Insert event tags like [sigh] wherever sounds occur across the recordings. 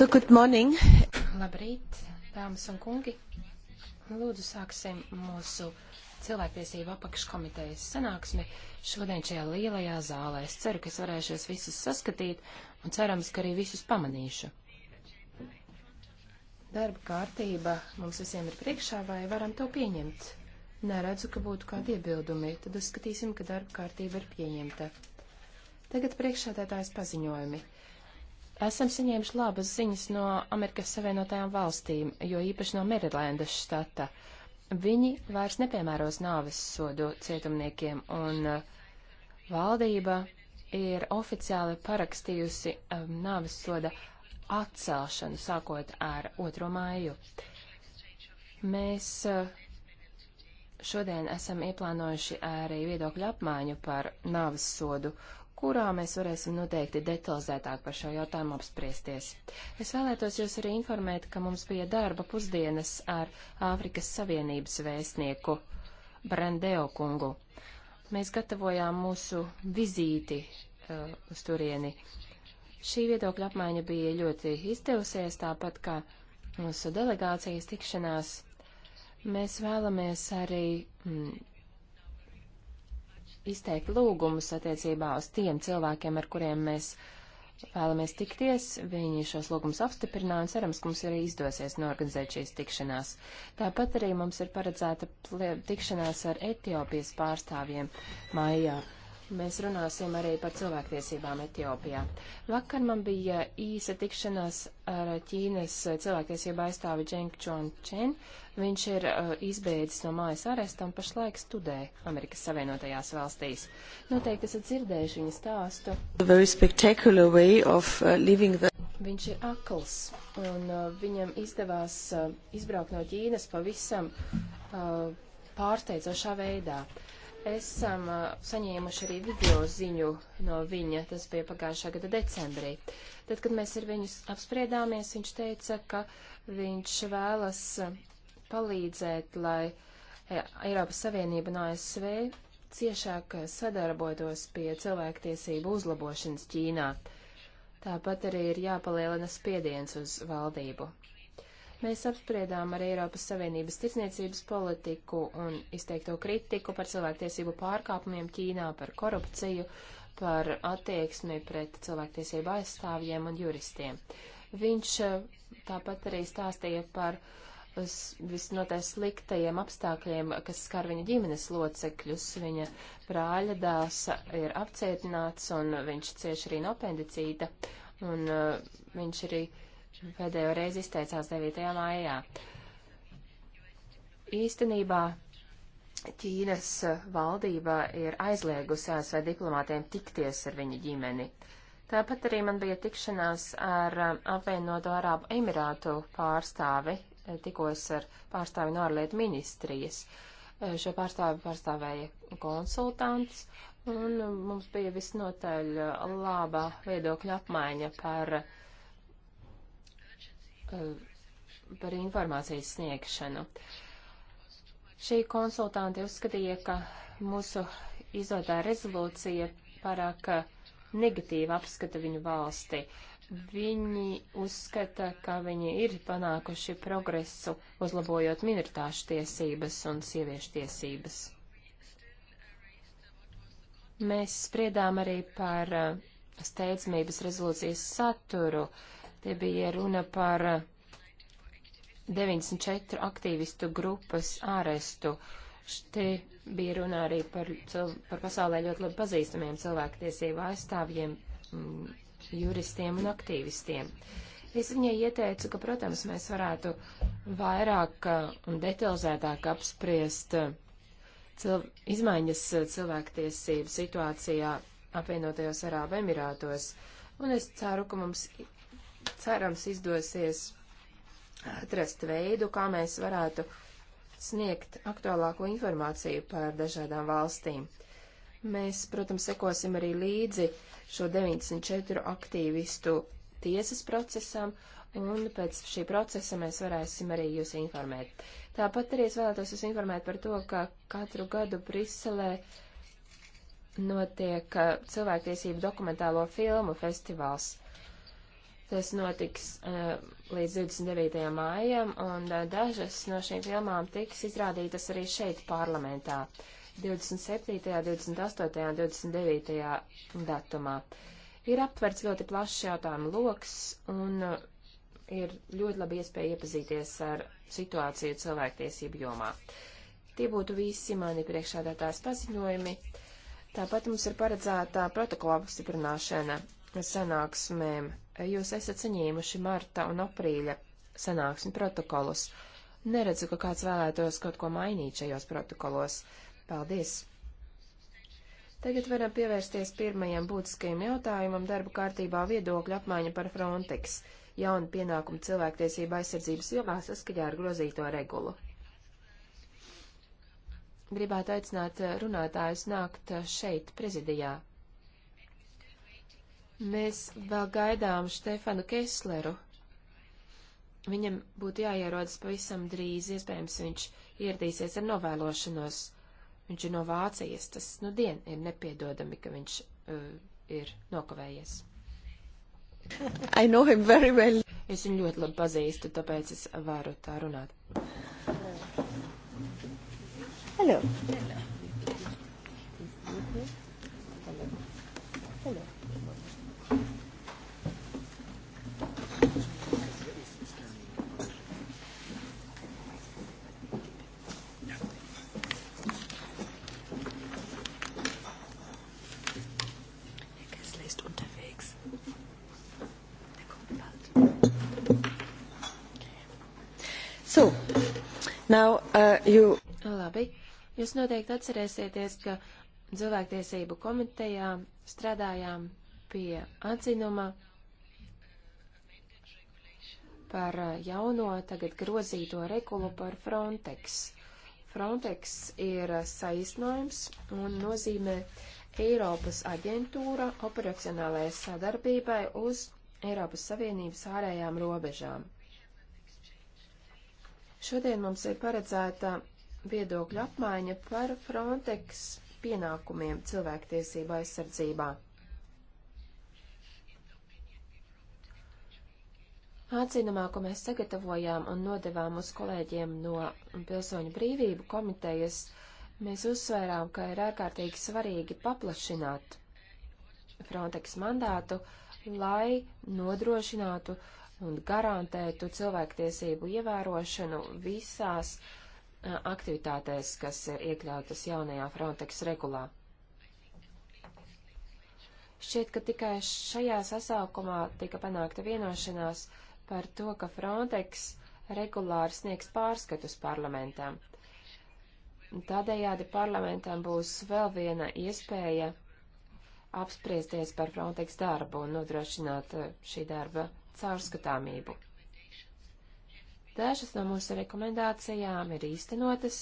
So good morning. Labrīt, dāmas un kungi. Lūdzu, sāksim mūsu cilvēktiesību apakškomitejas sanāksmi šodien šajā lielajā zālē. Es ceru, ka es varēšu jūs visus saskatīt un cerams, ka arī visus pamanīšu. Darba kārtība mums visiem ir priekšā, vai varam to pieņemt? Neredzu, ka būtu kādi iebildumi, tad uzskatīsim, ka darba kārtība ir pieņemta. Tagad priekšsēdētājs paziņojumi. Esam saņēmuši labas ziņas no Amerikas Savienotajām valstīm, jo īpaši no Merilendas štata. Viņi vairs nepiemēros nāves sodu cietumniekiem, un uh, valdība ir oficiāli parakstījusi um, nāves soda atcelšanu sākot ar 2. māju. Mēs uh, šodien esam ieplānojuši arī viedokļu apmaiņu par nāves sodu, kurā mēs varēsim noteikti detalizētāk par šo jautājumu apspriesties. Es vēlētos jūs arī informēt, ka mums bija darba pusdienas ar Āfrikas Savienības vēstnieku Brandeo kungu. Mēs gatavojām mūsu vizīti uh, uz turieni. Šī viedokļa apmaiņa bija ļoti izdevusies, tāpat kā mūsu delegācijas tikšanās. Mēs vēlamies arī mm, izteikt lūgumus attiecībā uz tiem cilvēkiem, ar kuriem mēs vēlamies tikties. Viņi šos lūgumus apstiprināja un cerams, ka mums arī izdosies norganizēt šīs tikšanās. Tāpat arī mums ir paredzēta tikšanās ar Etiopijas pārstāvjiem maijā. Mēs runāsim arī par cilvēktiesībām Etiopijā. Vakar man bija īsa tikšanās ar Ķīnas cilvēktiesība aizstāvi Dženg Čon Čen. Viņš ir uh, izbēdzis no mājas aresta un pašlaik studē Amerikas Savienotajās valstīs. Noteikti esat dzirdējuši viņa stāstu. Of, uh, the... Viņš ir akls un uh, viņam izdevās uh, izbraukt no Ķīnas pavisam uh, pārsteidzošā veidā. Uh, Esam saņēmuši arī video ziņu no viņa, tas bija pagājušā gada decembrī. Tad, kad mēs ar viņu apspriedāmies, viņš teica, ka viņš vēlas palīdzēt, lai Eiropas Savienība un ASV ciešāk sadarbotos pie cilvēktiesību uzlabošanas Ķīnā. Tāpat arī ir jāpalielina spiediens uz valdību. Mēs apspriedām arī Eiropas Savienības tirsniecības politiku un izteikto kritiku par cilvēktiesību pārkāpumiem Ķīnā, par korupciju, par attieksmi pret cilvēktiesību aizstāvjiem un juristiem. Viņš eh, tāpat arī stāstīja par visnotaļ sliktajiem apstākļiem, kas skar viņa ģimenes locekļus. Viņa brāļa dēls ir apcietināts un viņš cieši arī no apendicīta. Un uh, viņš arī uh, pēdējo reizi izteicās 9. maijā. Īstenībā Ķīnas valdība ir aizliegusi ASV diplomātiem tikties ar viņa ģimeni. Tāpat arī man bija tikšanās ar um, apvienoto Arābu Emirātu pārstāvi, eh, tikos ar pārstāvi no ārlietu ministrijas. Eh, šo pārstāvi pārstāvēja konsultants, un um, mums bija visnotaļ eh, laba viedokļa apmaiņa par uh, Eh, par informācijas sniegšanu. Šī konsultanti uzskatīja, ka mūsu izdotā rezolūcija pārāk eh, negatīvi apskata viņu valsti. Viņi uzskata, ka viņi ir panākuši progresu, uzlabojot minoritāšu tiesības un sieviešu tiesības. Mēs spriedām arī par eh, steidzamības rezolūcijas saturu. Uh, Te bija runa par 94 eh, aktīvistu grupas ārestu. Te bija runa arī par, par pasaulē ļoti labi pazīstamiem cilvēktiesību aizstāvjiem, mm, juristiem un aktīvistiem. Es viņai ieteicu, ka, protams, mēs varētu vairāk eh, un detalizētāk apspriest eh, cil izmaiņas cilvēktiesību situācijā apvienotajos Arābu Emirātos. Un es ceru, ka mums cerams izdosies atrast veidu, kā mēs varētu sniegt aktuālāko informāciju par dažādām valstīm. Mēs, protams, sekosim arī līdzi šo 94 aktīvistu tiesas procesam, un pēc šī procesa mēs varēsim arī jūs informēt. Tāpat arī es vēlētos jūs informēt par to, ka katru gadu Briselē notiek uh, cilvēktiesību dokumentālo filmu festivāls. Tas notiks uh, līdz 29. mājam, un uh, dažas no šīm filmām tiks izrādītas arī šeit parlamentā 27., 28. un 29. datumā. Ir aptverts ļoti plašs jautājumu loks, un uh, ir ļoti labi iespēja iepazīties ar situāciju cilvēktiesību jomā. Tie būtu visi mani priekšādātājs paziņojumi. Tāpat mums ir paredzēta protokola apstiprināšana sanāksmēm jūs esat saņēmuši marta un aprīļa sanāksmi protokolus. Neredzu, ka kāds vēlētos kaut ko mainīt šajos protokolos. Paldies! Tagad varam pievērsties pirmajam būtiskajam jautājumam darba kārtībā viedokļu apmaiņa par Frontex jaunu pienākumu cilvēktiesību aizsardzības jomā saskaļā ar grozīto regulu. Gribētu aicināt runātājus nākt šeit prezidijā Mēs vēl gaidām Štefanu Kesleru. Viņam būtu jāierodas pavisam drīz, iespējams, viņš ieradīsies ar novēlošanos. Viņš ir no Vācijas, tas nu dien ir nepiedodami, ka viņš uh, ir nokavējies. I know him very well. Es viņu ļoti labi pazīstu, tāpēc es varu tā runāt. Hello. Hello. So, now, uh, you... Nu, labi. Jūs noteikti atcerēsieties, ka cilvēktiesību komitejā strādājām pie atzinuma par eh, jauno tagad grozīto regulu par Frontex. Frontex ir eh, saīsinājums un nozīmē Eiropas aģentūra operacionālajai sadarbībai uz Eiropas Savienības ārējām robežām. Šodien mums ir paredzēta viedokļu apmaiņa par Frontex pienākumiem cilvēktiesība aizsardzībā. Atzinumā, ko mēs sagatavojām un nodevām uz kolēģiem no Pilsoņu brīvību komitejas, mēs uzsvērām, ka ir ārkārtīgi svarīgi paplašināt Frontex mandātu, lai nodrošinātu un garantētu cilvēktiesību ievērošanu visās aktivitātēs, kas ir iekļautas jaunajā Frontex regulā. Šķiet, ka tikai šajā sasaukumā tika panākta vienošanās par to, ka Frontex regulāri sniegs pārskatus parlamentam. Tādējādi parlamentam būs vēl viena iespēja apspriesties par Frontex darbu un nodrošināt eh, šī darba caurskatāmību. Dažas no mūsu rekomendācijām ir īstenotas,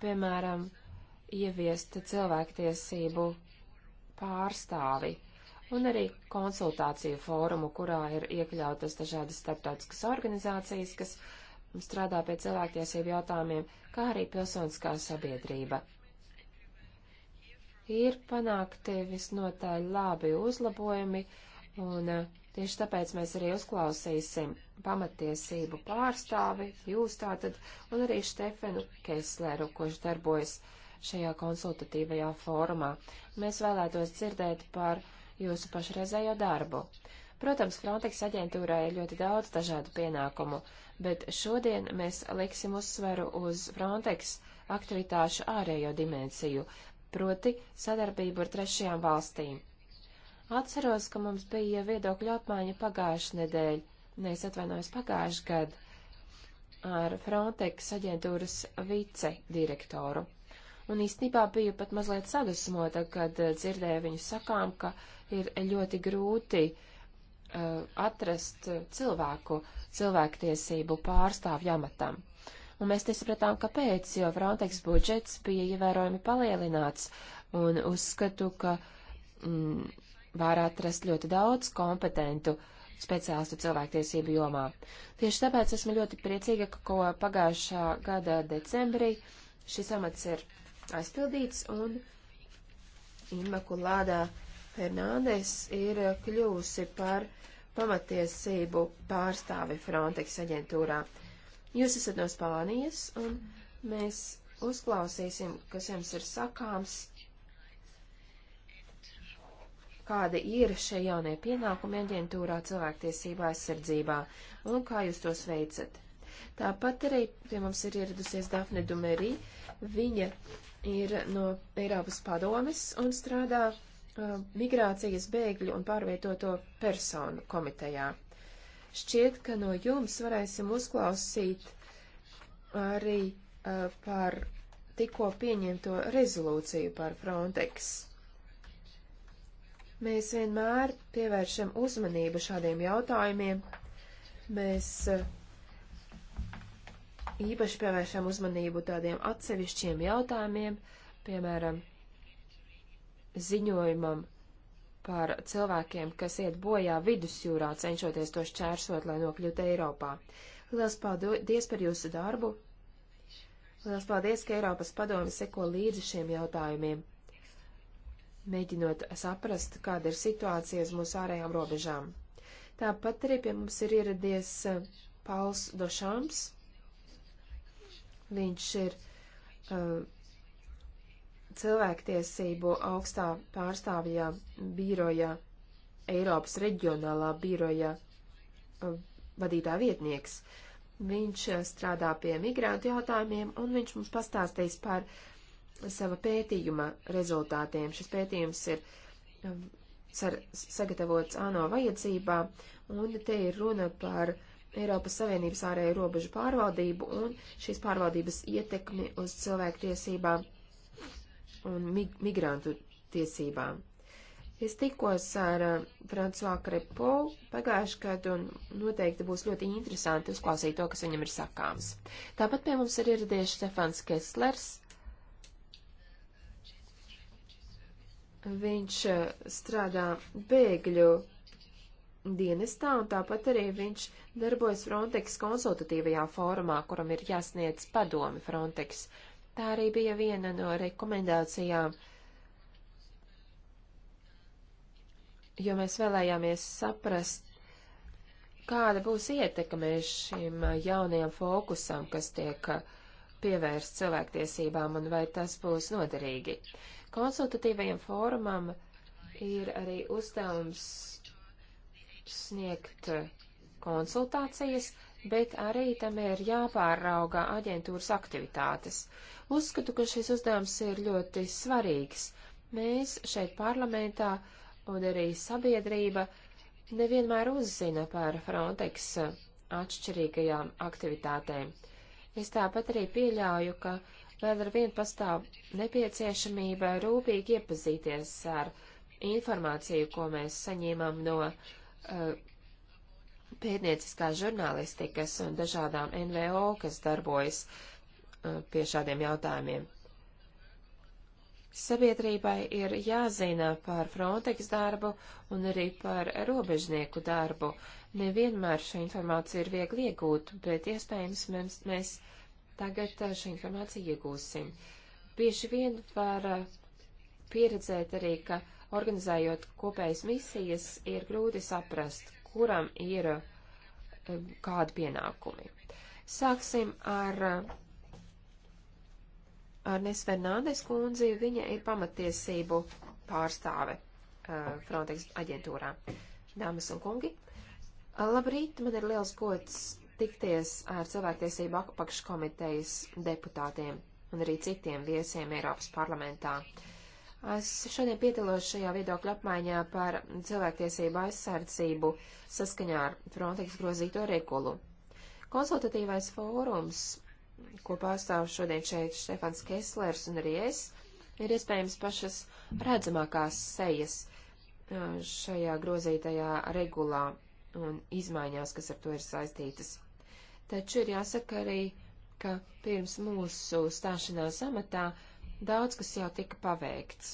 piemēram, ieviest cilvēktiesību pārstāvi un arī konsultāciju fórumu, kurā ir iekļautas dažādas starptautiskas organizācijas, kas strādā pie cilvēktiesību jautājumiem, kā arī pilsoniskā sabiedrība. Ir panākti visnotaļ labi uzlabojumi, un eh, tieši tāpēc mēs arī uzklausīsim pamatiesību pārstāvi, jūs tātad, un arī Štefenu Kesleru, kurš darbojas šajā konsultatīvajā fórumā. Mēs vēlētos dzirdēt par uh, jūsu pašreizējo darbu. Protams, Frontex aģentūrai ir ļoti daudz dažādu pienākumu, bet šodien mēs liksim uzsveru uz Frontex aktivitāšu ārējo dimensiju, proti sadarbību ar trešajām valstīm. Atceros, ka mums bija viedokļu apmaiņa pagājušajā nedēļā, nevis atvainojos pagājušajā gadā, ar Frontex aģentūras vicedirektoru un īstenībā biju pat mazliet sadusmota, kad eh, dzirdēju viņu sakām, ka ir ļoti grūti uh, atrast cilvēku cilvēktiesību pārstāvju amatam. Un mēs nesapratām, kāpēc, jo Frontex budžets bija ievērojami palielināts, un uzskatu, ka mm, var atrast ļoti daudz kompetentu uh, speciālistu cilvēktiesību jomā. Tieši tāpēc esmu ļoti priecīga, ka pagājušā gada decembrī šis amats ir aizpildīts, un Inmakulādā Fernandes ir kļuvusi par pamatiesību pārstāvi Frontex aģentūrā. Jūs esat no Spānijas, un mēs uzklausīsim, kas jums ir sakāms, kādi ir šie jaunie pienākumi aģentūrā cilvēktiesībā aizsardzībā, un kā jūs tos veicat. Tāpat arī pie mums ir ieradusies Dafne Dumerī, viņa ir no Eiropas padomes un strādā uh, migrācijas bēgļu un pārvietoto personu komitejā. Šķiet, ka no jums varēsim uzklausīt arī uh, par tikko pieņemto rezolūciju par Frontex. Mēs vienmēr pievēršam uzmanību šādiem jautājumiem. Mēs uh, īpaši pievēršam uzmanību tādiem atsevišķiem jautājumiem, piemēram, ziņojumam par cilvēkiem, kas iet bojā vidusjūrā, cenšoties to šķērsot, lai nokļūtu Eiropā. Lielas paldies par jūsu darbu! Lielas paldies, ka Eiropas padomi seko līdzi šiem jautājumiem, mēģinot saprast, kāda ir situācija uz mūsu ārējām robežām. Tāpat arī pie mums ir ieradies eh, Pauls Došams, Viņš ir uh, cilvēktiesību augstā pārstāvjā bīroja, Eiropas reģionālā bīroja uh, vadītā vietnieks. Viņš uh, strādā pie migrantu jautājumiem, un viņš mums pastāstīs par sava pētījuma rezultātiem. Šis pētījums ir um, sar, sagatavots ANO vajadzībā, un te ir runa par uh, Eiropas Savienības ārēju robežu pārvaldību un šīs pārvaldības ietekmi uz cilvēku tiesībām un mig migrantu tiesībām. Es tikos ar uh, eh, François Crepo pagājušajā gadā un noteikti būs ļoti interesanti uzklausīt to, kas viņam ir sakāms. Tāpat pie mums ir ieradies Stefans Kesslers. Viņš uh, strādā bēgļu dienestā, un tāpat arī viņš darbojas Frontex konsultatīvajā fórumā, kuram ir jāsniedz padomi Frontex. Tā arī bija viena no rekomendācijām, jo mēs vēlējāmies saprast, kāda būs ietekme šim jaunajam fokusam, kas tiek pievērsts cilvēktiesībām, un vai tas būs noderīgi. Konsultatīvajam fórumam ir arī uzdevums sniegt eh, konsultācijas, bet arī tam ir jāpārauga aģentūras aktivitātes. Uzskatu, ka šis uzdevums ir ļoti svarīgs. Mēs šeit parlamentā un arī sabiedrība nevienmēr uzzina par Frontex eh, atšķirīgajām aktivitātēm. Es tāpat arī pieļauju, ka vēl ar vienu pastāv nepieciešamība rūpīgi iepazīties ar informāciju, ko mēs saņēmām no uh, Uh, pētnieciskās žurnālistikas un dažādām NVO, kas darbojas uh, pie šādiem jautājumiem. Sabiedrībai ir jāzina par Frontex darbu un arī par robežnieku darbu. Nevienmēr šo informāciju ir viegli iegūt, bet iespējams mēs, mēs tagad uh, šo informāciju iegūsim. Bieži vien var pieredzēt arī, ka uh, organizējot kopējas misijas, ir grūti saprast, kuram ir eh, kādi pienākumi. Sāksim ar Arnes Fernandes kundzi. Viņa ir pamatiesību pārstāve eh, Frontex aģentūrā. Dāmas un kungi, eh, labrīt! Man ir liels gods tikties ar cilvēktiesību apakškomitejas deputātiem un arī citiem viesiem Eiropas parlamentā. Uh, Es šodien piedalos šajā viedokļa apmaiņā par cilvēktiesību aizsardzību saskaņā ar Frontex grozīto rekulu. Konsultatīvais fórums, ko pārstāv šodien šeit Štefans Keslers un arī es, ir iespējams pašas redzamākās sejas šajā grozītajā regulā un izmaiņās, kas ar to ir saistītas. Taču ir jāsaka arī, ka pirms mūsu stāšanās amatā Daudz kas jau tika paveikts.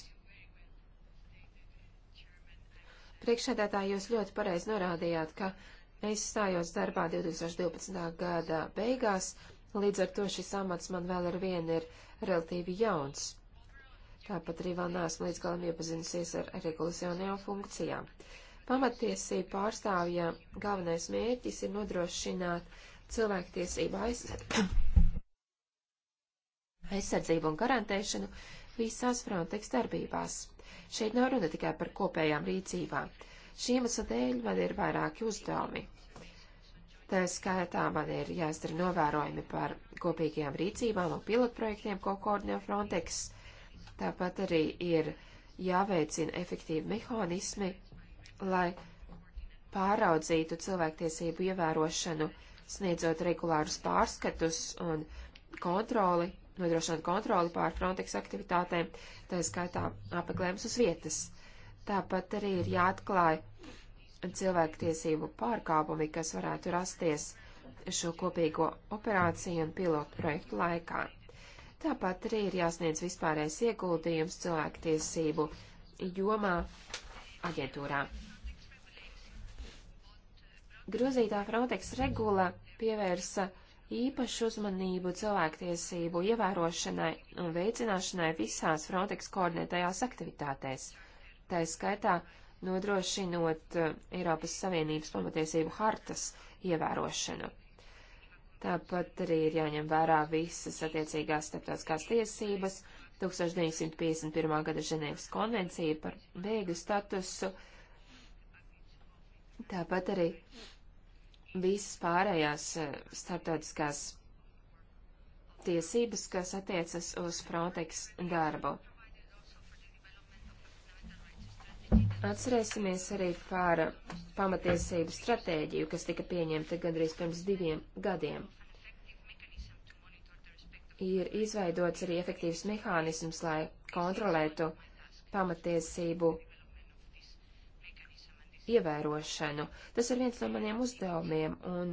Priekšsēdētāji, jūs ļoti pareizi norādījāt, ka es stājos darbā 2012. gada beigās, līdz ar to šis amats man vēl ar vienu ir relatīvi jauns. Tāpat arī vēl neesmu līdz galam iepazinusies ar regulacionajām funkcijām. Pamatiesība pārstāvja galvenais mērķis ir nodrošināt cilvēktiesību aizsardzību [coughs] aizsardzību un garantēšanu visās Frontex darbībās. Šeit nav runa tikai par kopējām rīcībām. Šī iemesla dēļ man ir vairāki uzdevumi. Tā skaitā man ir jāizdara novērojumi par kopīgajām rīcībām un pilotprojektiem, ko koordinē Frontex. Tāpat arī ir jāveicina efektīvi mehānismi, lai pāraudzītu cilvēktiesību ievērošanu, sniedzot regulārus pārskatus un kontroli nodrošināt kontroli pār Frontex aktivitātēm, tā skaitā apmeklējums uz vietas. Tāpat arī ir jāatklāj cilvēktiesību pārkāpumi, kas varētu rasties šo kopīgo operāciju un pilotu projektu laikā. Tāpat arī ir jāsniedz vispārējais ieguldījums cilvēktiesību jomā aģentūrā. Grozītā Frontex regula pievērsa uh, īpašu uzmanību cilvēktiesību ievērošanai un veicināšanai visās Frontex koordinētajās aktivitātēs, tā skaitā nodrošinot eh, Eiropas Savienības pamatiesību hartas ievērošanu. Tāpat arī ir jāņem vērā visas attiecīgās starptautiskās tiesības, 1951. gada Ženēvas konvencija par bēgļu statusu, tāpat arī visas pārējās eh, starptautiskās tiesības, kas attiecas uz Frontex darbu. Atcerēsimies arī par pamatiesību stratēģiju, kas tika pieņemta gandrīz pirms diviem gadiem. Ir izveidots arī efektīvs mehānisms, lai kontrolētu pamatiesību ievērošanu. Tas ir viens no maniem uzdevumiem, un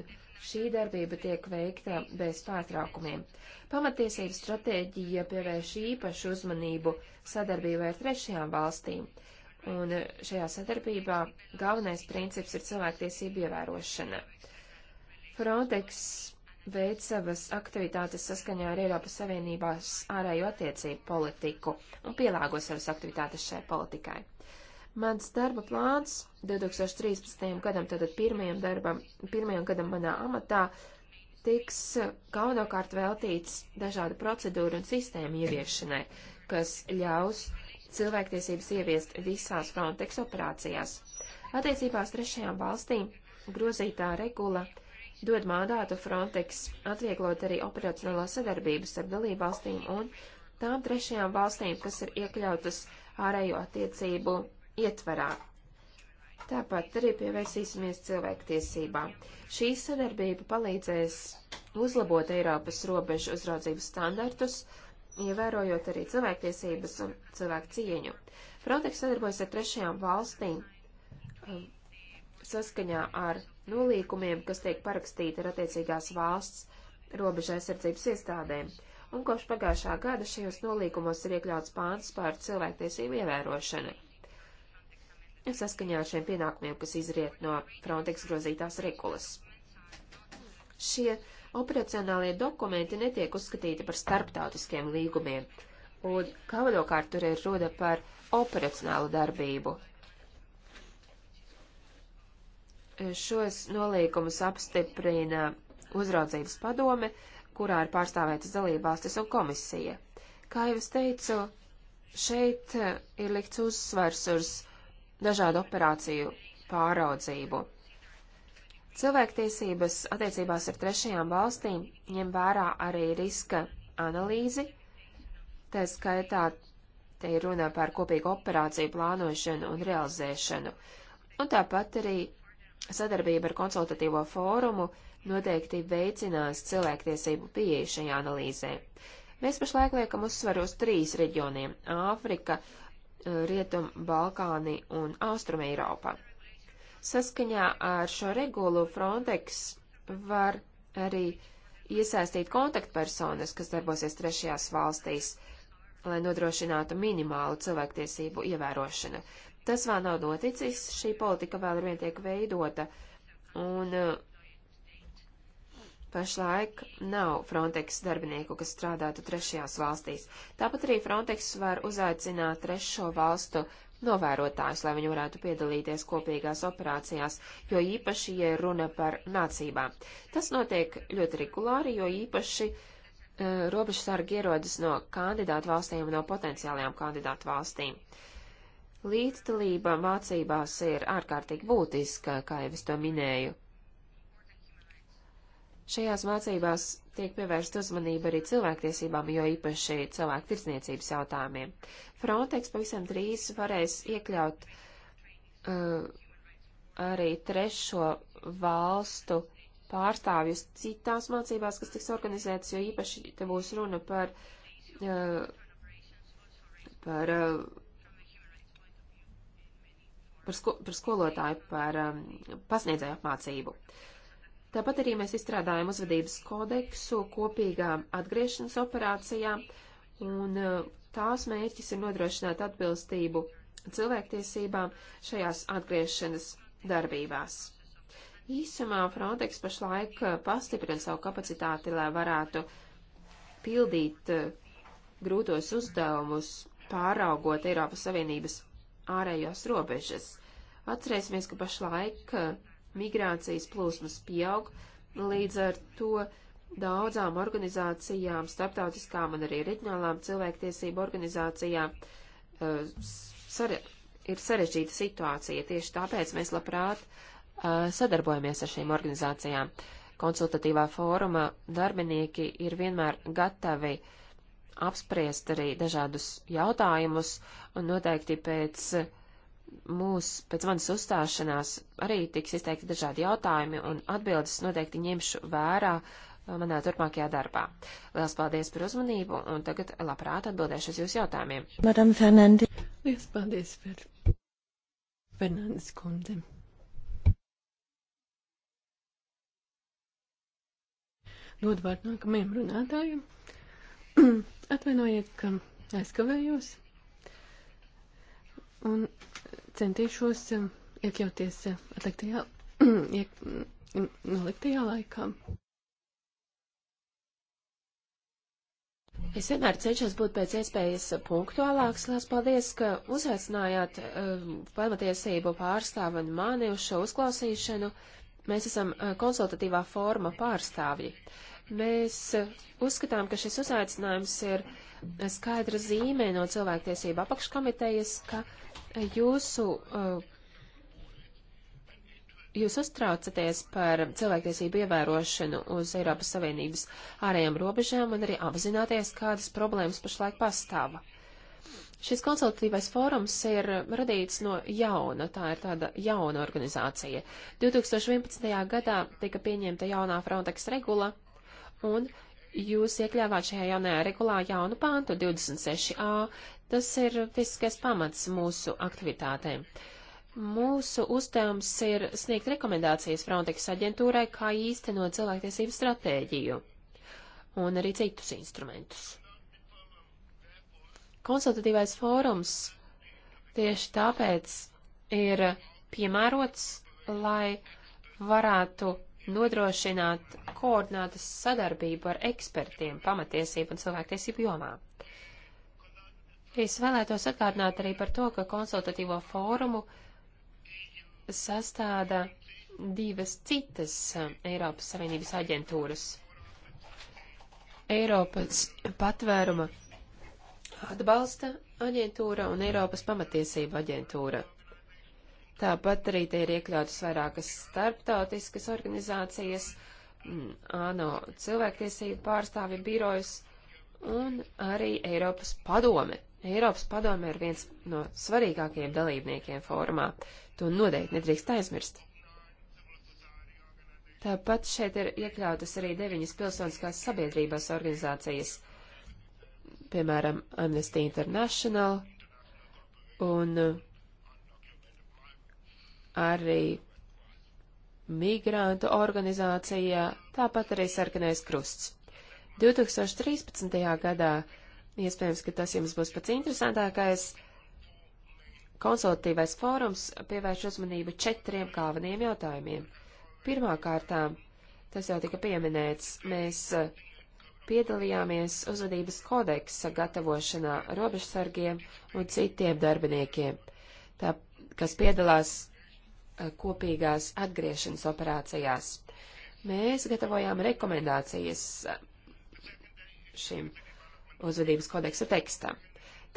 šī darbība tiek veikta bez pārtraukumiem. Pamatiesību stratēģija pievērš īpašu uzmanību sadarbībai ar trešajām valstīm, un šajā sadarbībā galvenais princips ir cilvēktiesību ievērošana. Frontex veic savas aktivitātes saskaņā ar Eiropas Savienībās ārējo attiecību politiku un pielāgo savas aktivitātes šai politikai. Mans darba plāns 2013. gadam, tātad pirmajam darbam, pirmajam gadam manā amatā, tiks galvenokārt veltīts dažādu procedūru un sistēmu ieviešanai, kas ļaus cilvēktiesības ieviest visās Frontex operācijās. Attiecībās trešajām valstīm grozītā regula dod mandātu Frontex atvieglot arī operacionālo sadarbību starp dalībvalstīm un tām trešajām valstīm, kas ir iekļautas ārējo attiecību ietvarā. Tāpat arī pievērsīsimies cilvēktiesībām. Šī sadarbība palīdzēs uzlabot Eiropas robežu uzraudzības standartus, ievērojot arī cilvēktiesības un cilvēku cieņu. Frontex sadarbojas ar trešajām valstīm um, saskaņā ar nolīkumiem, kas tiek parakstīti ar attiecīgās valsts robeža aizsardzības iestādēm, un kopš pagājušā gada šajos nolīkumos ir iekļauts pāns par cilvēktiesību ievērošanu saskaņā ar šiem pienākumiem, kas izriet no Frontex grozītās rekulas. Šie operacionālie dokumenti netiek uzskatīti par starptautiskiem līgumiem, un galvenokārt tur ir runa par operacionālu darbību. Šos nolīgumus apstiprina uzraudzības padome, kurā ir pārstāvētas dalībvalstis un komisija. Kā jau es teicu, šeit ir likts uzsvars uz dažādu operāciju pāraudzību. Cilvēktiesības attiecībās ar trešajām valstīm ņem vērā arī riska analīzi, tā skaitā te ir runa par kopīgu operāciju plānošanu un realizēšanu, un tāpat arī sadarbība ar konsultatīvo fórumu noteikti veicinās cilvēktiesību pieeju šajā analīzē. Mēs pašlaik liekam uzsvaru uz trīs reģioniem - Āfrika, Rietum Balkāni un Austrum Eiropa. Saskaņā ar šo regulu Frontex var arī iesaistīt kontaktpersonas, kas darbosies trešajās valstīs, lai nodrošinātu minimālu cilvēktiesību ievērošanu. Tas vēl nav noticis, šī politika vēl ar vien tiek veidota, un Pašlaik nav Frontex darbinieku, kas strādātu trešajās valstīs. Tāpat arī Frontex var uzaicināt trešo valstu novērotājus, lai viņi varētu piedalīties kopīgās operācijās, jo īpaši, ja runa par nācībām. Tas notiek ļoti regulāri, jo īpaši e, robežsargi ierodas no kandidātu valstīm un no potenciālajām kandidātu valstīm. Līdzdalība mācībās ir ārkārtīgi būtiska, kā jau es to minēju. Šajās mācībās tiek pievērsta uzmanība arī cilvēktiesībām, jo īpaši cilvēku tirdzniecības jautājumiem. Frontex pavisam drīz varēs iekļaut uh, arī trešo valstu pārstāvjus citās mācībās, kas tiks organizētas, jo īpaši te būs runa par, uh, par, uh, par, sko par skolotāju, par um, pasniedzēju apmācību. Uh, Tāpat arī mēs izstrādājam uzvedības kodeksu kopīgām atgriešanas operācijām, un uh, tās mērķis ir nodrošināt atbilstību cilvēktiesībām šajās atgriešanas darbībās. Īsumā Frontex pašlaik uh, pastiprina savu kapacitāti, lai varētu pildīt uh, grūtos uzdevumus, pāraugot Eiropas Savienības ārējās robežas. Atcerēsimies, ka pašlaik migrācijas plūsmas pieaug, līdz ar to daudzām organizācijām, starptautiskām un arī reģionālām cilvēktiesību organizācijām eh, sare, ir sarežģīta situācija. Tieši tāpēc mēs labprāt eh, sadarbojamies ar šīm organizācijām. Konsultatīvā fóruma darbinieki ir vienmēr gatavi apspriest arī dažādus jautājumus, un noteikti pēc uh, mūs pēc manas uzstāšanās arī tiks izteikti dažādi jautājumi un atbildes noteikti ņemšu vērā uh, manā turpmākajā darbā. Lielas paldies par uzmanību un tagad labprāt atbildēšu uz jūsu jautājumiem. Madam Fernandi. Lielas paldies par Fernandes kundzem. Dod vārdu nākamajam runātājam. [clears throat] Atvainojiet, ka aizkavējos. Un centīšos um, iekļauties uh, atliktajā, [clears throat] iek, noliktajā mm, mm, laikā. Es vienmēr cenšos būt pēc iespējas punktuālāks. Lielas paldies, ka uzaicinājāt uh, pamatiesību pārstāvi un mani uz šo uzklausīšanu. Mēs esam uh, konsultatīvā forma pārstāvji. Uh, Mēs eh, uzskatām, ka šis uzaicinājums ir eh, skaidra zīmē no cilvēktiesība apakškomitejas, ka eh, jūsu, jūs uztraucaties par cilvēktiesību ievērošanu uz Eiropas Savienības ārējām robežām un arī apzināties, kādas problēmas pašlaik pastāva. Šis konsultatīvais fórums ir radīts no jauna, tā ir tāda jauna organizācija. 2011. gadā tika pieņemta jaunā Frontex regula, un jūs iekļāvāt šajā jaunajā regulā jaunu pāntu 26a. Tas ir tiesiskais pamats mūsu aktivitātēm. Mūsu uzdevums ir sniegt rekomendācijas Frontex aģentūrai, kā īstenot cilvēktiesību stratēģiju un arī citus instrumentus. Konsultatīvais fórums tieši tāpēc ir piemērots, lai varētu nodrošināt koordinātas sadarbību ar ekspertiem pamatiesību un cilvēktiesību jomā. Es vēlētos atkārtināt arī par to, ka konsultatīvo fórumu sastāda divas citas um, Eiropas Savienības aģentūras. Eiropas patvēruma atbalsta aģentūra un Eiropas pamatiesība aģentūra. Tāpat arī te ir iekļautas vairākas starptautiskas organizācijas, mm, ANO cilvēktiesību pārstāvi birojas un arī Eiropas padome. Eiropas padome ir viens no svarīgākajiem dalībniekiem fórumā. To noteikti nedrīkst aizmirst. Tāpat šeit ir iekļautas arī deviņas pilsoniskās sabiedrības organizācijas, piemēram, Amnesty International un arī migrantu organizācija, tāpat arī Sarkanais krusts. 2013. gadā, iespējams, ka tas jums būs pats interesantākais, konsultatīvais fórums pievērš uzmanību četriem galveniem jautājumiem. Pirmkārtām, tas jau tika pieminēts, mēs eh, piedalījāmies uzvedības kodeksa gatavošanā robežsargiem un citiem darbiniekiem, tā, kas piedalās Eh, kopīgās atgriešanas operācijās. Mēs gatavojām rekomendācijas eh, šim uzvedības kodeksa tekstam.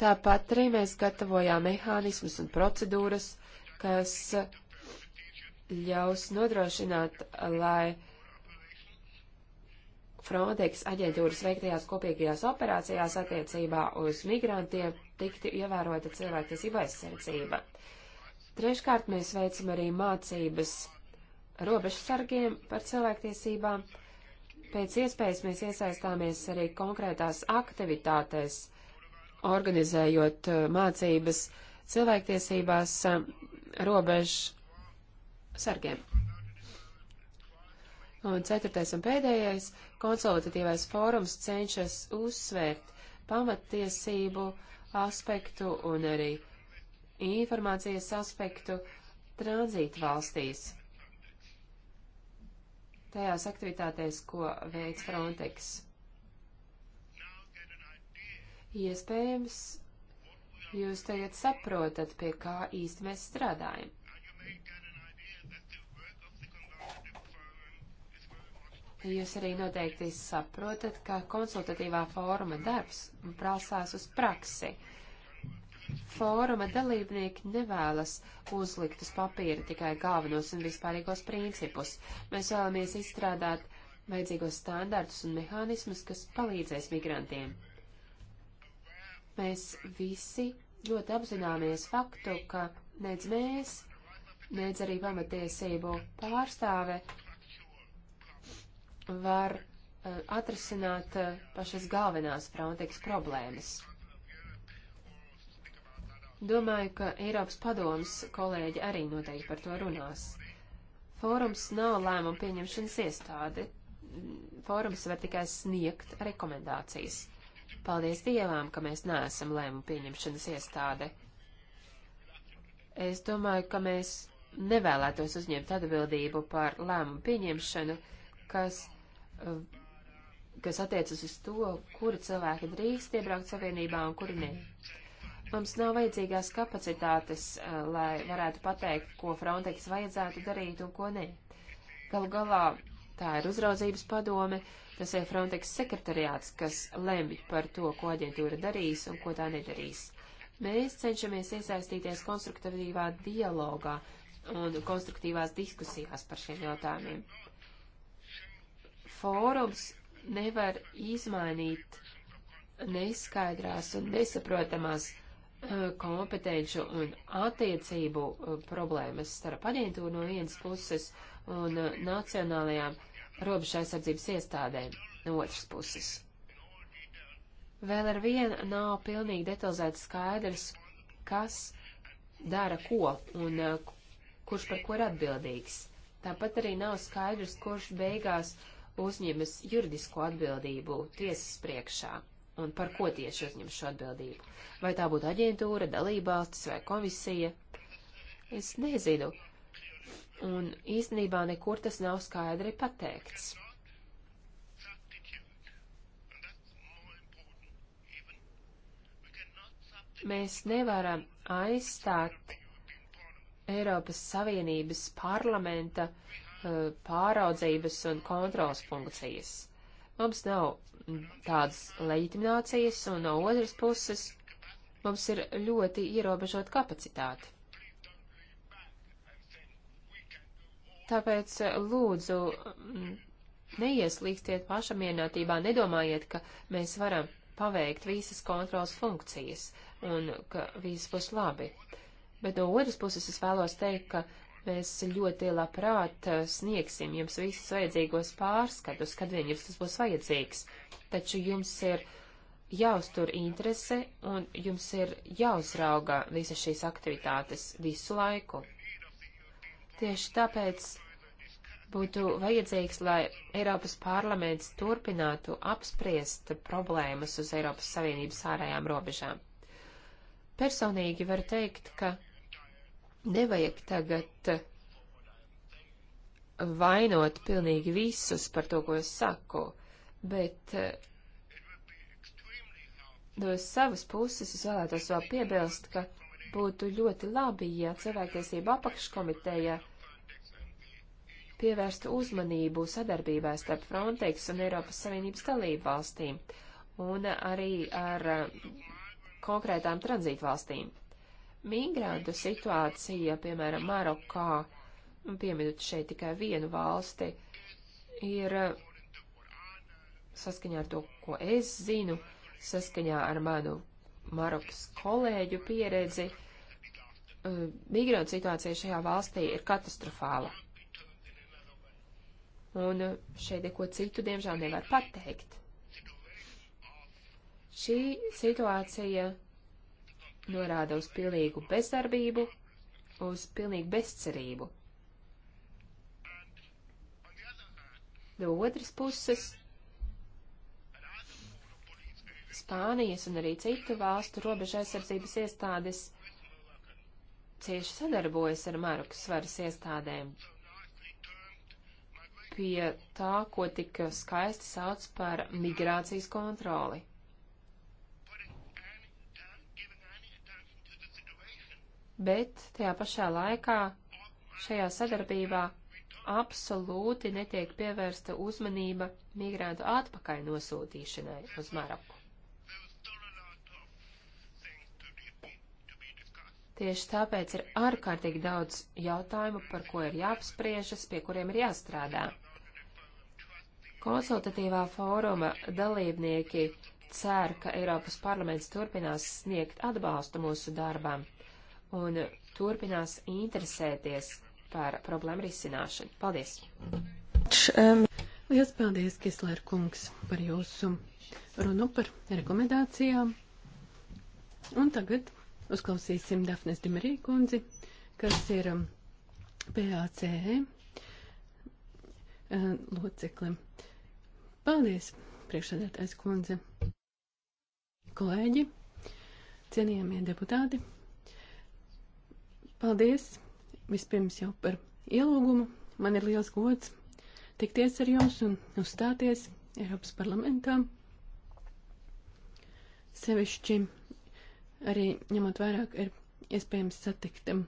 Tāpat arī mēs gatavojām mehānismus un procedūras, kas ļaus nodrošināt, lai Frontex aģentūras veiktajās kopīgajās operācijās attiecībā uz migrantiem tiktu ievērota cilvēktiesība aizsardzība. Uh, Treškārt mēs veicam arī mācības robežsargiem par cilvēktiesībām. Pēc iespējas mēs iesaistāmies arī konkrētās aktivitātēs, organizējot eh, mācības cilvēktiesībās eh, robežsargiem. Un ceturtais un pēdējais konsultatīvais fórums cenšas uzsvērt pamattiesību aspektu un arī uh, informācijas aspektu tranzītu valstīs. Tajās aktivitātēs, ko veids Frontex. Iespējams, jūs tagad saprotat, pie kā īsti mēs strādājam. Jūs arī noteikti saprotat, ka konsultatīvā fóruma darbs prasās uz praksi. Uh, fóruma dalībnieki nevēlas uzlikt uz papīra tikai galvenos un vispārīgos principus. Mēs vēlamies izstrādāt vajadzīgos standartus un mehānismus, kas palīdzēs migrantiem. Mēs visi ļoti apzināmies faktu, ka nec mēs, nec arī pamatiesību pārstāve var uh, atrisināt uh, pašas galvenās Frontex problēmas. Domāju, ka Eiropas padomas kolēģi arī noteikti par to runās. Fórums nav lēmumu pieņemšanas iestāde. Fórums var tikai sniegt rekomendācijas. Paldies Dievām, ka mēs neesam lēmumu pieņemšanas iestāde. Es domāju, ka mēs nevēlētos uzņemt atbildību par lēmumu pieņemšanu, kas uh, kas attiecas uz to, kuri cilvēki drīkst iebraukt savienībā un kuri ne. Mums nav vajadzīgās kapacitātes, eh, lai varētu pateikt, ko Frontex vajadzētu darīt un ko ne. Galu galā tā ir uzraudzības padome, tas ir Frontex sekretariāts, kas lemj par to, ko aģentūra darīs un ko tā nedarīs. Mēs cenšamies iesaistīties konstruktīvā dialogā un konstruktīvās diskusijās par šiem jautājumiem. Fórums nevar izmainīt neskaidrās un nesaprotamās Eh, kompetenču un attiecību eh, problēmas starp aģentūru no vienas puses un eh, nacionālajām robežaizsardzības iestādēm no otras puses. Vēl ar vienu nav pilnīgi detalizēti skaidrs, kas dara ko un kurš par ko ir atbildīgs. Tāpat arī nav skaidrs, kurš beigās uzņemas juridisko atbildību tiesas priekšā un par ko tieši uzņem šo atbildību. Vai tā būtu aģentūra, dalībvalstis vai komisija? Es nezinu. Un īstenībā nekur tas nav skaidri pateikts. Mēs nevaram aizstāt Eiropas Savienības parlamenta eh, pāraudzības un kontrols funkcijas. Mums nav tādas leģitimācijas, un no otras puses mums ir ļoti ierobežota kapacitāte. Tāpēc eh, lūdzu, mm, neieslīgstiet pašamienātībā, nedomājiet, ka mēs varam paveikt visas kontrolas funkcijas un ka viss būs labi. Bet no otras puses es vēlos teikt, ka Mēs ļoti labprāt eh, sniegsim jums visus vajadzīgos pārskatus, kad vien jums tas būs vajadzīgs. Taču jums ir jāuztur interese un jums ir jāuzrauga visas šīs aktivitātes visu laiku. Tieši tāpēc būtu vajadzīgs, lai Eiropas parlaments turpinātu apspriest problēmas uz Eiropas Savienības ārējām robežām. Personīgi var teikt, ka Nevajag tagad eh, vainot pilnīgi visus par to, ko es saku, bet eh, no savas puses es vēlētos vēl piebilst, ka būtu ļoti labi, ja cilvēktiesība apakškomiteja pievērstu uzmanību sadarbībā starp Frontex un Eiropas Savienības dalību valstīm un arī ar eh, konkrētām tranzītvalstīm. Migrantu situācija, piemēram, Marokā, un pieminot šeit tikai vienu valsti, ir eh, saskaņā ar to, ko es zinu, saskaņā ar manu Marokas kolēģu pieredzi, eh, migrantu situācija šajā valstī ir katastrofāla. Un eh, šeit neko citu, diemžēl, nevar pateikt. Šī situācija norāda uz pilnīgu bezdarbību, uz pilnīgu bezcerību. No otras puses, Spānijas un arī citu valstu robeža aizsardzības iestādes cieši sadarbojas ar Marokas varas iestādēm pie tā, ko tik skaisti sauc par migrācijas kontroli. bet tajā pašā laikā šajā sadarbībā absolūti netiek pievērsta uzmanība migrantu atpakaļ nosūtīšanai uz Maroku. Tieši tāpēc ir ārkārtīgi daudz jautājumu, par ko ir jāapspriežas, pie kuriem ir jāstrādā. Konsultatīvā fóruma dalībnieki cer, ka Eiropas parlaments turpinās sniegt atbalstu mūsu darbām un turpinās interesēties par problēmu risināšanu. Paldies! Lielas paldies, Kislēr kungs, par jūsu runu par rekomendācijām. Un tagad uzklausīsim Dafnes Dimerī kundzi, kas ir um, PACE uh, locekli. Paldies, priekšsēdētājs kundze. Kolēģi, cienījamie deputāti. Paldies! Vispirms jau par ielūgumu. Man ir liels gods tikties ar jums un uzstāties Eiropas parlamentā. Sevišķi arī ņemot vairāk ir iespējams satikt um,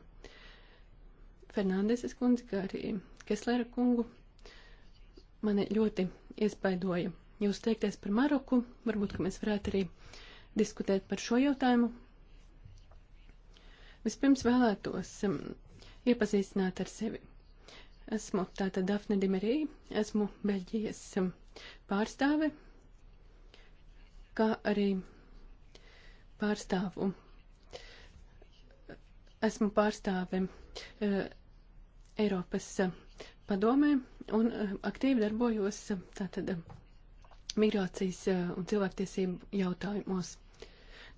Fernandeses kundzi, kā arī Keslera kungu. Mani ļoti iespaidoja jūs teikties par Maroku. Varbūt, ka mēs varētu arī diskutēt par šo jautājumu. Vispirms vēlētos um, iepazīstināt ar sevi. Esmu tātad Dafne Dimerī, esmu Beļģijas um, pārstāve, kā arī pārstāvu. Esmu pārstāve uh, Eiropas uh, padomē un uh, aktīvi darbojos uh, tātad uh, migrācijas uh, un cilvēktiesību jautājumos.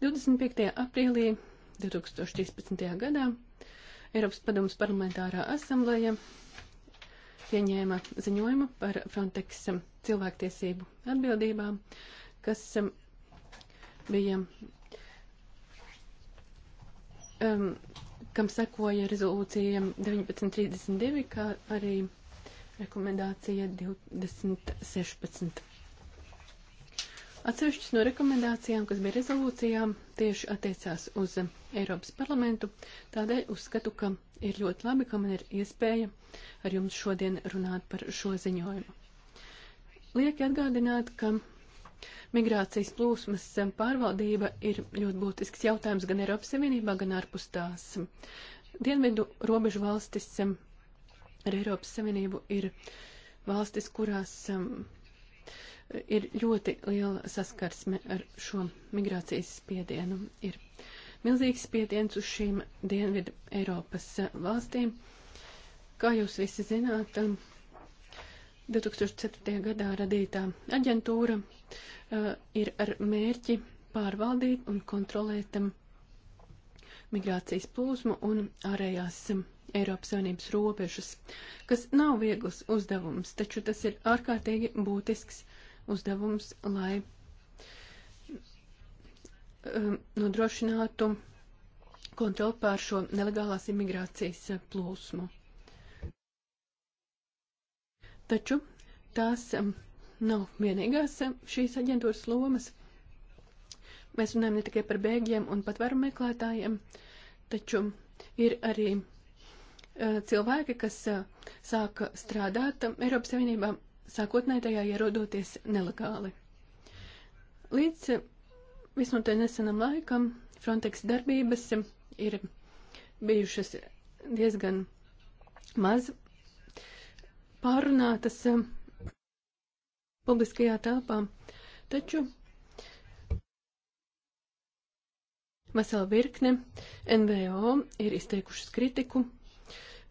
25. aprīlī 2013. gadā Eiropas Padomas parlamentārā asamblēja pieņēma ziņojumu par Frontex cilvēktiesību atbildībām, kas um, bija, um, kam sekoja rezolūcija 1932, kā arī rekomendācija 2016. Atsevišķas no rekomendācijām, kas bija rezolūcijām, tieši attiecās uz Eiropas parlamentu, tādēļ uzskatu, ka ir ļoti labi, ka man ir iespēja ar jums šodien runāt par šo ziņojumu. Lieki atgādināt, ka migrācijas plūsmas pārvaldība ir ļoti būtisks jautājums gan Eiropas Savienībā, gan ārpus tās. Dienvidu robežu valstis ar Eiropas Savienību ir valstis, kurās um, ir ļoti liela saskarsme ar šo migrācijas spiedienu. Ir milzīgs spiediens uz šīm Dienvidu Eiropas eh, valstīm. Kā jūs visi zināt, 2004. Eh, gadā radītā aģentūra uh, ir ar mērķi pārvaldīt un kontrolēt um, migrācijas plūsmu un ārējās um, Eiropas Savienības robežas, kas nav viegls uzdevums, taču tas ir ārkārtīgi būtisks uzdevums, lai um, nodrošinātu kontroli pār šo nelegālās imigrācijas plūsmu. Taču tās um, nav vienīgās um, šīs aģentūras lomas. Mēs runājam ne tikai par bēgļiem un patvēru meklētājiem, taču ir arī uh, cilvēki, kas uh, sāka strādāt um, Eiropas Savienībā sākotnēji tajā ierodoties nelegāli. Līdz eh, visnotaļ nesenam laikam Frontex darbības eh, ir bijušas diezgan maz pārunātas eh, publiskajā telpā, taču vesela virkne NVO ir izteikušas kritiku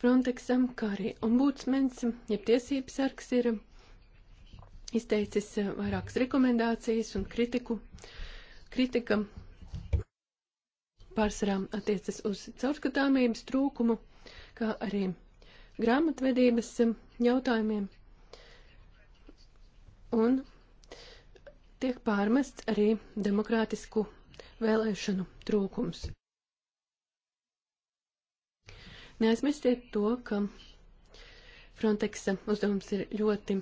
Frontexam, kā arī ombudsmens, jeb tiesības sargs ir izteicis eh, vairākas rekomendācijas un kritiku. Kritika pārsvarā attiecas uz caurskatāmības trūkumu, kā arī grāmatvedības eh, jautājumiem. Un tiek pārmests arī demokrātisku vēlēšanu trūkums. Neaizmirstiet to, ka Frontexa uzdevums ir ļoti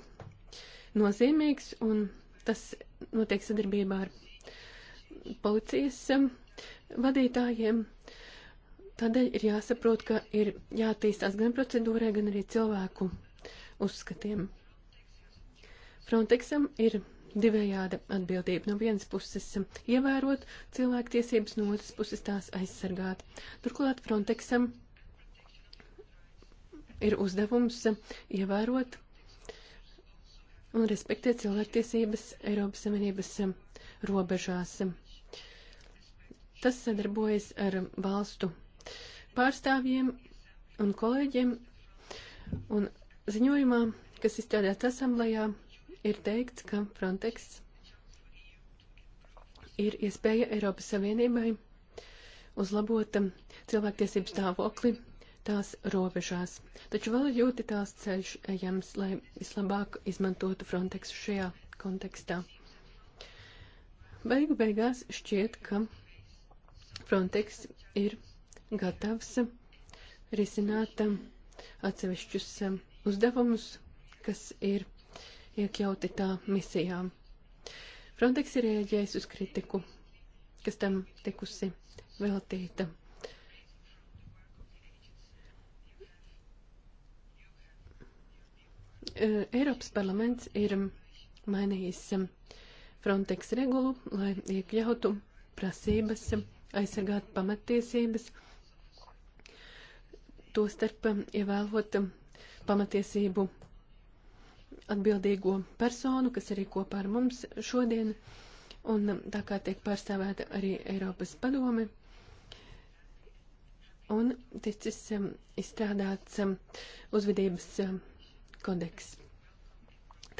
nozīmīgs, un tas notiek sadarbībā ar policijas um, vadītājiem. Tādēļ ir jāsaprot, ka ir jātīstās gan procedūrai, gan arī cilvēku uzskatiem. Frontexam ir divējāda atbildība. No vienas puses um, ievērot cilvēktiesības, no otras puses tās aizsargāt. Turklāt Frontexam ir uzdevums um, ievērot un respektē cilvēktiesības Eiropas Savienības um, robežās. Tas sadarbojas ar valstu pārstāvjiem un kolēģiem, un ziņojumā, kas izstrādāts asamblējā, ir teikts, ka Frontex ir iespēja Eiropas Savienībai uzlabot um, cilvēktiesību stāvokli tās robežās, taču vēl ļoti tās ceļš ejams, lai vislabāk izmantotu Frontex šajā kontekstā. Beigu beigās šķiet, ka Frontex ir gatavs risināt atsevišķus uzdevumus, kas ir iekļauti tā misijā. Frontex ir rēģējis uz kritiku, kas tam tikusi veltīta Eiropas parlaments ir mainījis um, Frontex regulu, lai iekļautu prasības aizsargāt pamatiesības, to starp um, ievēlot um, pamatiesību atbildīgo personu, kas arī kopā ar mums šodien, un tā kā tiek pārstāvēta arī Eiropas padome, un ticis izstrādāts uzvedības kodeks.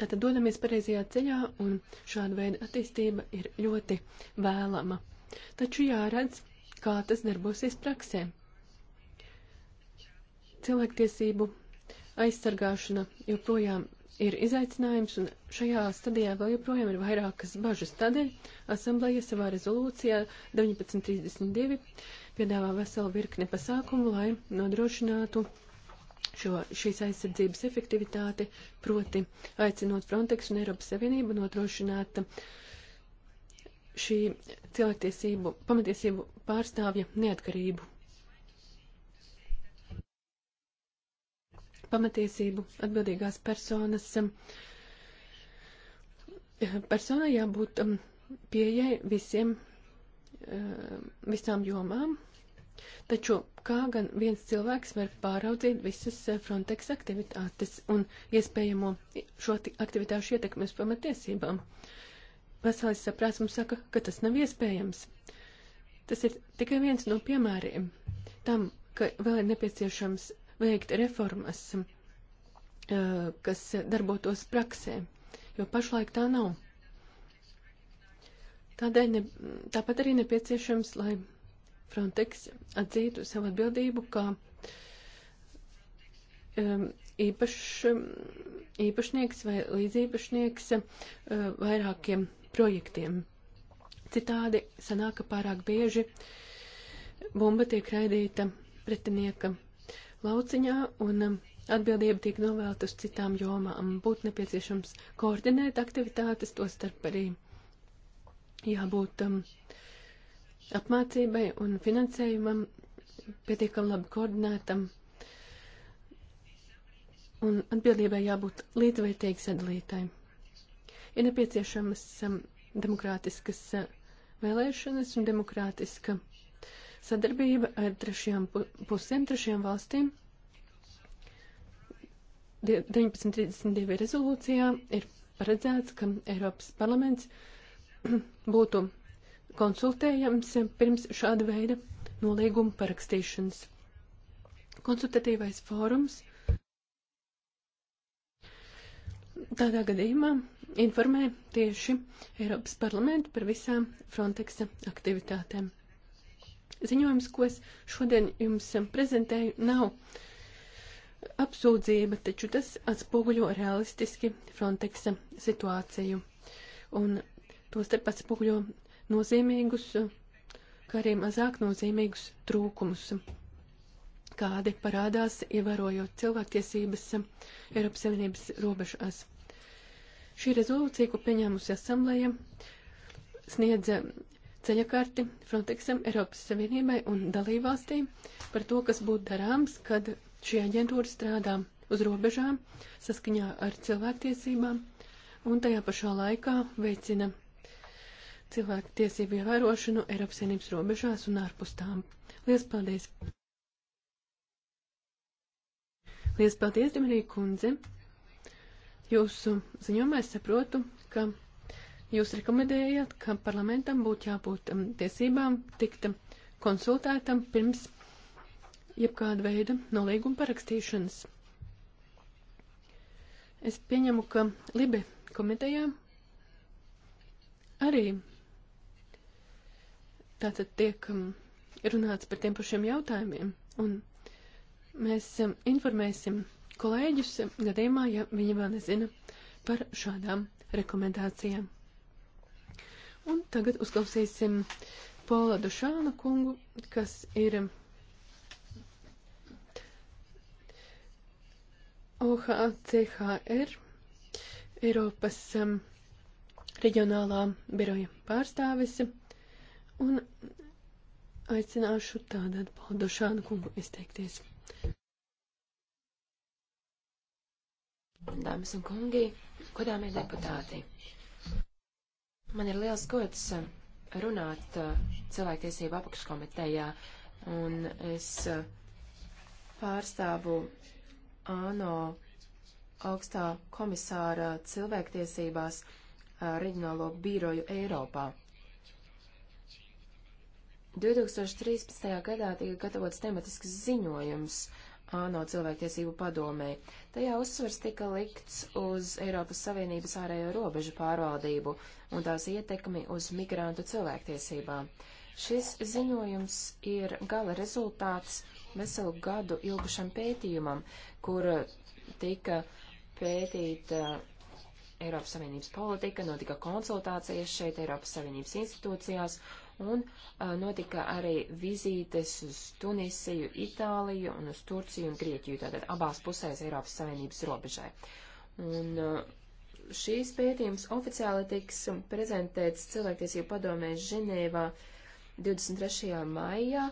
Tātad dodamies pareizajā ceļā, un šāda veida attīstība ir ļoti vēlama. Taču jāredz, kā tas darbosies praksē. Cilvēktiesību aizsargāšana joprojām ir izaicinājums, un šajā stadijā vēl joprojām ir vairākas bažas. Tādēļ asamblēja savā rezolūcijā 1932 piedāvā veselu virkni pasākumu, lai nodrošinātu šo, šīs aizsardzības efektivitāti, proti aicinot Frontex un Eiropas Savienību nodrošināt šī cilvēktiesību, pamatiesību pārstāvja neatkarību. Pamatiesību atbildīgās personas personai jābūt um, pieejai visiem, uh, visām jomām, Taču kā gan viens cilvēks var pāraudzīt visas eh, Frontex aktivitātes un iespējamo šo aktivitāšu ietekmi uz pamatiesībām? Veselais saprāts mums saka, ka tas nav iespējams. Tas ir tikai viens no piemēriem tam, ka vēl ir nepieciešams veikt reformas, eh, kas darbotos praksē, jo pašlaik tā nav. Tādēļ ne, tāpat arī nepieciešams, lai Frontex atzītu savu atbildību, ka um, īpaš, um, īpašnieks vai līdzīpašnieks uh, vairākiem projektiem. Citādi sanāk, ka pārāk bieži bumba tiek raidīta pretinieka lauciņā un um, atbildība tiek novēlta uz citām jomām. Būtu nepieciešams koordinēt aktivitātes, to starp arī jābūt um, uh, apmācībai un finansējumam pietiekami labi koordinētam. Un atbildībai jābūt līdzvērtīgi sadalītājai. Ir nepieciešamas um, demokrātiskas uh, vēlēšanas un demokrātiska sadarbība ar trešajām pu pusēm, trešajām valstīm. 1932 rezolūcijā ir paredzēts, ka Eiropas parlaments [clears throat] būtu konsultējams pirms šāda veida nolīguma parakstīšanas. Konsultatīvais fórums tādā gadījumā informē tieši Eiropas parlamentu par visām Frontexa aktivitātēm. Ziņojums, ko es šodien jums prezentēju, nav apsūdzība, taču tas atspoguļo realistiski Frontexa situāciju. Un to starp atspoguļo nozīmīgus, kā arī mazāk nozīmīgus trūkumus, kādi parādās, ievērojot cilvēktiesības Eiropas Savienības robežās. Šī rezolūcija, ko pieņēmusi asamblēja, sniedza ceļakarti Frontexam, Eiropas Savienībai un dalībvalstīm par to, kas būtu darāms, kad šī aģentūra strādā uz robežām saskaņā ar cilvēktiesībām un tajā pašā laikā veicina cilvēku tiesību ievērošanu Eiropas Savienības robežās un ārpus tām. Lielas paldies! Lielas paldies, Dimitri Kundze! Jūsu ziņojumā es saprotu, ka jūs rekomendējat, ka parlamentam būtu jābūt um, tiesībām tikt um, konsultētam pirms jebkāda veida nolīguma parakstīšanas. Es pieņemu, ka Libe komitejā arī Tātad tiek um, runāts par tiem pašiem jautājumiem, un mēs um, informēsim kolēģus um, gadījumā, ja viņi vēl nezina par šādām rekomendācijām. Un tagad uzklausīsim Pola Dušāna kungu, kas ir OHCHR, Eiropas um, reģionālā biroja pārstāvis. Un aicināšu tādā paldošānu kungu izteikties. Dāmas un kungi, godāmie deputāti, man ir liels gods uh, runāt uh, cilvēktiesību apakškomitejā, un es uh, pārstāvu ANO augstā komisāra cilvēktiesībās reģionālo biroju Eiropā. 2013. gadā tika gatavots tematisks ziņojums ANO cilvēktiesību padomē. Tajā uzsvars tika likts uz Eiropas Savienības ārējo robežu pārvaldību un tās ietekmi uz migrantu cilvēktiesībām. Šis ziņojums ir gala rezultāts veselu gadu ilgušam pētījumam, kur tika pētīta Eiropas Savienības politika, notika konsultācijas šeit Eiropas Savienības institūcijās un uh, notika arī vizītes uz Tunisiju, Itāliju un uz Turciju un Grieķiju, tātad abās pusēs Eiropas Savienības robežai. Un uh, šīs pētījums oficiāli tiks prezentēts cilvēktiesību padomē Ženēvā 23. maijā.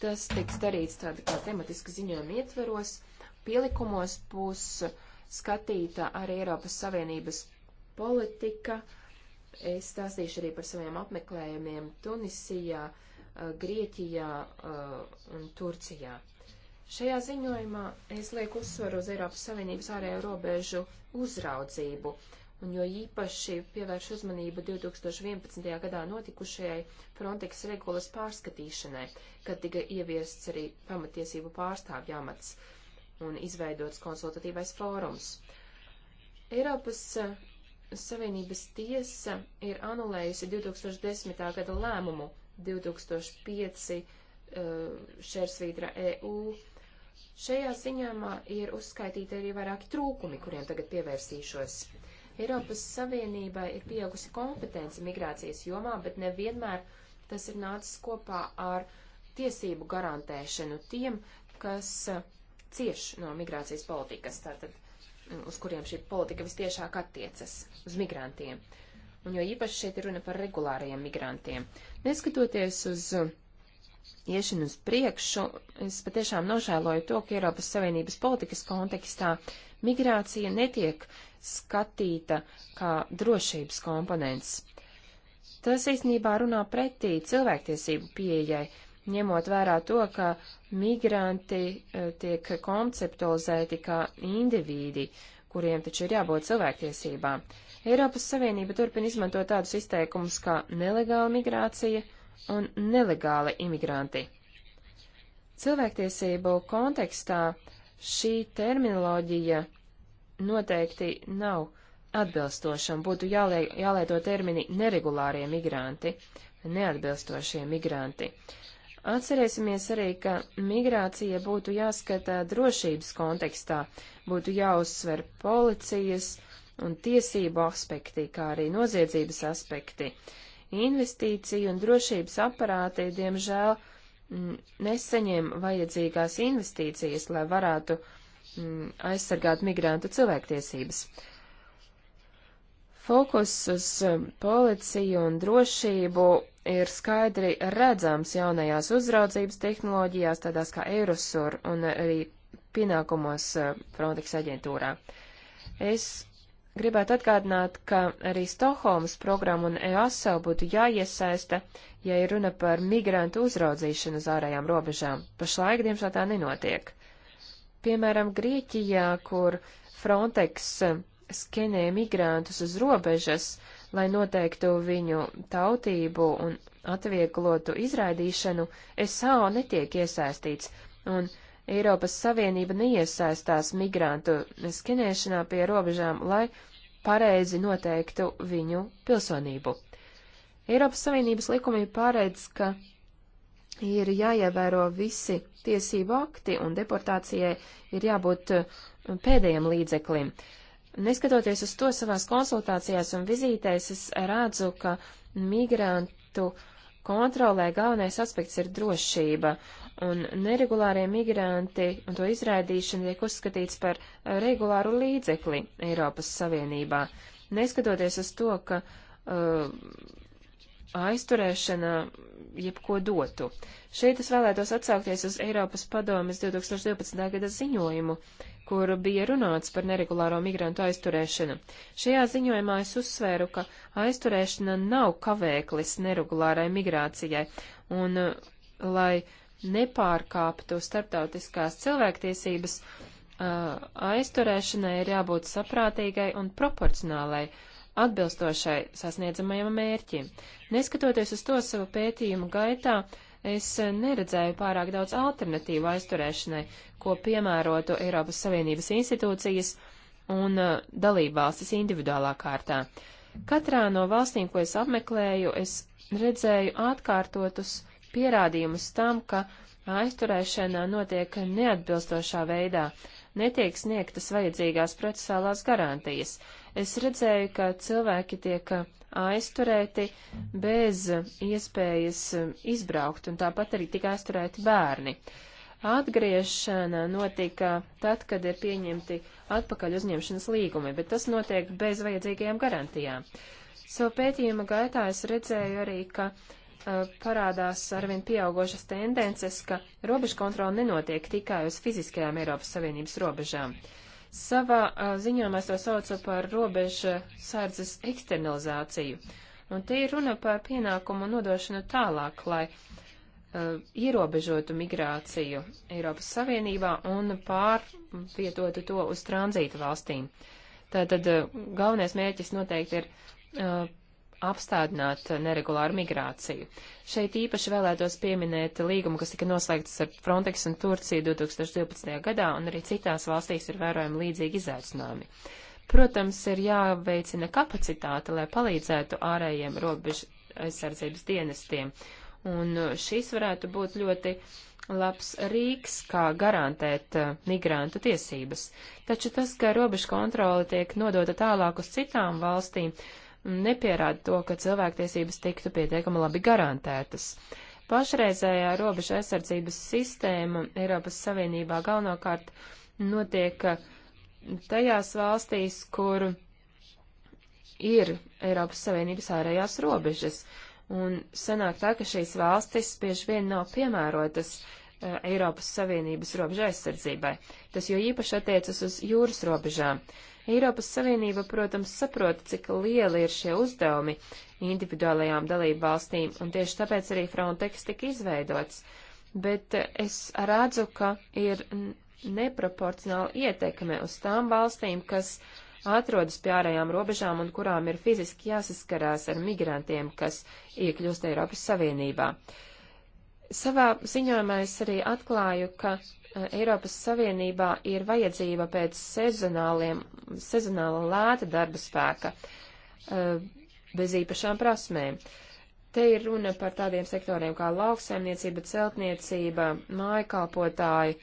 Tas tiks darīts tāda kā tematiska ziņojuma ietveros. Pielikumos būs skatīta arī Eiropas Savienības politika, uh, Es stāstīšu arī par saviem apmeklējumiem Tunisijā, eh, Grieķijā eh, un Turcijā. Šajā ziņojumā es lieku uzsvaru uz Eiropas Savienības ārējo robežu uzraudzību, un jo īpaši pievērš uzmanību 2011. gadā notikušajai Frontex regulas pārskatīšanai, kad tika ieviests arī pamatiesību pārstāvja amats un izveidots konsultatīvais fórums. Eiropas eh, Savienības tiesa ir anulējusi 2010. gada lēmumu 2005 uh, šersvītra EU. Šajā ziņāmā ir uzskaitīti arī vairāki trūkumi, kuriem tagad pievērsīšos. Eiropas Savienībai ir pieaugusi kompetence migrācijas jomā, bet nevienmēr tas ir nācis kopā ar tiesību garantēšanu tiem, kas cieš no migrācijas politikas. Tātad uz kuriem šī politika vistiešāk attiecas, uz migrantiem. Un jo īpaši šeit ir runa par regulārajiem migrantiem. Neskatoties uz uh, iešanu uz priekšu, es patiešām nožēloju to, ka Eiropas Savienības politikas kontekstā migrācija netiek skatīta kā drošības komponents. Tas īstenībā runā pretī cilvēktiesību pieejai, ņemot vērā to, ka migranti eh, tiek konceptualizēti kā indivīdi, kuriem taču ir jābūt cilvēktiesībām. Eiropas Savienība turpina izmantot tādus izteikumus kā nelegāla migrācija un nelegāli imigranti. Cilvēktiesību kontekstā šī terminoloģija noteikti nav atbilstoša un būtu jālie, jālieto termini neregulārie migranti, neatbilstošie migranti. Atcerēsimies arī, ka migrācija būtu jāskata drošības kontekstā, būtu jāuzsver policijas un tiesību aspekti, kā arī noziedzības aspekti. Investīciju un drošības aparāti, diemžēl, mm, nesaņem vajadzīgās investīcijas, lai varētu m, mm, aizsargāt migrantu cilvēktiesības. Fokus uz mm, policiju un drošību ir skaidri redzams jaunajās uzraudzības tehnoloģijās, tādās kā Eurosur un arī pienākumos eh, Frontex aģentūrā. Es gribētu atgādināt, ka arī Stokholmas programma un EASO būtu jāiesaista, ja ir runa par migrantu uzraudzīšanu uz ārējām robežām. Pašlaik, diemžēl, tā nenotiek. Piemēram, Grieķijā, kur Frontex eh, skenē migrantus uz robežas, uh, lai noteiktu viņu tautību un atvieglotu izraidīšanu, SAO netiek iesaistīts, un Eiropas Savienība neiesaistās migrantu skenēšanā pie robežām, lai pareizi noteiktu viņu pilsonību. Eiropas Savienības likumi paredz, ka ir jāievēro visi tiesību akti un deportācijai ir jābūt uh, pēdējiem līdzeklim. Uh, Neskatoties uz to savās konsultācijās un vizītēs, es redzu, ka migrantu kontrolē galvenais aspekts ir drošība, un neregulārie migranti un to izraidīšana tiek uzskatīts par regulāru līdzekli Eiropas Savienībā. Neskatoties uz to, ka uh, aizturēšana jebko dotu. Šeit es vēlētos atsaukties uz Eiropas padomes 2012. gada ziņojumu, uh, kur bija runāts par neregulāro migrantu aizturēšanu. Šajā ziņojumā es uzsvēru, ka aizturēšana nav kavēklis neregulārai migrācijai, un uh, lai nepārkāptu starptautiskās cilvēktiesības, uh, aizturēšanai ir jābūt saprātīgai un proporcionālai, atbilstošai sasniedzamajam mērķim. Neskatoties uz to savu pētījumu gaitā, uh, es neredzēju pārāk daudz alternatīvu aizturēšanai, ko piemērotu Eiropas Savienības institūcijas un uh, dalībvalstis individuālā kārtā. Katrā no valstīm, ko es apmeklēju, es redzēju atkārtotus pierādījumus tam, ka aizturēšana notiek neatbilstošā veidā, netiek sniegtas vajadzīgās procesālās garantijas. Es redzēju, ka cilvēki tiek uh, aizturēti bez iespējas um, izbraukt, un tāpat arī tika aizturēti bērni. Atgriešana notika tad, kad ir pieņemti atpakaļ uzņemšanas līgumi, bet tas notiek bez vajadzīgajām garantijām. Savu pētījuma gaitā es redzēju arī, ka uh, parādās arvien pieaugošas tendences, ka robežu kontrola nenotiek tikai uz fiziskajām Eiropas Savienības robežām. Uh, Savā ziņā mēs to saucu par robeža sardzes eksternalizāciju. Un te ir runa par pienākumu nodošanu tālāk, lai uh, ierobežotu migrāciju Eiropas Savienībā un pārvietotu to uz tranzītu valstīm. Tātad uh, galvenais mērķis noteikti ir uh, apstādināt neregulāru migrāciju. Šeit īpaši vēlētos pieminēt līgumu, kas tika noslēgts ar Frontex un Turciju 2012. gadā, un arī citās valstīs ir vērojami līdzīgi izaicinājumi. Protams, ir jāveicina kapacitāte, lai palīdzētu ārējiem robežu aizsardzības dienestiem, un šis varētu būt ļoti labs rīks, kā garantēt uh, migrantu tiesības, taču tas, ka robežu kontrole tiek nodota tālāk uz citām valstīm, nepierāda to, ka cilvēktiesības tiktu pietiekami labi garantētas. Pašreizējā robeža aizsardzības sistēma Eiropas Savienībā galvenokārt notiek uh, tajās valstīs, kur ir Eiropas Savienības ārējās robežas. Un sanāk tā, ka šīs valstis bieži vien nav piemērotas uh, Eiropas Savienības robeža aizsardzībai. Tas jo īpaši attiecas uz jūras robežām. Uh, Eiropas Savienība, protams, saprot, cik lieli ir šie uzdevumi individuālajām dalību valstīm, un tieši tāpēc arī Frontex tika izveidots. Bet eh, es redzu, ka ir neproporcionāli ietekme uz tām valstīm, kas atrodas pie ārējām robežām un kurām ir fiziski jāsaskarās ar migrantiem, kas iekļūst Eiropas Savienībā. Savā ziņojumā es arī atklāju, ka Eh, Eiropas Savienībā ir vajadzība pēc sezonāla lēta darba spēka eh, bez īpašām prasmēm. Te ir runa par tādiem sektoriem kā lauksaimniecība, celtniecība, mājkalpotāji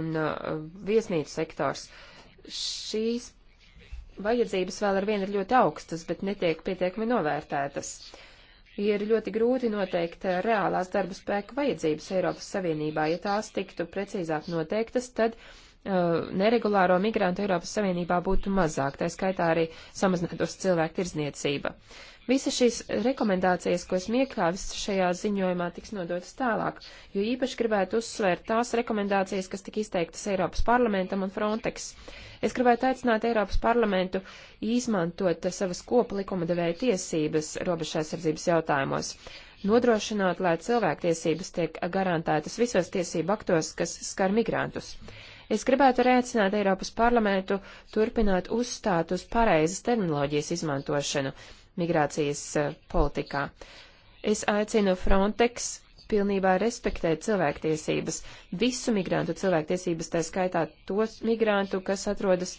un eh, viesnīcu sektors. Šīs vajadzības vēl ar vienu ir ļoti augstas, bet netiek pietiekami novērtētas. Uh, ir ļoti grūti noteikt eh, reālās darba spēku vajadzības Eiropas Savienībā. Ja tās tiktu precīzāk noteiktas, tad uh, neregulāro migrantu Eiropas Savienībā būtu mazāk, tā skaitā arī samazinātos cilvēku tirzniecība. Uh, Visas šīs rekomendācijas, ko esmu iekļāvis šajā ziņojumā, tiks nodotas tālāk, jo īpaši gribētu uzsvērt tās rekomendācijas, kas tika izteiktas Eiropas parlamentam un Frontex. Es gribētu aicināt Eiropas parlamentu izmantot savas kopa likumdevēja tiesības robežaizsardzības jautājumos, nodrošināt, lai cilvēktiesības tiek garantētas visos tiesību aktos, kas skar migrantus. Es gribētu arī aicināt Eiropas parlamentu turpināt uzstāt uz pareizas terminoloģijas izmantošanu, migrācijas eh, politikā. Es aicinu Frontex pilnībā respektēt cilvēktiesības, visu migrantu cilvēktiesības, tā skaitā tos migrantu, kas atrodas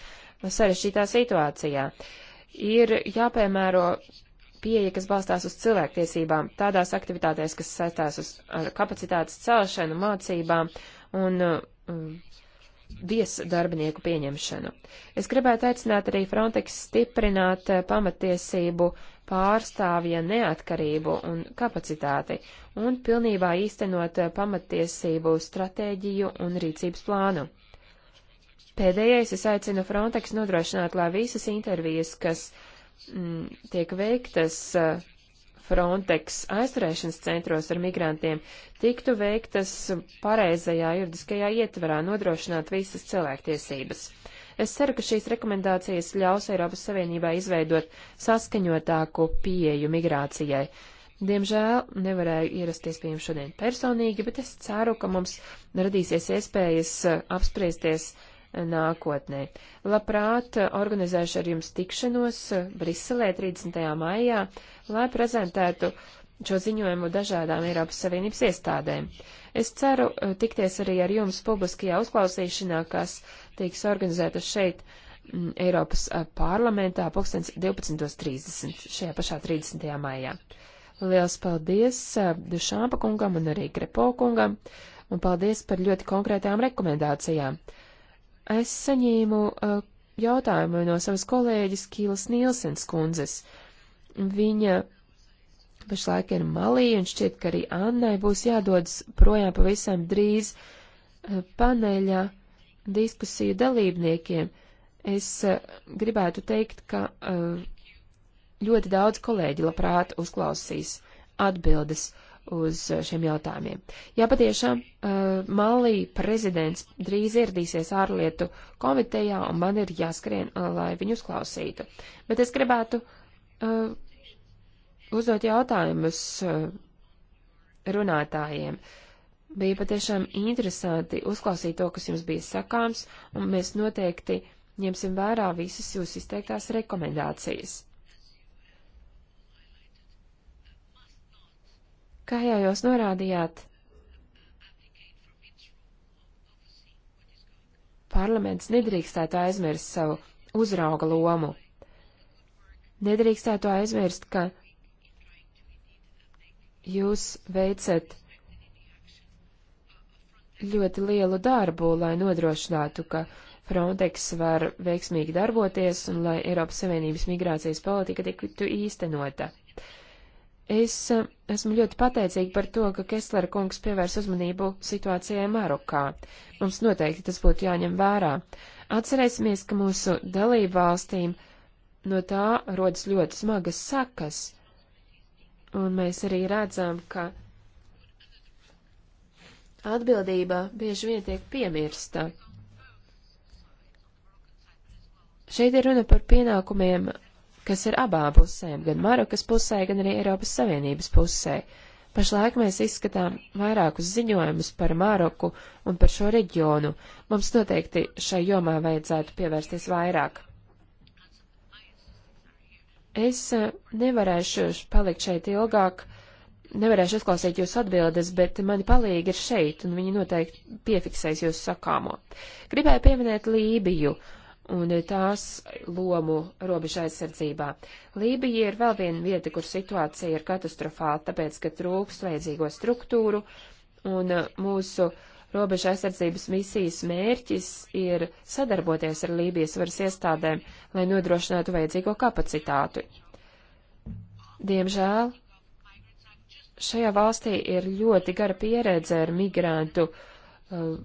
sarežģītā situācijā. Ir jāpiemēro pieeja, kas balstās uz cilvēktiesībām, tādās aktivitātēs, kas saistās uz kapacitātes celšanu, mācībām un um, viesdarbinieku pieņemšanu. Es gribētu aicināt arī Frontex stiprināt eh, pamatiesību pārstāvja neatkarību un kapacitāti un pilnībā īstenot eh, pamatiesību stratēģiju un rīcības plānu. Pēdējais es aicinu Frontex nodrošināt, lai visas intervijas, kas m, mm, tiek veiktas eh, Frontex aizturēšanas centros ar migrantiem tiktu veiktas pareizajā juridiskajā ietverā nodrošināt visas cilvēktiesības. Es ceru, ka šīs rekomendācijas ļaus Eiropas Savienībā izveidot saskaņotāku pieeju migrācijai. Diemžēl nevarēju ierasties pie jums šodien personīgi, bet es ceru, ka mums radīsies iespējas apspriesties uh, nākotnē. Labprāt organizēšu ar jums tikšanos eh, Briselē 30. maijā, lai prezentētu šo ziņojumu dažādām Eiropas Savienības iestādēm. Es ceru eh, tikties arī ar jums publiskajā uzklausīšanā, kas tiks organizēta šeit m, mm, Eiropas eh, parlamentā 12.30. šajā pašā 30. maijā. Liels paldies Dušāpa kungam un arī Grepo kungam, un paldies par ļoti konkrētām rekomendācijām. Es saņēmu uh, jautājumu no savas kolēģis Kīlas Nielsens kundzes. Viņa pašlaik ir malī, un šķiet, ka arī Annai būs jādodas projām pavisam drīz uh, paneļa diskusiju dalībniekiem. Es uh, gribētu teikt, ka uh, ļoti daudz kolēģi labprāt uzklausīs atbildes. Uh, uz eh, šiem jautājumiem. Ja patiešām uh, Malī prezidents drīz ieradīsies ārlietu komitejā un man ir jāskrien, uh, lai viņu uzklausītu. Bet es gribētu uh, uzdot jautājumus uh, runātājiem. Bija patiešām interesanti uzklausīt to, kas jums bija sakāms, un mēs noteikti ņemsim vērā visas jūsu izteiktās rekomendācijas. Kā jau jūs norādījāt, parlaments nedrīkstētu aizmirst savu uzrauga lomu. Nedrīkstētu aizmirst, ka jūs veicat ļoti lielu darbu, lai nodrošinātu, ka Frontex var veiksmīgi darboties un lai Eiropas Savienības migrācijas politika tiktu īstenota. Es eh, esmu ļoti pateicīga par to, ka Keslera kungs pievērs uzmanību situācijai Marokā. Mums noteikti tas būtu jāņem vērā. Atcerēsimies, ka mūsu dalību valstīm no tā rodas ļoti smagas sakas, un mēs arī redzam, ka atbildība bieži vien tiek piemirsta. Šeit ir runa par pienākumiem kas ir abām pusēm, gan Marokas pusē, gan arī Eiropas Savienības pusē. Pašlaik mēs izskatām vairākus ziņojumus par Maroku un par šo reģionu. Mums noteikti šai jomā vajadzētu pievērsties vairāk. Es eh, nevarēšu palikt šeit ilgāk, nevarēšu uzklausīt jūsu atbildes, bet mani palīgi ir šeit, un viņi noteikti piefiksēs jūsu sakāmo. Gribēju pieminēt Lībiju un tās lomu robežu aizsardzībā. Lībija ir vēl viena vieta, kur situācija ir katastrofāla, tāpēc, ka trūkst vajadzīgo struktūru, un uh, mūsu robežu aizsardzības misijas mērķis ir sadarboties ar Lībijas varas iestādēm, lai nodrošinātu vajadzīgo kapacitātu. Diemžēl šajā valstī ir ļoti gara pieredze ar migrantu uh,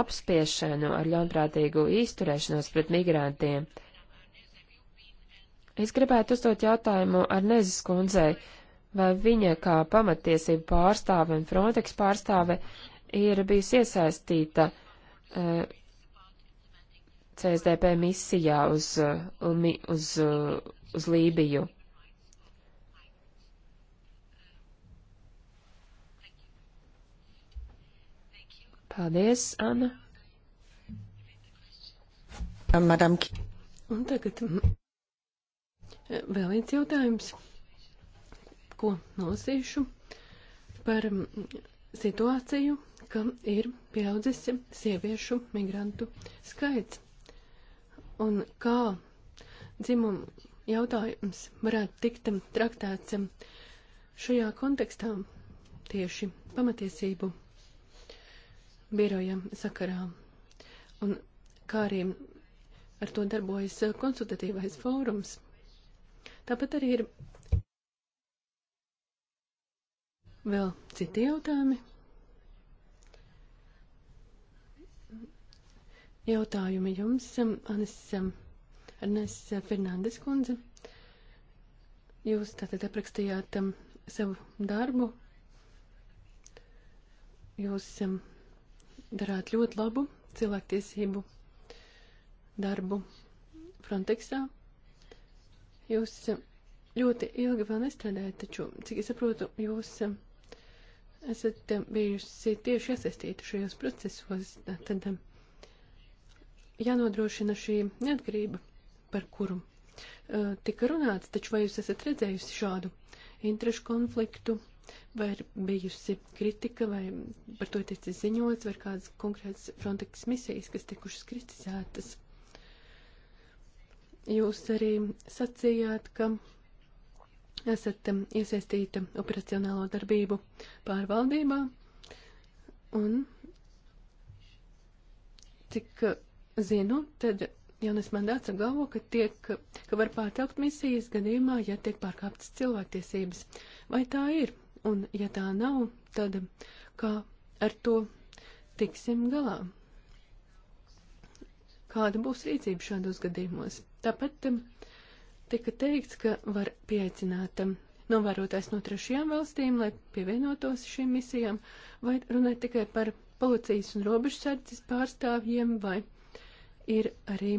apspiešanu, ar ļaunprātīgu izturēšanos pret migrantiem. Es gribētu uzdot jautājumu ar Nezes kundzei, vai viņa kā pamatiesību pārstāve un Frontex pārstāve ir bijusi iesaistīta uh, eh, CSDP misijā uz, uh, uz, uz, eh, uz Lībiju. Paldies, Anna. Madam. Un tagad vēl viens jautājums, ko nosīšu par situāciju, ka ir pieaudzis sieviešu migrantu skaits. Un kā dzimuma jautājums varētu tikt traktēts šajā kontekstā tieši pamatiesību biroja sakarā. Un kā arī ar to darbojas konsultatīvais fórums. Tāpat arī ir vēl citi jautājumi. Jautājumi jums, um, Anis, Arnes um, Fernandes kundze. Jūs tātad aprakstījāt um, savu darbu. Jūs um, darāt ļoti labu cilvēktiesību darbu Frontexā. Jūs ļoti ilgi vēl nestrādājat, taču, cik es saprotu, jūs esat bijusi tieši iesaistīti šajos procesos. Tad eh, jānodrošina šī neatkarība, par kuru eh, tika runāts, taču vai jūs esat redzējusi šādu interešu konfliktu? Vai ir bijusi kritika, vai par to ticis ziņots, vai kādas konkrētas Frontex misijas, kas tikušas kritizētas? Jūs arī sacījāt, ka esat um, iesaistīta operacionālo darbību pārvaldībā, un cik uh, zinu, tad jaunas mandāts apgalvo, ka, tiek, ka var pārtraukt misijas gadījumā, ja tiek pārkāptas cilvēktiesības. Vai tā ir? un ja tā nav, tad kā ar to tiksim galā? Kāda būs rīcība šādos gadījumos? Tāpat um, tika teikts, ka var pieaicināt um, novērotājs no trešajām valstīm, lai pievienotos šīm misijām, vai runāt tikai par policijas un robežsardzes pārstāvjiem, vai ir arī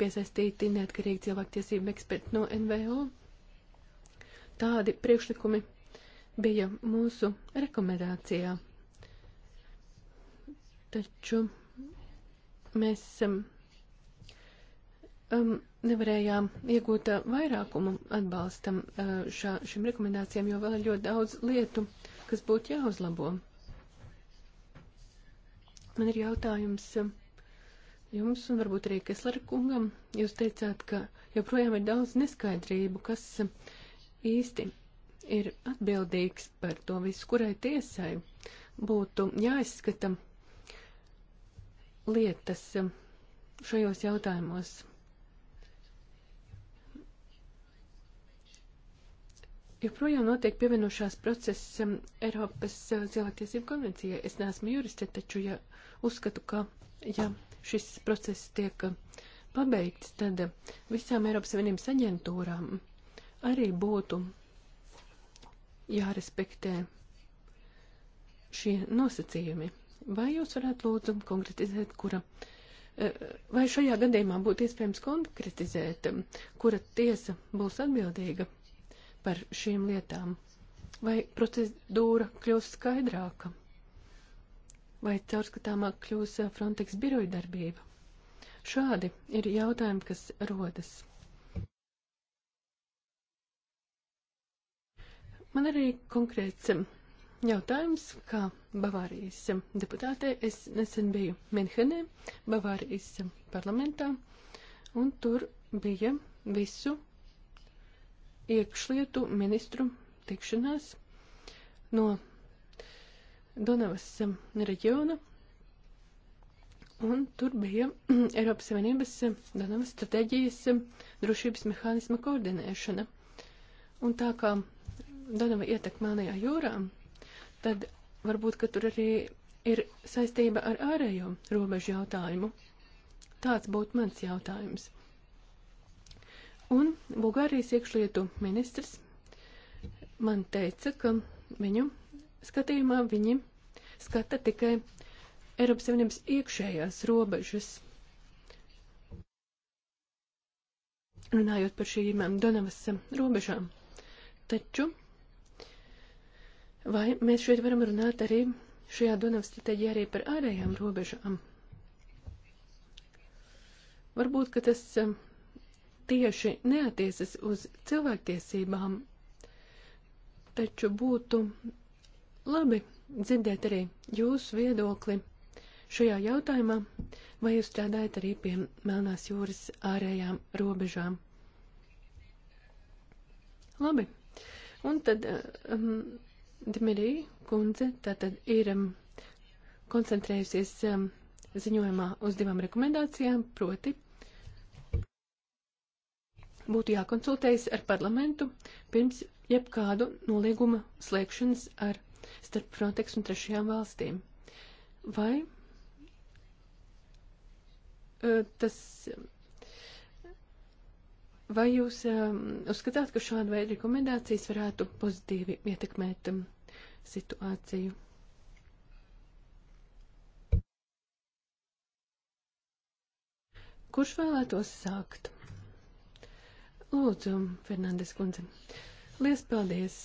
piesaistīti neatkarīgi cilvēktiesību eksperti no NVO. Tādi priekšlikumi bija mūsu rekomendācijā. Taču mēs um, um nevarējām iegūt uh, vairākumu atbalstam uh, šā, šim rekomendācijām, jo vēl ir ļoti daudz lietu, kas būtu jāuzlabo. Man ir jautājums um, jums un varbūt arī Keslera kungam. Jūs teicāt, ka joprojām ir daudz neskaidrību, kas um, īsti ir atbildīgs par to visu, kurai tiesai būtu jāizskata lietas šajos jautājumos. Joprojām notiek pievienošās process um, Eiropas uh, cilvēktiesību konvencijai. Es neesmu juriste, taču ja uzskatu, ka ja šis process tiek uh, pabeigts, tad uh, visām Eiropas Savienības aģentūrām arī būtu jārespektē šie nosacījumi. Vai jūs varētu lūdzu konkretizēt, kura, eh, vai šajā gadījumā būtu iespējams konkretizēt, kura tiesa būs atbildīga par šīm lietām? Vai procedūra kļūs skaidrāka? Vai caurskatāmāk kļūs Frontex biroja darbība? Šādi ir jautājumi, kas rodas. Man arī konkrēts um, jautājums, kā Bavārijas um, deputātei. Es nesen biju Menhenē, Bavārijas um, parlamentā, un tur bija visu iekšlietu ministru tikšanās no Donavas reģiona, un tur bija Eiropas Savienības Donavas stratēģijas drošības mehānisma koordinēšana. Un tā kā Donava ietek Melnajā jūrā, tad varbūt, ka tur arī ir saistība ar ārējo robežu jautājumu. Tāds būtu mans jautājums. Un Bulgārijas iekšlietu ministrs man teica, ka viņu skatījumā viņi skata tikai Eiropas Savienības iekšējās robežas. Runājot par šīm Donavas robežām. Taču Vai mēs šeit varam runāt arī šajā Dunavas stratēģijā arī par ārējām robežām? Varbūt, ka tas um, tieši neatiecas uz cilvēktiesībām, taču būtu labi dzirdēt arī jūsu viedokli šajā jautājumā, vai jūs strādājat arī pie Melnās jūras ārējām robežām. Labi, un tad um, Dimirī kundze tātad ir um, koncentrējusies um, ziņojumā uz divām rekomendācijām, proti būtu jākonsultējas ar parlamentu pirms jebkādu nolīguma slēgšanas ar starp Frontex un trešajām valstīm. Vai uh, tas Vai jūs um, uzskatāt, ka šāda veida rekomendācijas varētu pozitīvi ietekmēt um, situāciju? Kurš vēlētos sākt? Lūdzu, Fernandes kundze. Lies paldies!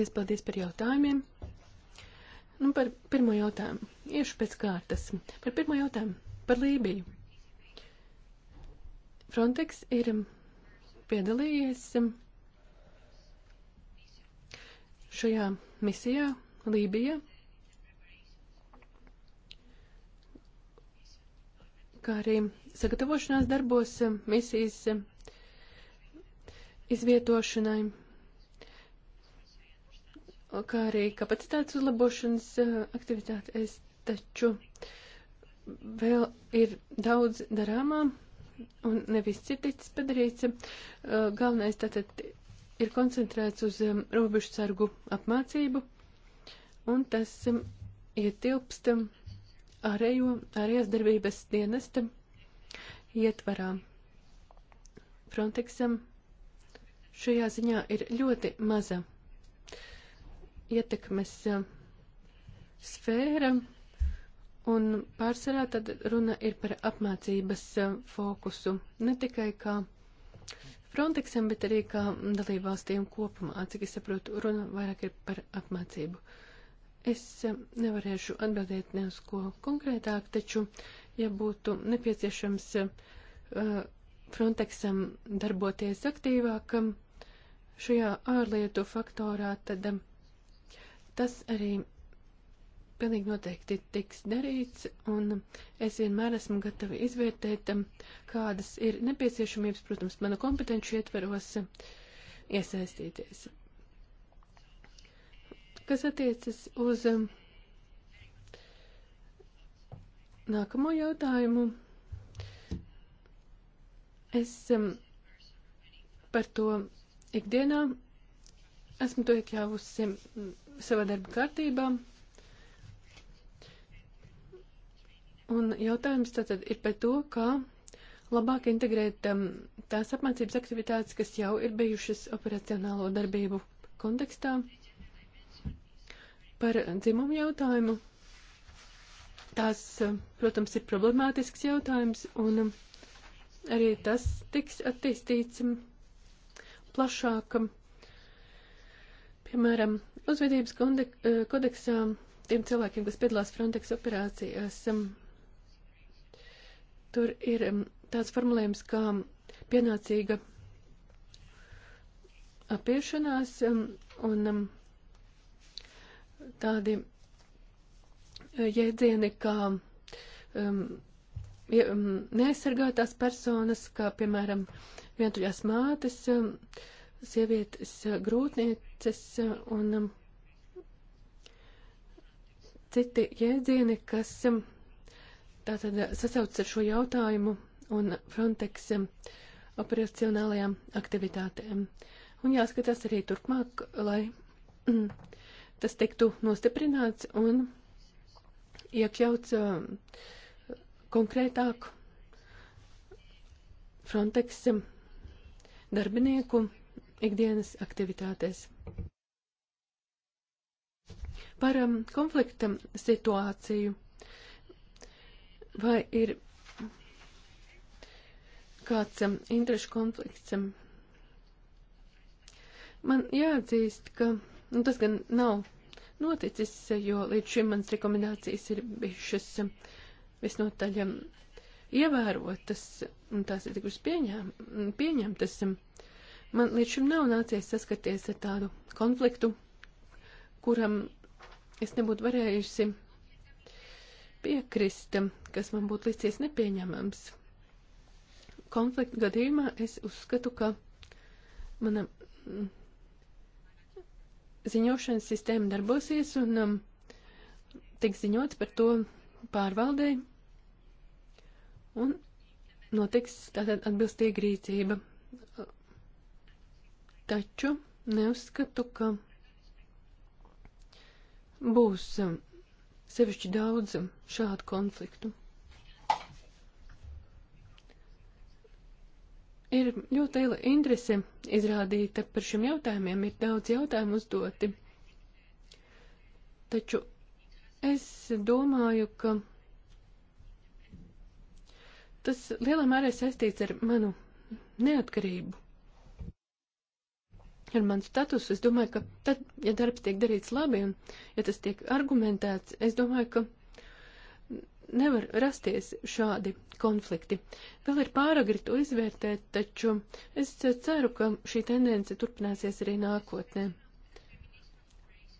Lies paldies par jautājumiem. Nu, par pirmo jautājumu. Iešu pēc kārtas. Par pirmo jautājumu. Par Lībiju Frontex ir piedalījies šajā misijā Lībijā. kā arī sagatavošanās darbos misijas izvietošanai, kā arī kapacitātes uzlabošanas aktivitāte. Es taču vēl ir daudz darāmā un nevis citis padarīts. Uh, galvenais tātad ir koncentrēts uz um, robežu sargu apmācību, un tas um, ietilpst um, ārējo, ārējās darbības dienesta ietvarā. Frontexam šajā ziņā ir ļoti maza ietekmes sfēra Un pārsvarā tad runa ir par apmācības eh, fokusu ne tikai kā Frontexam, bet arī kā dalībvalstīm kopumā. Cik es saprotu, runa vairāk ir par apmācību. Es eh, nevarēšu atbildēt ne uz ko konkrētāk, taču, ja būtu nepieciešams eh, Frontexam darboties aktīvāk šajā ārlietu faktorā, tad tas arī pilnīgi noteikti tiks darīts, un es vienmēr esmu gatava izvērtēt, um, kādas ir nepieciešamības, protams, mana kompetenci ietveros um, iesaistīties. Kas attiecas uz um, nākamo jautājumu, es par to ikdienā esmu to iekļāvusi savā darba kārtībā Un jautājums tātad ir par to, kā labāk integrēt um, tās apmācības aktivitātes, kas jau ir bijušas operacionālo darbību kontekstā. Par dzimumu jautājumu. Tās, um, protams, ir problemātisks jautājums, un um, arī tas tiks attīstīts um, plašāk. Piemēram, uzvedības uh, kodeksā tiem cilvēkiem, kas piedalās Frontex operācijās, Tur ir tāds formulējums kā pienācīga apiešanās un tādi e, jēdzieni kā neaizsargātās personas, kā piemēram vientuļās mātes, sievietes e, grūtnieces e, un citi jēdzieni, kas tātad sasaucas ar šo jautājumu un Frontex um, operacionālajām aktivitātēm. Un jāskatās arī turpmāk, lai um, tas tiktu nostiprināts un iekļauts um, konkrētāk Frontex darbinieku ikdienas aktivitātēs. Par konflikta situāciju Vai ir kāds um, interešu konflikts? Um, man jāatzīst, ka nu, tas gan nav noticis, jo līdz šim manas rekomendācijas ir bijušas um, visnotaļ um, ievērotas un tās ir tikušas pieņēm, pieņemtas. Um, man līdz šim nav nācies saskaties ar tādu konfliktu, kuram es nebūtu varējusi piekrist, kas man būtu licies nepieņemams. Konflikta gadījumā es uzskatu, ka mana mm, ziņošanas sistēma darbosies un um, tiks ziņots par to pārvaldei un notiks tātad atbilstīga rīcība. Taču neuzskatu, ka būs um, sevišķi daudz šādu konfliktu. Ir ļoti liela interese izrādīta par šiem jautājumiem, ir daudz jautājumu uzdoti. Taču es domāju, ka tas lielā mērā saistīts ar manu neatkarību ar manu statusu, es domāju, ka tad, ja darbs tiek darīts labi un ja tas tiek argumentēts, es domāju, ka nevar rasties šādi konflikti. Vēl ir pāragri to izvērtēt, taču es ceru, ka šī tendence turpināsies arī nākotnē.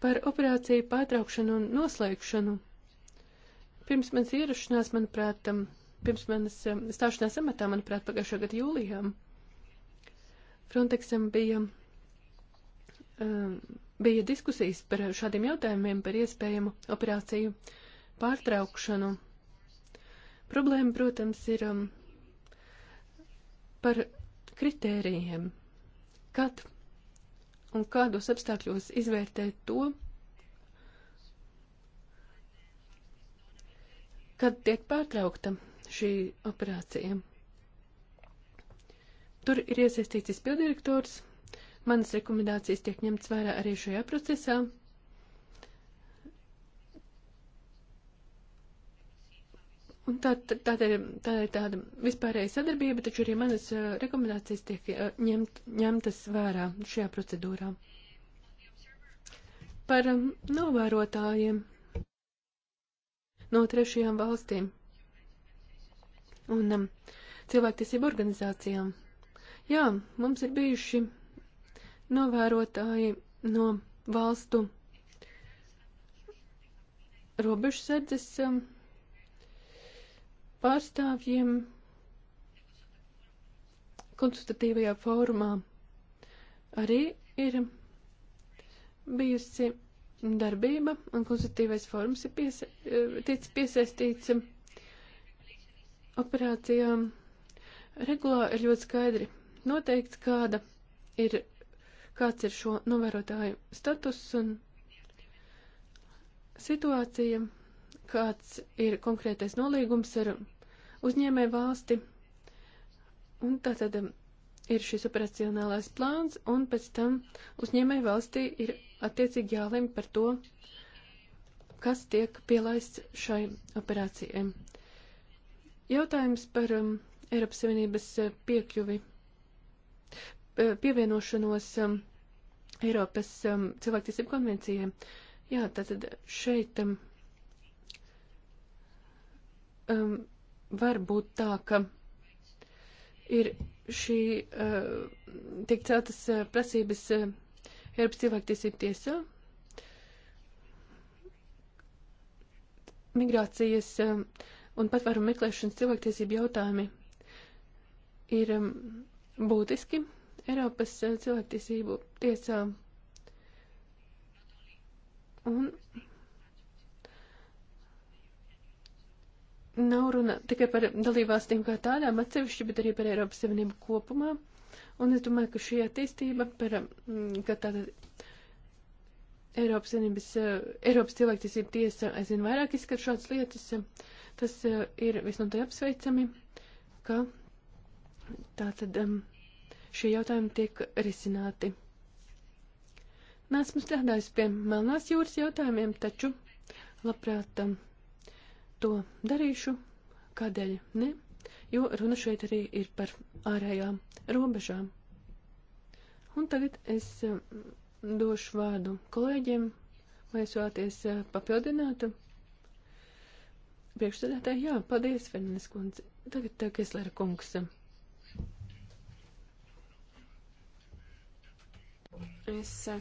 Par operāciju pārtraukšanu un noslēgšanu. Pirms manas ierašanās, manuprāt, um, pirms manas um, stāšanās amatā, manuprāt, pagājušā gada jūlijām, Frontexam bija Um, bija diskusijas par šādiem jautājumiem, par iespējamu operāciju pārtraukšanu. Problēma, protams, ir um, par kritērijiem, kad un kādos apstākļos izvērtēt to, kad tiek pārtraukta šī operācija. Tur ir iesaistīts izpildirektors, Manas rekomendācijas tiek ņemts vērā arī šajā procesā. Un tā, tā, tā, ir, tā ir tāda vispārēja sadarbība, taču arī manas uh, rekomendācijas tiek uh, ņemt, ņemtas vērā šajā procedūrā. Par um, novērotājiem no trešajām valstīm un um, cilvēktiesību organizācijām. Jā, mums ir bijuši novērotāji no valstu robežsardzes um, pārstāvjiem konsultatīvajā fórumā arī ir bijusi darbība, un konsultatīvais fórums ir piesa eh, ticis piesaistīts um, operācijām. Regulā ir ļoti skaidri noteikts, kāda ir kāds ir šo novērotāju status un situācija, kāds ir konkrētais nolīgums ar uzņēmē valsti. Un tātad um, ir šis operacionālais plāns, un pēc tam uzņēmē valstī ir attiecīgi jālem par to, kas tiek pielaists šai operācijai. Jautājums par um, Eiropas Savienības uh, piekļuvi, uh, pievienošanos um, Eiropas um, cilvēktiesību konvencijai. Jā, tātad šeit um, um, var būt tā, ka ir šī uh, tiek celtas uh, prasības uh, Eiropas cilvēktiesību tiesā. Migrācijas uh, un patvērumu meklēšanas cilvēktiesību jautājumi ir um, būtiski Eiropas eh, cilvēktiesību tiesām. Un nav runa tikai par dalībvalstīm kā tādām atsevišķi, bet arī par Eiropas Savienību kopumā. Un es domāju, ka šī attīstība, par, mm, ka tāda Eiropas Savienības, eh, Eiropas cilvēktiesība tiesa aizvien vairāk izskat šādas lietas, tas eh, ir visnotaļ apsveicami, ka tā tad. Um, mm, šie jautājumi tiek risināti. Nesmu strādājis pie Melnās jūras jautājumiem, taču labprāt um, to darīšu. Kādēļ ne? Jo runa šeit arī ir par ārējām robežām. Un tagad es um, došu vārdu kolēģiem, vai es vēlaties uh, papildināt. Priekšsēdētāji, jā, paldies, Fernes kundze. Tagad uh, Keslera kungs. Uh, Es eh,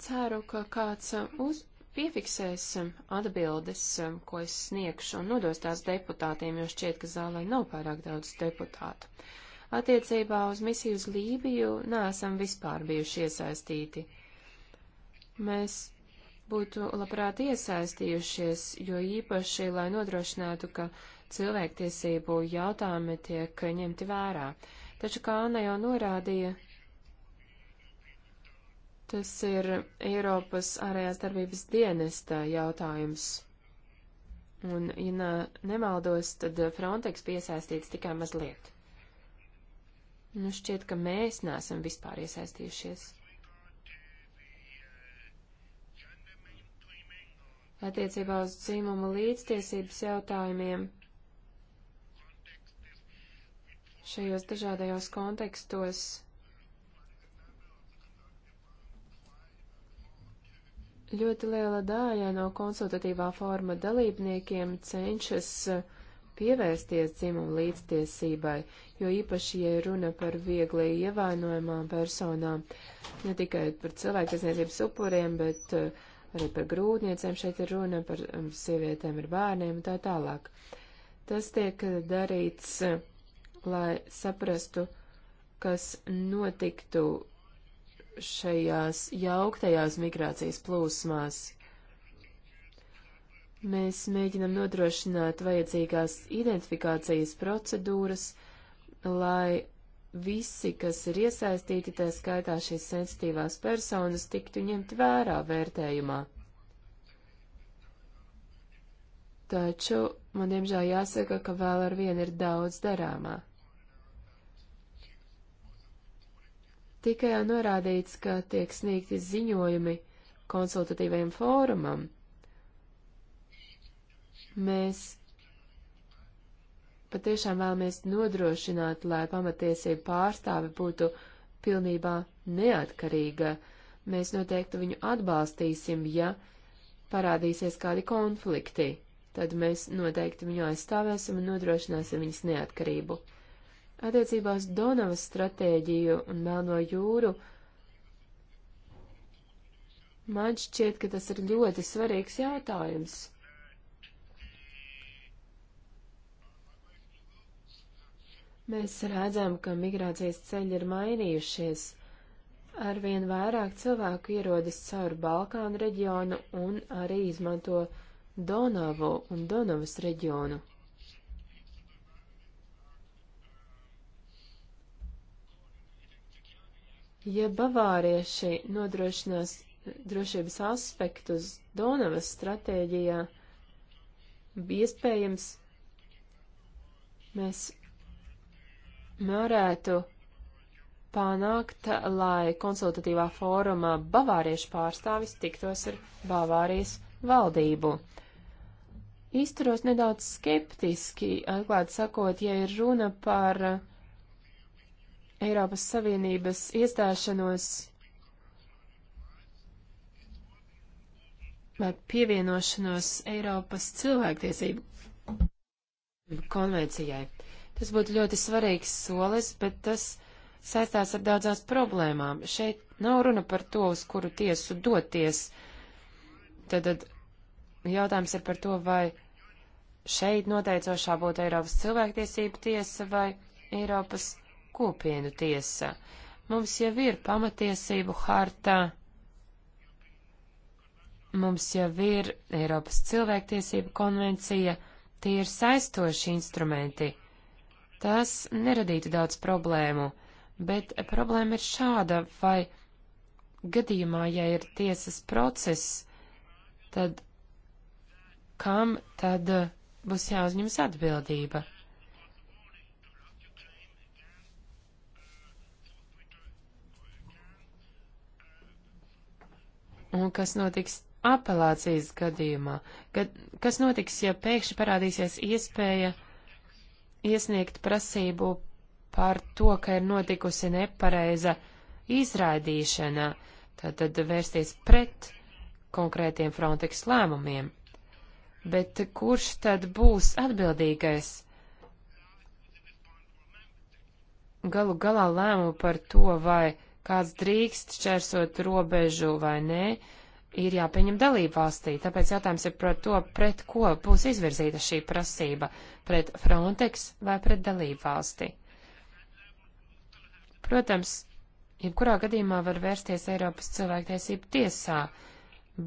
ceru, ka kāds eh, uz, piefiksēs eh, atbildes, ko es sniegšu un nodos tās deputātiem, jo šķiet, ka zālē nav pārāk daudz deputātu. Attiecībā uz misiju uz Lībiju neesam vispār bijuši iesaistīti. Mēs būtu labprāt iesaistījušies, jo īpaši, lai nodrošinātu, ka cilvēktiesību jautājumi tiek ņemti vērā. Taču, kā Anna jau norādīja, Tas ir Eiropas ārējās darbības dienesta jautājums. Un, ja ne, nemaldos, tad Frontex piesaistīts tikai mazliet. Nu, šķiet, ka mēs neesam vispār iesaistījušies. Attiecībā uz dzīmumu līdztiesības jautājumiem šajos dažādajos kontekstos Ļoti liela daļa no konsultatīvā forma dalībniekiem cenšas eh, pievērsties dzimumu līdztiesībai, jo īpaši, ja runa par viegli ievainojamām personām, ne tikai par cilvēktiesniecības upuriem, bet eh, arī par grūtniecēm šeit ir runa, par um, sievietēm ar bērniem un tā tālāk. Tas tiek darīts, eh, lai saprastu, kas notiktu šajās jauktajās migrācijas plūsmās. Mēs mēģinam nodrošināt vajadzīgās identifikācijas procedūras, lai visi, kas ir iesaistīti, tā skaitā šīs sensitīvās personas, tiktu ņemti vērā vērtējumā. Taču man diemžēl jāsaka, ka vēl ar vienu ir daudz darāmā. Tika jau norādīts, ka tiek sniegti ziņojumi konsultatīvajam fórumam. Mēs patiešām vēlamies nodrošināt, lai pamatiesība pārstāve būtu pilnībā neatkarīga. Mēs noteikti viņu atbalstīsim, ja parādīsies kādi konflikti. Tad mēs noteikti viņu aizstāvēsim un nodrošināsim viņas neatkarību. Attiecībās Donavas stratēģiju un Melno jūru man šķiet, ka tas ir ļoti svarīgs jautājums. Mēs redzam, ka migrācijas ceļi ir mainījušies. Arvien vairāk cilvēku ierodas caur Balkānu reģionu un arī izmanto Donavu un Donavas reģionu. Ja bavārieši nodrošinās drošības aspektus Donavas stratēģijā, iespējams, mēs varētu panākt, lai konsultatīvā fórumā bavāriešu pārstāvis tiktos ar Bavārijas valdību. Izturos nedaudz skeptiski, atklāti sakot, ja ir runa par uh, Eiropas Savienības iestāšanos vai pievienošanos Eiropas cilvēktiesību konvencijai. Tas būtu ļoti svarīgs solis, bet tas saistās ar daudzās problēmām. Šeit nav runa par to, uz kuru tiesu doties. Tad, tad jautājums ir par to, vai šeit noteicošā būtu Eiropas cilvēktiesību tiesa vai Eiropas kopienu tiesa. Mums jau ir pamatiesību harta, mums jau ir Eiropas cilvēktiesību konvencija, tie ir saistoši instrumenti. Tas neradītu daudz problēmu, bet problēma ir šāda, vai gadījumā, ja ir tiesas process, tad kam tad būs jāuzņemas atbildība? un kas notiks apelācijas gadījumā, kad, kas notiks, ja pēkšņi parādīsies iespēja iesniegt prasību par to, ka ir notikusi nepareiza izraidīšana, tātad vērsties pret konkrētiem Frontex lēmumiem. Bet kurš tad būs atbildīgais? Galu galā lēmumu par to, vai kāds drīkst šķērsot robežu vai nē, ir jāpieņem dalību valstī. Tāpēc jautājums ir par to, pret ko būs izvirzīta šī prasība - pret Frontex vai pret dalību valsti. Protams, jebkurā gadījumā var vērsties Eiropas cilvēktiesību tiesā,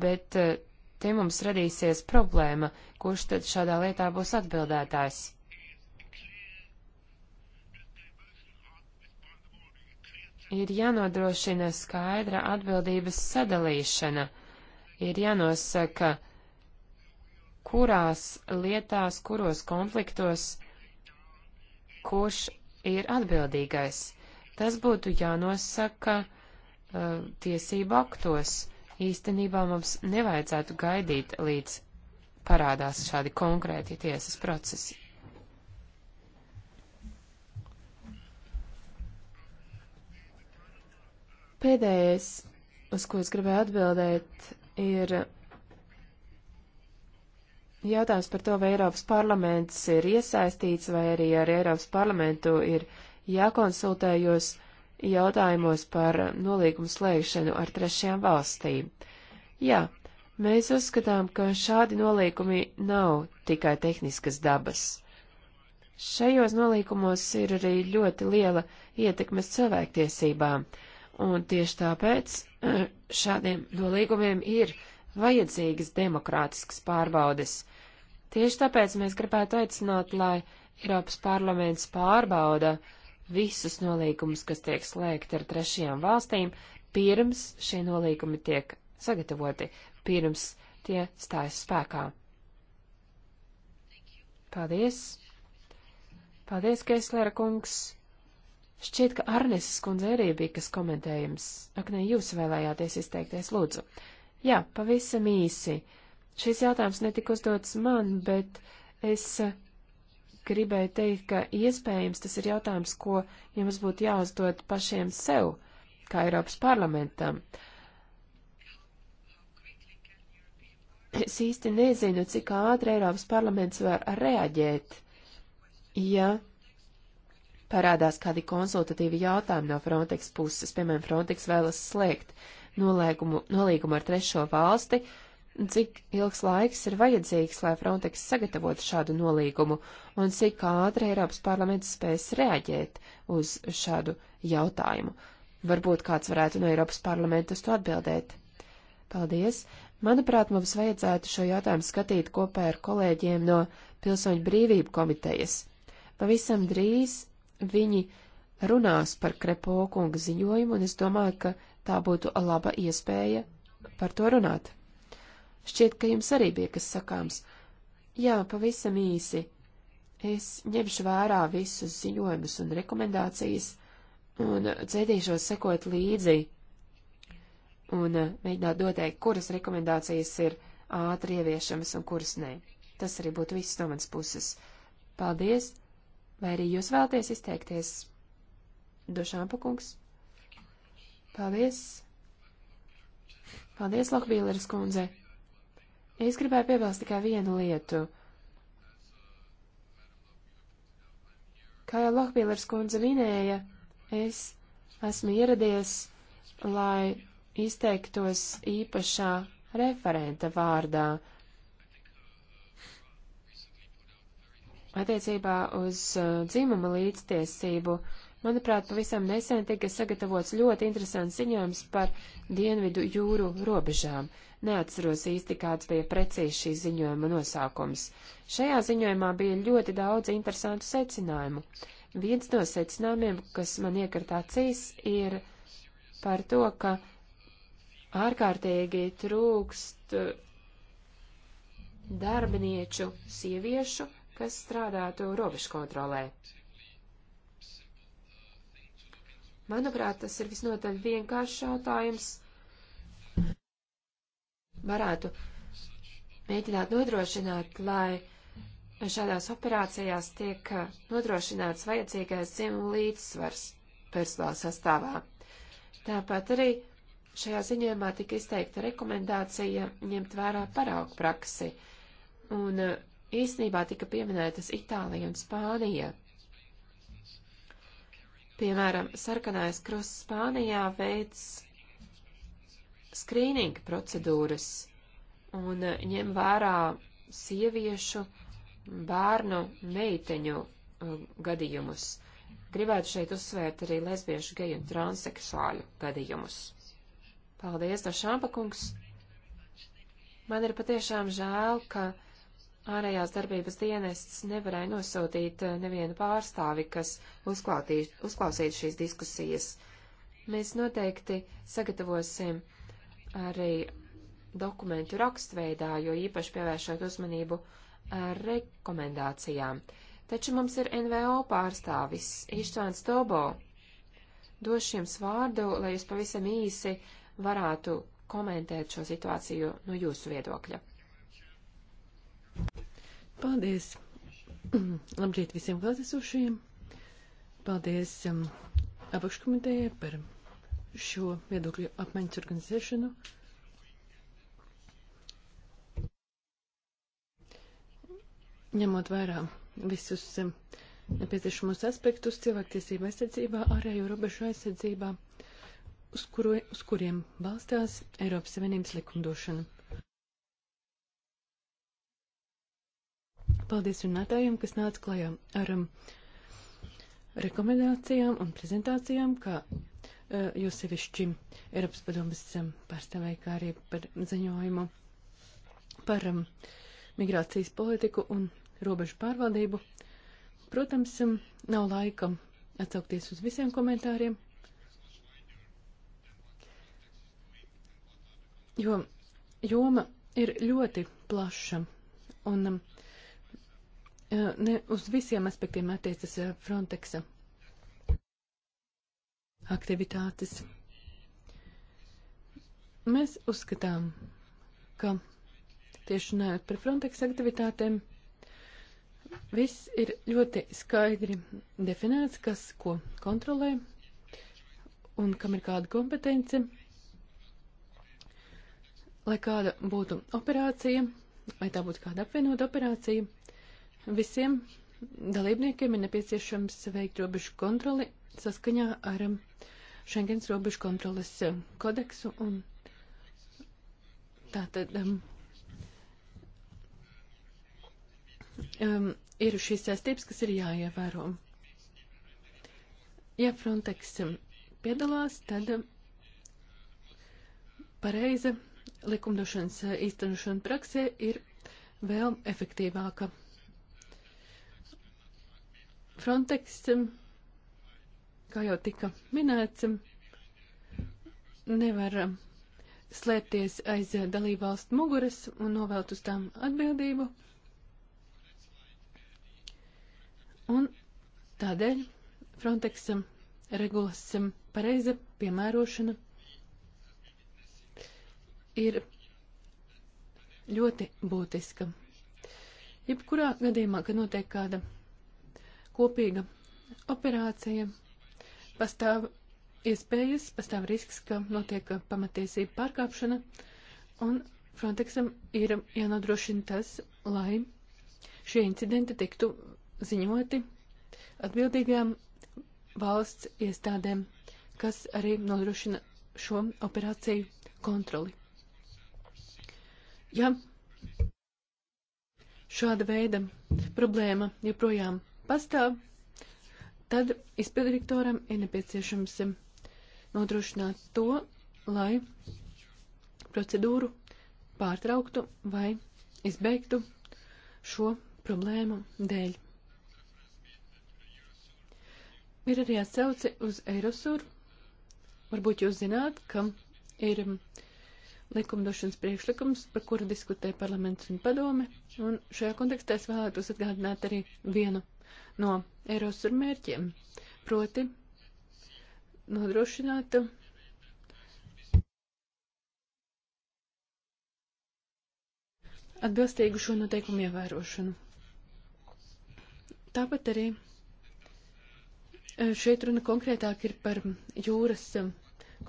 bet eh, te mums radīsies problēma, kurš tad šādā lietā būs atbildētājs. Ir jānodrošina skaidra atbildības sadalīšana, ir jānosaka, kurās lietās, kuros konfliktos, kurš ir atbildīgais. Tas būtu jānosaka uh, tiesību aktos. Īstenībā mums nevajadzētu gaidīt, līdz parādās šādi konkrēti tiesas procesi. Pēdējais, uz ko es gribēju atbildēt, ir jautājums par to, vai Eiropas parlaments ir iesaistīts, vai arī ar Eiropas parlamentu ir jākonsultējos jautājumos par nolīgumu slēgšanu ar trešajām valstīm. Jā, mēs uzskatām, ka šādi nolīgumi nav tikai tehniskas dabas. Šajos nolīkumos ir arī ļoti liela ietekmes cilvēktiesībām. Un tieši tāpēc eh, šādiem nolīgumiem ir vajadzīgas demokrātiskas pārbaudes. Tieši tāpēc mēs gribētu aicināt, lai Eiropas parlaments pārbauda visus nolīgumus, kas tiek slēgti ar trešajām valstīm, pirms šie nolīgumi tiek sagatavoti, pirms tie stājas spēkā. Paldies! Paldies, Keislera kungs! Šķiet, ka Arneses kundze arī bija kas komentējams. Ak, ne jūs vēlējāties izteikties, lūdzu. Jā, pavisam īsi. Šis jautājums netika uzdots man, bet es eh, gribēju teikt, ka iespējams tas ir jautājums, ko jums būtu jāuzdod pašiem sev, kā Eiropas parlamentam. Es īsti nezinu, cik ātri Eiropas parlaments var reaģēt, ja parādās kādi konsultatīvi jautājumi no Frontex puses, piemēram, Frontex vēlas slēgt nolēgumu, nolīgumu ar trešo valsti, cik ilgs laiks ir vajadzīgs, lai Frontex sagatavotu šādu nolīgumu, un cik ātri Eiropas parlaments spēs reaģēt uz šādu jautājumu. Varbūt kāds varētu no Eiropas parlamenta uz to atbildēt. Paldies! Manuprāt, mums vajadzētu šo jautājumu skatīt kopā ar kolēģiem no Pilsoņu brīvību komitejas. Pavisam drīz viņi runās par Krepo kunga ziņojumu, un es domāju, ka tā būtu laba iespēja par to runāt. Šķiet, ka jums arī bija kas sakāms. Jā, pavisam īsi. Es ņemšu vērā visus ziņojumus un rekomendācijas, un cēdīšos sekot līdzi, un uh, mēģināt dotēt, kuras rekomendācijas ir ātri ieviešamas un kuras nē. Tas arī būtu viss no manas puses. Paldies! Vai arī jūs vēlaties izteikties? Došāmpa kungs. Paldies. Paldies, Lokbīleris kundze. Es gribēju piebilst tikai vienu lietu. Kā jau Lokbīleris kundze minēja, es esmu ieradies, lai izteiktos īpašā referenta vārdā Attiecībā uz uh, dzimuma līdztiesību, manuprāt, pavisam nesen tika sagatavots ļoti interesants ziņojums par dienvidu jūru robežām. Neatceros īsti, kāds bija precīzi šī ziņojuma nosaukums. Šajā ziņojumā bija ļoti daudz interesantu secinājumu. Viens no secinājumiem, kas man iekart acīs, ir par to, ka ārkārtīgi trūkst uh, darbinieču sieviešu, kas strādātu robežu kontrolē. Manuprāt, tas ir visnotaļ vienkāršs jautājums. Varētu mēģināt nodrošināt, lai šādās operācijās tiek nodrošināts vajadzīgais dzimumu līdzsvars personāla sastāvā. Tāpat arī šajā ziņojumā tika izteikta rekomendācija ņemt vērā paraugu praksi un Īsnībā tika pieminētas Itālija un Spānija. Piemēram, sarkanais krusts Spānijā veids skrīninga procedūras un ņem vērā sieviešu, bērnu, meiteņu uh, gadījumus. Gribētu šeit uzsvērt arī lesbiešu, geju un transseksuāļu gadījumus. Paldies, Dašāmpakungs! Man ir patiešām žēl, ka ārējās darbības dienests nevarēja nosūtīt eh, nevienu pārstāvi, kas uzklausītu šīs diskusijas. Mēs noteikti sagatavosim arī dokumentu rakstveidā, jo īpaši pievēršot uzmanību eh, rekomendācijām. Taču mums ir NVO pārstāvis Ištvāns Tobo. Došu jums vārdu, lai jūs pavisam īsi varētu komentēt šo situāciju no jūsu viedokļa. Paldies! [clears throat] Labrīt visiem klātesošajiem! Paldies um, apakškomitējai par šo viedokļu apmaiņas organizēšanu. Ņemot vērā visus um, nepieciešamos aspektus cilvēktiesība aizsardzībā, ārējo robežu aizsardzībā, uz, kuru, uz kuriem balstās Eiropas Savienības likumdošana. Paldies runātājiem, kas nāca klajā ar um, rekomendācijām un prezentācijām, kā uh, jūs sevišķi Eiropas padomas um, pārstāvēja, kā arī par ziņojumu par um, migrācijas politiku un robežu pārvaldību. Protams, um, nav laika atsaukties uz visiem komentāriem, jo joma ir ļoti plaša. Un um, Eh, ne uz visiem aspektiem attiecas eh, Frontexa aktivitātes. Mēs uzskatām, ka tieši runājot par Frontex aktivitātēm, viss ir ļoti skaidri definēts, kas ko kontrolē un kam ir kāda kompetence. Lai kāda būtu operācija, vai tā būtu kāda apvienota operācija, Visiem dalībniekiem ir nepieciešams veikt robežu kontroli saskaņā ar Schengens robežu kontroles kodeksu un tātad um, um, ir šīs saistības, kas ir jāievēro. Ja Frontex piedalās, tad pareiza likumdošanas īstenošana praksē ir vēl efektīvāka. Frontex, kā jau tika minēts, nevar slēpties aiz dalībvalstu muguras un novelt uz tām atbildību. Un tādēļ Frontex regulas pareiza piemērošana ir ļoti būtiska. Jebkurā gadījumā, kad notiek kāda kopīga operācija, pastāv iespējas, pastāv risks, ka notiek pamatiesība pārkāpšana, un Frontexam ir jānodrošina tas, lai šie incidenti tiktu ziņoti atbildīgajām valsts iestādēm, kas arī nodrošina šo operāciju kontroli. Ja šāda veida problēma joprojām pastāv, tad izpildirektoram ir nepieciešams nodrošināt to, lai procedūru pārtrauktu vai izbeigtu šo problēmu dēļ. Ir arī atsauce uz Eirosūru. Varbūt jūs zināt, ka ir um, likumdošanas priekšlikums, par kuru diskutē parlaments un padome, un šajā kontekstā es vēlētos atgādināt arī vienu no Eirosur mērķiem, proti nodrošināt atbilstīgu šo noteikumu ievērošanu. Tāpat arī eh, šeit runa konkrētāk ir par jūras eh,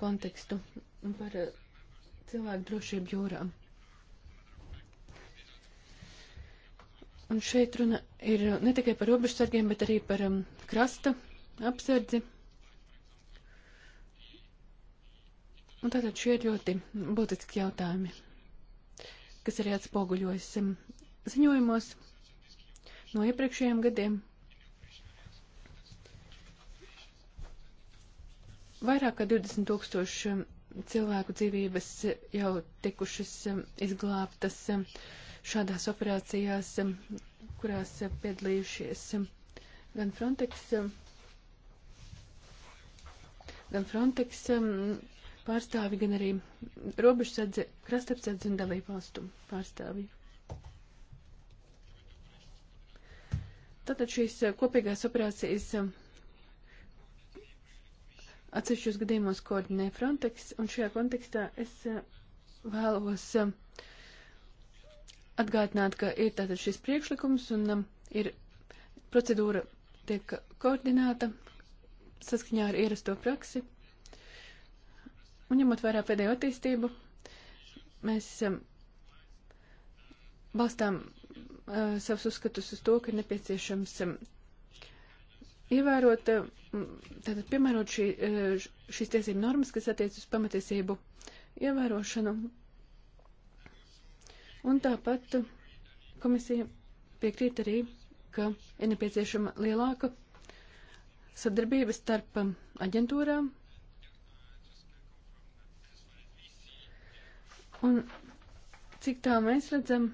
kontekstu un par eh, cilvēku drošību jūrām. Un šeit runa ir ne tikai par robežsargiem, bet arī par um, krasta apsardzi. Un tātad šie ir ļoti būtiski jautājumi, kas arī atspoguļojas um, ziņojumos no iepriekšējiem gadiem. Vairāk kā 20 tūkstoši um, cilvēku dzīvības jau tikušas um, izglābtas. Um, šādās operācijās, kurās piedalījušies gan Frontex, gan Frontex pārstāvi, gan arī robežsadze, krastapsadze un dalībvalstu pārstāvi. Tātad šīs eh, kopīgās operācijas atsevišķos gadījumos koordinē Frontex, un šajā kontekstā es eh, vēlos uh, atgādināt, ka ir tātad šis priekšlikums un um, ir procedūra tiek koordinēta saskaņā ar ierasto praksi. Un ņemot vērā pēdējo attīstību, mēs um, balstām uh, savus uzskatus uz to, ka ir nepieciešams um, ievērot, um, tātad piemērot šī, uh, šīs tiesību normas, kas attiec uz pamatiesību ievērošanu Un tāpat komisija piekrīt arī, ka ir nepieciešama lielāka sadarbība starp aģentūrām. Un cik tā mēs redzam,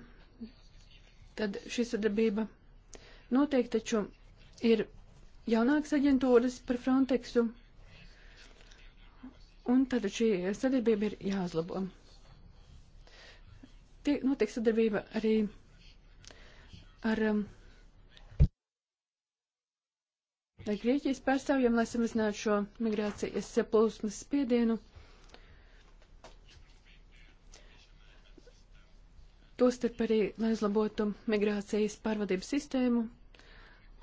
tad šī sadarbība notiek, taču ir jaunākas aģentūras par Frontexu. Un tad šī sadarbība ir jāuzlabo. Nu, tiek, notiek sadarbība arī ar, um, ar Grieķijas pārstāvjiem, lai samazinātu šo migrācijas plūsmas spiedienu. Tostarp arī, lai uzlabotu migrācijas pārvadības sistēmu,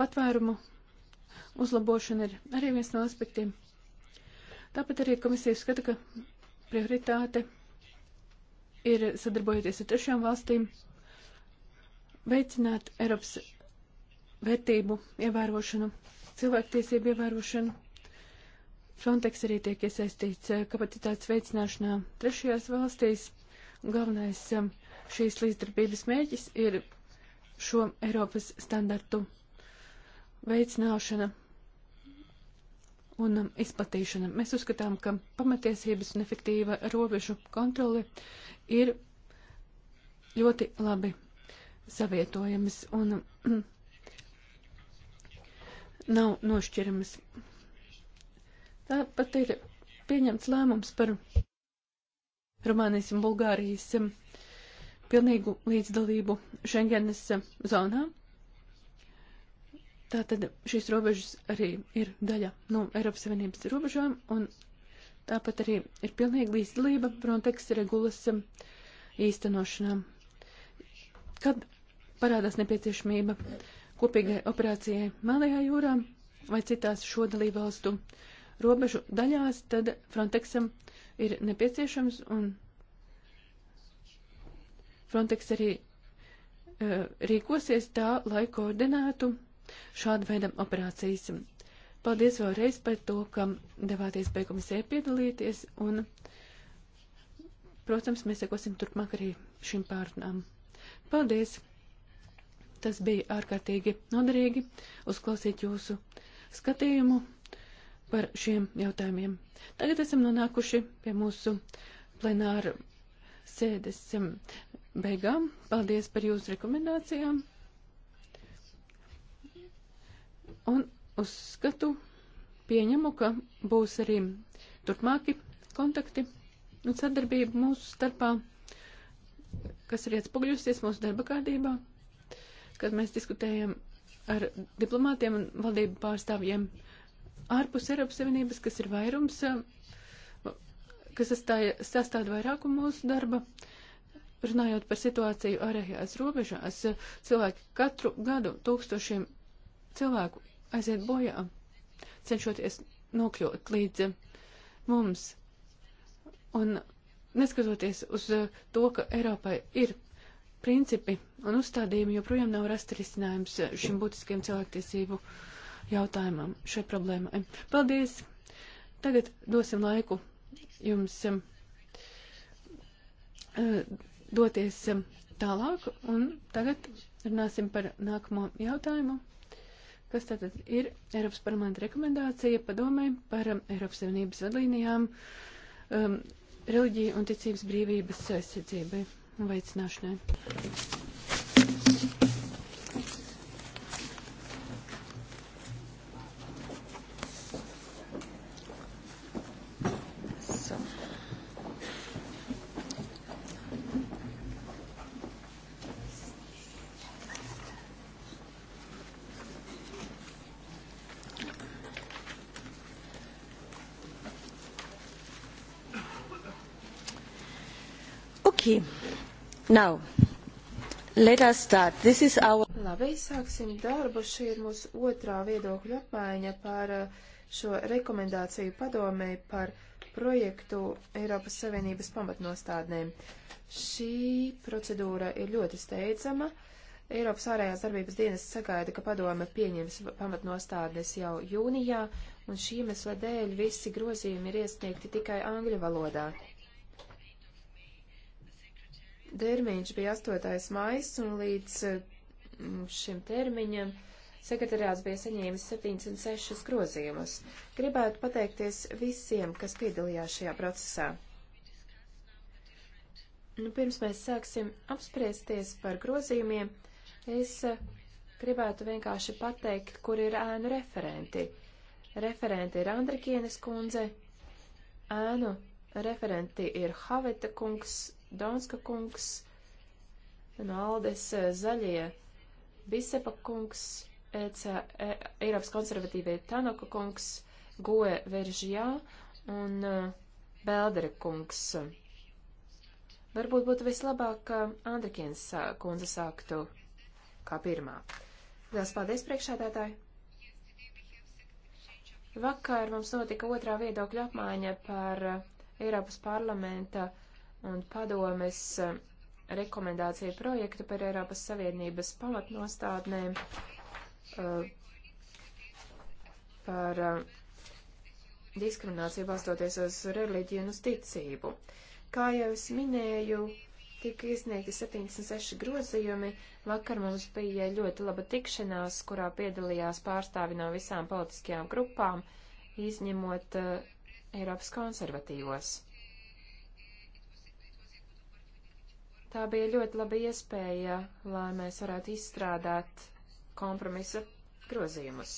patvērumu uzlabošana ir arī viens no aspektiem. Tāpat arī komisija skata, ka prioritāte ir sadarbojoties ar trešām valstīm, veicināt Eiropas vērtību ievērošanu, cilvēktiesību ievērošanu. Frontex arī tiek iesaistīts eh, kapacitātes veicināšanā trešajās valstīs. Galvenais eh, šīs līdzdarbības mēģis ir šo Eiropas standartu veicināšana un um, izplatīšana. Mēs uzskatām, ka pamatiesības un efektīva robežu kontrole ir ļoti labi savietojamas un um, [clears throat] nav nošķiramas. Tāpat ir pieņemts lēmums par Rumānijas un Bulgārijas um, pilnīgu līdzdalību Schengenes zonā. Tātad šīs robežas arī ir daļa no Eiropas Savienības robežām, un tāpat arī ir pilnīga līdzdalība Frontex regulas um, īstenošanā. Kad parādās nepieciešamība kopīgai operācijai Melnajā jūrā vai citās šo dalību valstu robežu daļās, tad Frontexam ir nepieciešams un Frontex arī uh, rīkosies tā, lai koordinētu šāda veida operācijas. Paldies vēlreiz par to, ka devāties pie komisija piedalīties, un, protams, mēs sekosim turpmāk arī šīm pārunām. Paldies! Tas bija ārkārtīgi noderīgi uzklausīt jūsu skatījumu par šiem jautājumiem. Tagad esam nonākuši pie mūsu plenāra sēdes um, beigām. Paldies par jūsu rekomendācijām. un uzskatu, pieņemu, ka būs arī turpmāki kontakti un sadarbība mūsu starpā, kas ir ietspogļusies mūsu darba kārtībā, kad mēs diskutējam ar diplomātiem un valdību pārstāvjiem ārpus Eiropas Savienības, kas ir vairums, kas sastāja, sastāda vairākumu mūsu darba. Runājot par situāciju ārējās robežās, cilvēki katru gadu tūkstošiem cilvēku aiziet bojā, cenšoties nokļūt līdz mums. Un neskatoties uz eh, to, ka Eiropai ir principi un uzstādījumi, joprojām nav rasta risinājums eh, šim būtiskiem cilvēktiesību jautājumam, šai problēmai. Paldies! Tagad dosim laiku jums eh, doties tālāk, un tagad runāsim par nākamo jautājumu kas tātad ir Eiropas parlamenta rekomendācija padomē par um, Eiropas Savienības vadlīnijām um, reliģiju un ticības brīvības aizsardzībai un veicināšanai. Now, let us start. This is our... Labi, sāksim darbu. Šī ir mūsu otrā viedokļa apmaiņa par uh, šo rekomendāciju padomēji par projektu Eiropas Savienības pamatnostādnēm. Šī procedūra ir ļoti steidzama. Eiropas ārējās darbības dienas sagaida, ka padome pieņems pamatnostādnes jau jūnijā, un šī mesla dēļ visi grozījumi ir iesniegti tikai angļu valodā. Termiņš bija 8. maijs, un līdz eh, šim termiņam sekretariāts bija saņēmis 76 grozījumus. Gribētu pateikties visiem, kas piedalījās šajā procesā. Nu, pirms mēs sāksim apspriesties par grozījumiem, es eh, gribētu vienkārši pateikt, kur ir ēnu referenti. Referenti ir Andrikienes kundze, ēnu referenti ir Haveta kungs Donska kungs, no Aldes eh, zaļie, Bisepa kungs, ECA, e, Eiropas konservatīvie Tanoka kungs, Goe Veržijā un eh, Beldere kungs. Varbūt būtu vislabāk, ka eh, Andrikienas kundze sāktu kā pirmā. Lielas paldies priekšādātāji! Vakar mums notika otrā viedokļa apmaiņa par Eiropas parlamenta uh, un padomes eh, rekomendāciju projektu par Eiropas Savienības pamatnostādnēm eh, par eh, diskrimināciju balstoties uz reliģiju un uz ticību. Kā jau es minēju, tika iesniegti 76 grozījumi. Vakar mums bija ļoti laba tikšanās, kurā piedalījās pārstāvi no visām politiskajām grupām, izņemot uh, Eiropas konservatīvos. Tā bija ļoti laba iespēja, lai mēs varētu izstrādāt kompromisa grozījumus.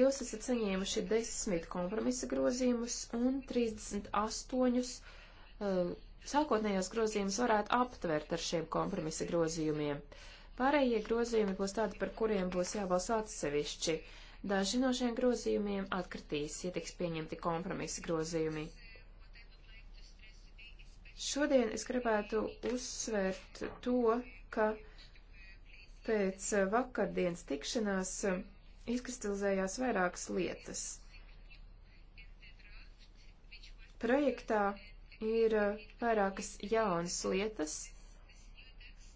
Jūs esat saņēmuši 10 kompromisa grozījumus un 38 uh, um, sākotnējos grozījumus varētu aptvert ar šiem kompromisa grozījumiem. Pārējie grozījumi būs tādi, par kuriem būs jābalso atsevišķi. Daži no šiem grozījumiem atkritīs, ja tiks pieņemti kompromisa grozījumi. Šodien es gribētu uzsvērt to, ka pēc vakardienas tikšanās izkristalizējās vairākas lietas. Projektā ir vairākas jaunas lietas,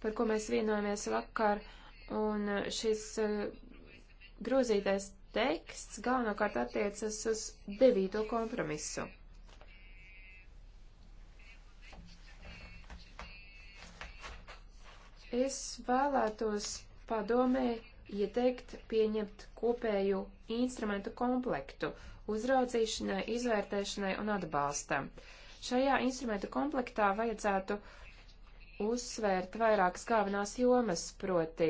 par ko mēs vienojamies vakar, un šis eh, grozītais teksts galvenokārt attiecas uz devīto kompromisu. Es vēlētos padomē ieteikt pieņemt kopēju instrumentu komplektu uzraudzīšanai, izvērtēšanai un atbalstam. Šajā instrumentu komplektā vajadzētu uzsvērt vairākas galvenās jomas, proti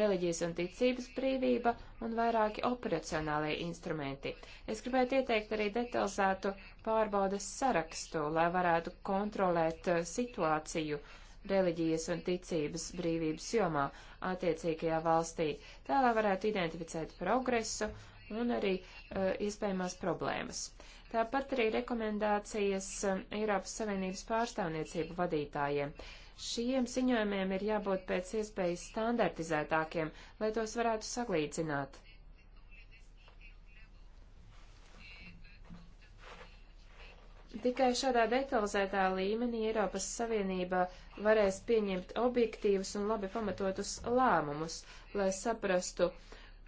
reliģijas un ticības brīvība un vairāki operacionālie instrumenti. Es gribētu ieteikt arī detalizētu pārbaudas sarakstu, lai varētu kontrolēt eh, situāciju reliģijas un ticības brīvības jomā attiecīgajā valstī, tā lai varētu identificēt progresu un arī uh, iespējamās problēmas. Tāpat arī rekomendācijas uh, Eiropas Savienības pārstāvniecību vadītājiem. Šiem ziņojumiem ir jābūt pēc iespējas standartizētākiem, lai tos varētu saglīdzināt. Tikai šādā detalizētā līmenī Eiropas Savienība varēs pieņemt objektīvus un labi pamatotus lēmumus, lai saprastu,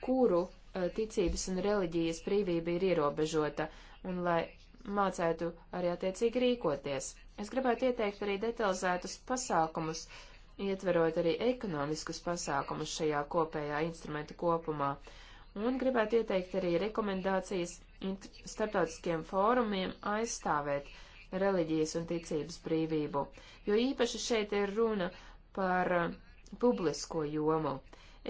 kuru eh, ticības un reliģijas brīvība ir ierobežota, un lai mācētu arī attiecīgi rīkoties. Es gribētu ieteikt arī detalizētus pasākumus, ietverot arī ekonomiskus pasākumus šajā kopējā instrumenta kopumā, un gribētu ieteikt arī rekomendācijas starptautiskiem fórumiem aizstāvēt reliģijas un ticības brīvību, jo īpaši šeit ir runa par uh, publisko jomu.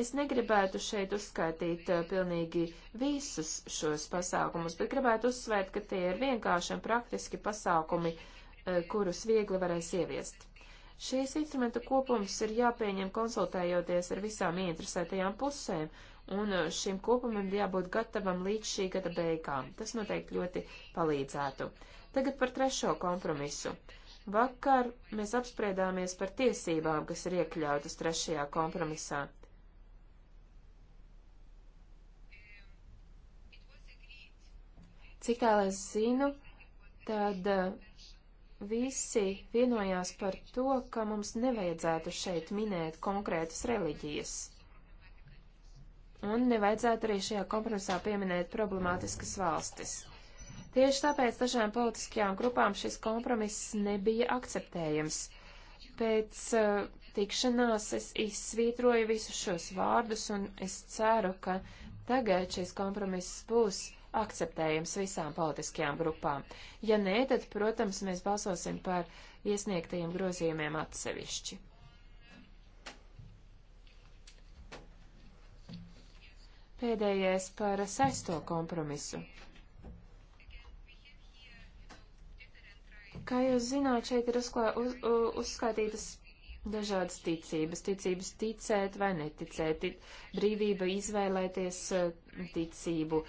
Es negribētu šeit uzskaitīt uh, pilnīgi visus šos pasākumus, bet gribētu uzsvērt, ka tie ir vienkārši un praktiski pasākumi, uh, kurus viegli varēs ieviest. Šīs instrumentu kopums ir jāpieņem konsultējoties ar visām interesētajām pusēm, un eh, šim kopumam jābūt gatavam līdz šī gada beigām. Tas noteikti ļoti palīdzētu. Tagad par trešo kompromisu. Vakar mēs apspriedāmies par tiesībām, kas ir iekļautas trešajā kompromisā. Cik tālāk es zinu, tad eh, visi vienojās par to, ka mums nevajadzētu šeit minēt konkrētas reliģijas un nevajadzētu arī šajā kompromisā pieminēt problemātiskas valstis. Tieši tāpēc dažām politiskajām grupām šis kompromiss nebija akceptējams. Pēc uh, tikšanās es izsvītroju visus šos vārdus, un es ceru, ka tagad šis kompromiss būs akceptējams visām politiskajām grupām. Ja nē, tad, protams, mēs balsosim par iesniegtajiem grozījumiem atsevišķi. Pēdējais par sesto kompromisu. Kā jūs zināt, šeit ir uzklā, uz, uzskaitītas dažādas ticības. Ticības ticēt vai neticēt, brīvība izvēlēties eh, ticību,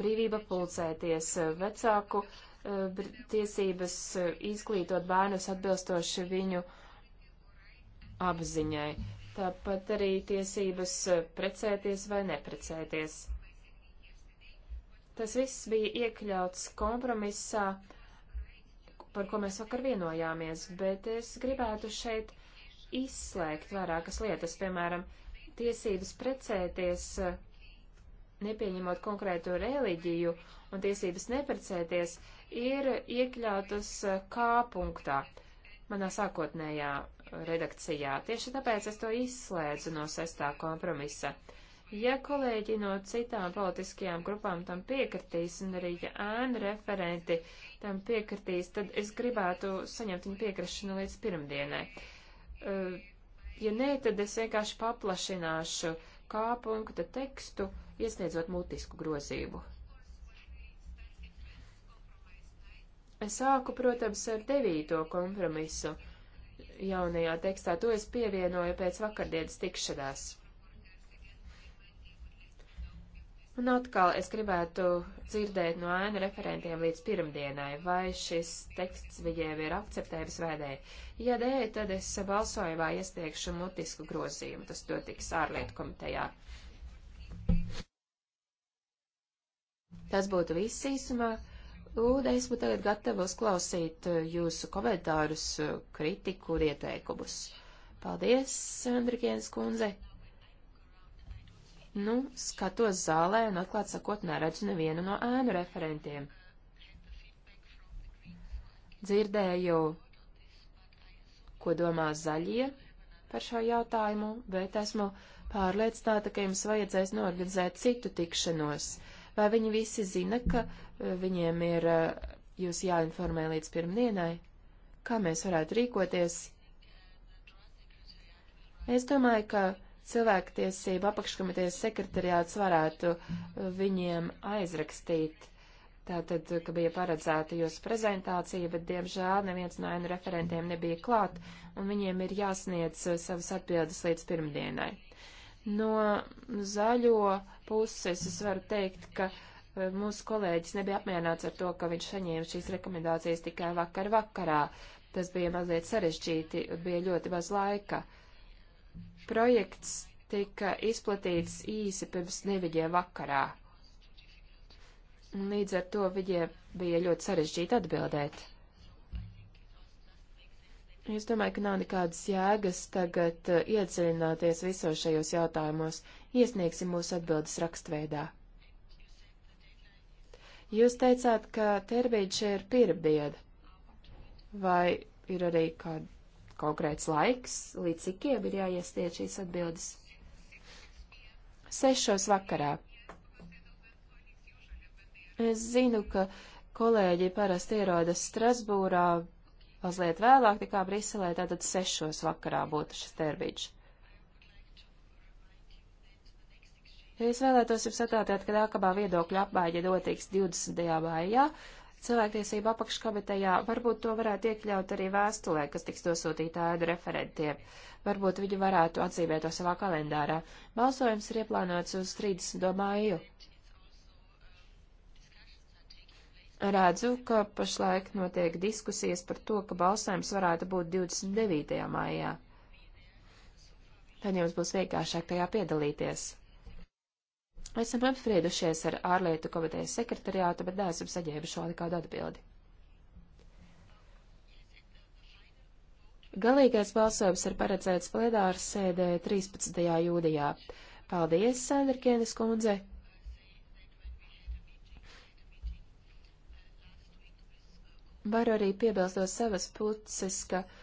brīvība pulcēties, vecāku eh, tiesības eh, izglītot bērnus atbilstoši viņu apziņai tāpat arī tiesības precēties vai neprecēties. Tas viss bija iekļauts kompromisā, par ko mēs vakar vienojāmies, bet es gribētu šeit izslēgt vairākas lietas, piemēram, tiesības precēties, nepieņemot konkrētu reliģiju, un tiesības neprecēties ir iekļautas K punktā, manā sākotnējā redakcijā. Tieši tāpēc es to izslēdzu no sestā kompromisa. Ja kolēģi no citām politiskajām grupām tam piekritīs, un arī ja ēnu referenti tam piekritīs, tad es gribētu saņemt viņu piekrišanu līdz pirmdienai. Uh, ja nē, tad es vienkārši paplašināšu kā punkta tekstu, iesniedzot mutisku grozību. Es sāku, protams, ar devīto kompromisu jaunajā tekstā. To es pievienoju pēc vakardienas tikšanās. Un atkal es gribētu dzirdēt no ēnu referentiem līdz pirmdienai, vai šis teksts viņiem ir akceptējams vai nē. Ja nē, tad es balsojumā iestiekšu mutisku grozījumu, tas to tiks ārlietu komitejā. Tas būtu viss īsumā un esmu tagad gatava uzklausīt eh, jūsu komentārus, eh, kritiku un ieteikumus. Paldies, Andrikienas kundze! Nu, skatos zālē un atklāt sakot, neredzu nevienu no ēnu referentiem. Dzirdēju, ko domā zaļie par šo jautājumu, bet esmu pārliecināta, ka jums vajadzēs norganizēt citu tikšanos. Uh, Vai viņi visi zina, ka e, viņiem ir e, jūs jāinformē līdz pirmdienai? Kā mēs varētu rīkoties? Es domāju, ka cilvēktiesība apakškomitejas sekretariāts varētu e, viņiem aizrakstīt. Tātad, ka bija paredzēta jūsu prezentācija, bet, diemžēl, neviens no ainu referentiem nebija klāt, un viņiem ir jāsniedz savas atbildes līdz pirmdienai. No zaļo puses es varu teikt, ka e, mūsu kolēģis nebija apmierināts ar to, ka viņš saņēma šīs rekomendācijas tikai vakar vakarā. Tas bija mazliet sarežģīti, bija ļoti maz laika. Projekts tika izplatīts īsi pirms deviņiem vakarā. Līdz ar to viņiem bija ļoti sarežģīti atbildēt. Es domāju, ka nav nekādas jēgas tagad eh, iedziļināties visos šajos jautājumos. Iesniegsim mūsu atbildes rakstveidā. Jūs teicāt, ka termiņš ir pirmdiena. Vai ir arī kāds konkrēts laiks, līdz cikiem ir jāiesniedz šīs atbildes? Sešos vakarā. Es zinu, ka kolēģi parasti ierodas Strasbūrā mazliet vēlāk nekā Briselē, tātad sešos vakarā būtu šis termiņš. Es vēlētos jums atgādināt, ka nākamā viedokļa apmaiņa notiks 20. maijā cilvēktiesība apakškomitejā. Varbūt to varētu iekļaut arī vēstulē, kas tiks dosūtīta ēdu referentiem. Varbūt viņi varētu atzīmēt to savā kalendārā. Balsojums ir ieplānots uz 30. māju. redzu, ka pašlaik notiek diskusijas par to, ka balsojums varētu būt 29. maijā. Tad jums būs vienkāršāk tajā piedalīties. Esam apspriedušies ar ārlietu komitejas sekretariātu, bet neesam saņēmuši vēl nekādu atbildi. Galīgais balsojums ir paredzēts plenāras sēdē 13. jūnijā. Paldies, Sandrikienes kundze! Varu arī piebilst no savas puses, ka uh,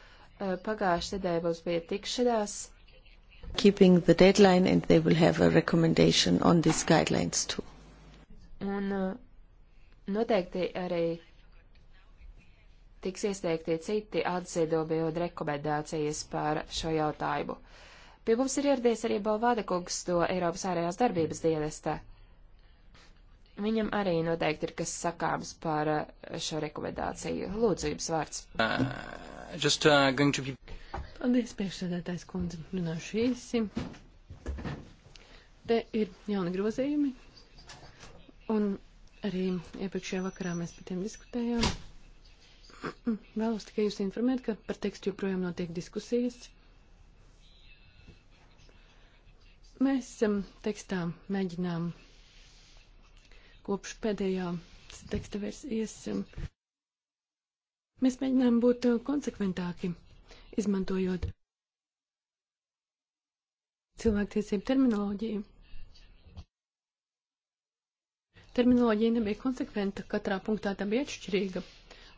e, pagājušajā nedēļā mums bija tikšanās. Keeping the deadline and they will have a recommendation on these guidelines too. Un uh, noteikti arī tiks iesniegti citi atziedumi un rekomendācijas par šo jautājumu. Pie mums ir ieradies arī Balvāde kungs no Eiropas ārējās darbības dienesta. Uh, Viņam arī noteikti ir kas sakāms par eh, šo rekomendāciju. Lūdzu, jums vārds. Uh, just, uh, to... Paldies, priekšsēdētājs kundze. Runāšu īsi. Te ir jauni grozījumi. Un arī iepriekšējā vakarā mēs par tiem diskutējām. [clears throat] Vēlos tikai jūs informēt, ka par tekstu joprojām notiek diskusijas. Mēs um, tekstām mēģinām kopš pēdējā teksta versijas. Mēs mēģinām būt uh, konsekventāki, izmantojot cilvēktiesību terminoloģiju. Terminoloģija nebija konsekventa, katrā punktā tā bija atšķirīga,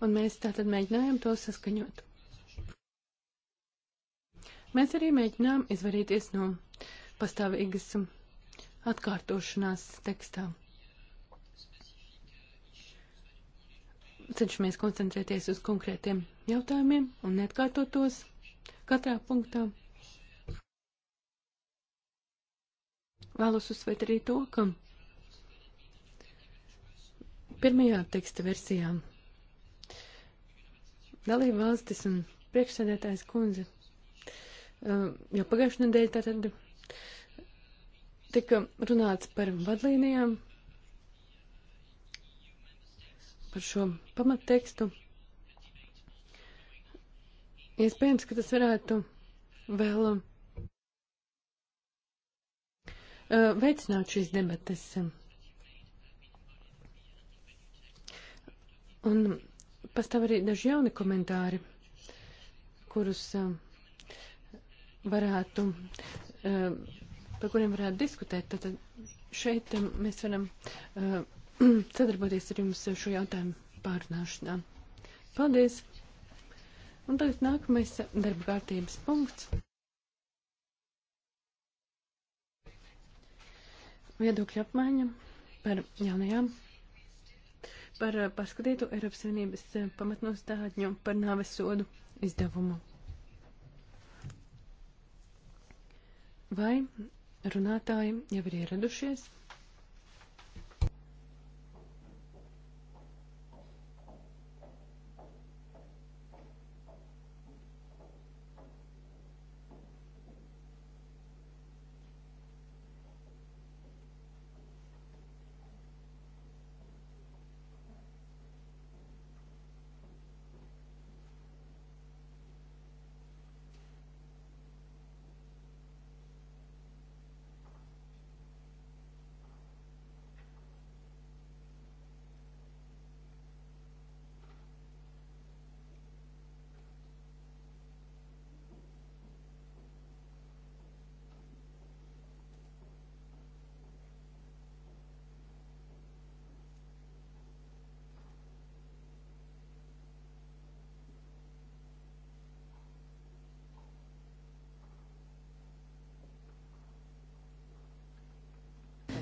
un mēs tātad mēģinājām to saskaņot. Mēs arī mēģinām izvairīties no pastāvīgas atkārtošanās tekstām. cenšamies koncentrēties uz konkrētiem jautājumiem un neatkārtot tos katrā punktā. Vēlos uzsvērt arī to, ka pirmajā teksta versijā dalība valstis un priekšsēdētājs kundze uh, jau pagājušajā nedēļā tātad tika runāts par vadlīnijām par šo pamattekstu. Iespējams, ka tas varētu vēl uh, veicināt šīs debates. Un pastāv arī daži jauni komentāri, kurus uh, varētu, uh, par kuriem varētu diskutēt. Tad šeit um, mēs varam uh, [clears throat] sadarboties ar jums šo jautājumu pārnāšanā. Paldies! Un tagad nākamais darba kārtības punkts. Viedokļu apmaiņa par jaunajām, par eh, paskatītu Eiropas Savienības eh, pamatnostādņu par nāves sodu izdevumu. Vai runātāji jau ir ieradušies?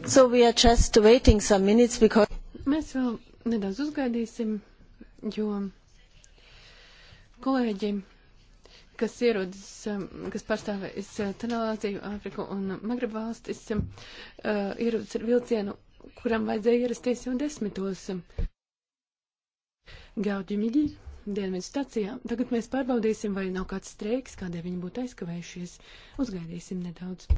So we are just waiting some minutes because. Mēs vēl nedaudz uzgaidīsim, jo kolēģi, kas ierodas, um, kas pārstāvēs Tanelāziju, uh, Āfriku un Magreb valstis, um, uh, ierodas ar vilcienu, kuram vajadzēja ierasties jau desmitos. Gaudi Migi, Dienvidu stacijā. Tagad mēs pārbaudīsim, vai nav kāds streiks, kādēļ viņi būtu aizkavējušies. Uzgaidīsim nedaudz.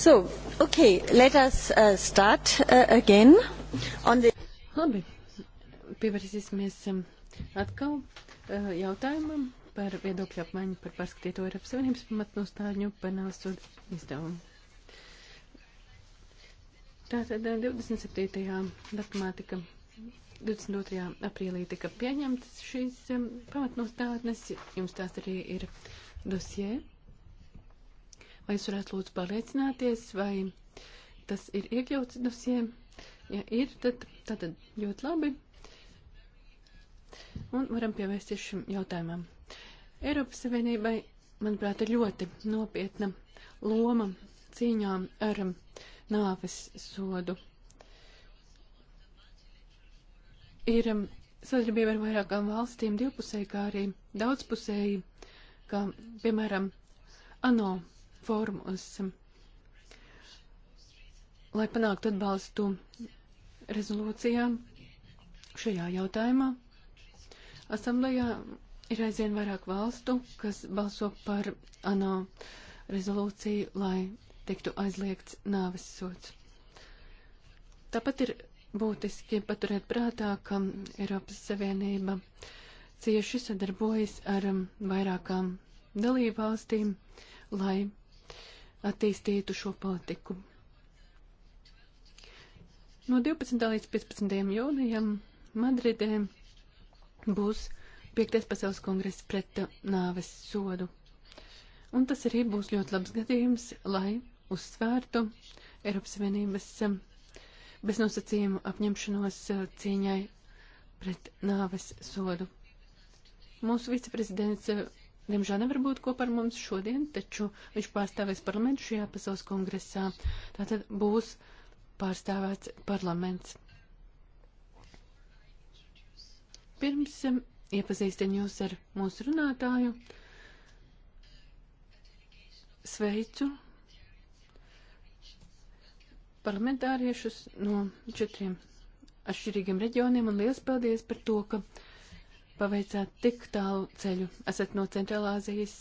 So, okay, let us uh, start uh, again on the... Labi, pievērsīsimies um, atkal uh, jautājumam par viedokļu apmaiņu par pārskatīto Eiropas Savienības pamatnostāļu par nāvessodu izdevumu. Tātad 27. Uh, datumā tika 22. aprīlī tika pieņemtas šīs um, pamatnostādnes, jums tās arī ir dosie. Uh, Vai jūs varētu lūdzu pārliecināties, vai tas ir iekļauts dosiem? Ja ir, tad, tad ļoti labi. Un varam pievērsties šim jautājumam. Eiropas Savienībai, manuprāt, ir ļoti nopietna loma cīņā ar nāves sodu. Ir um, sadarbība ar vairākām valstīm divpusēji, kā arī daudzpusēji, kā, piemēram, ANO formas, lai panāktu atbalstu rezolūcijām šajā jautājumā. Asamblējā ir aizvien vairāk valstu, kas balso par ANO rezolūciju, lai tiktu aizliegts nāves sots. Tāpat ir būtiski paturēt prātā, ka Eiropas Savienība cieši sadarbojas ar vairākām dalībvalstīm, lai attīstītu šo politiku. No 12. līdz 15. jūnijam Madridē būs 5. pasaules kongress pret nāves sodu. Un tas arī būs ļoti labs gadījums, lai uzsvērtu Eiropas Savienības um, beznosacījumu apņemšanos uh, cīņai pret nāves sodu. Mūsu viceprezidents uh, Diemžēl nevar būt kopā ar mums šodien, taču viņš pārstāvēs parlamentu šajā pasaules kongresā. Tātad būs pārstāvēts parlaments. Pirms um, iepazīstinu jūs ar mūsu runātāju. Sveicu parlamentāriešus no četriem atšķirīgiem reģioniem un liels paldies par to, ka paveicāt tik tālu ceļu. Esat no Centrālāzijas,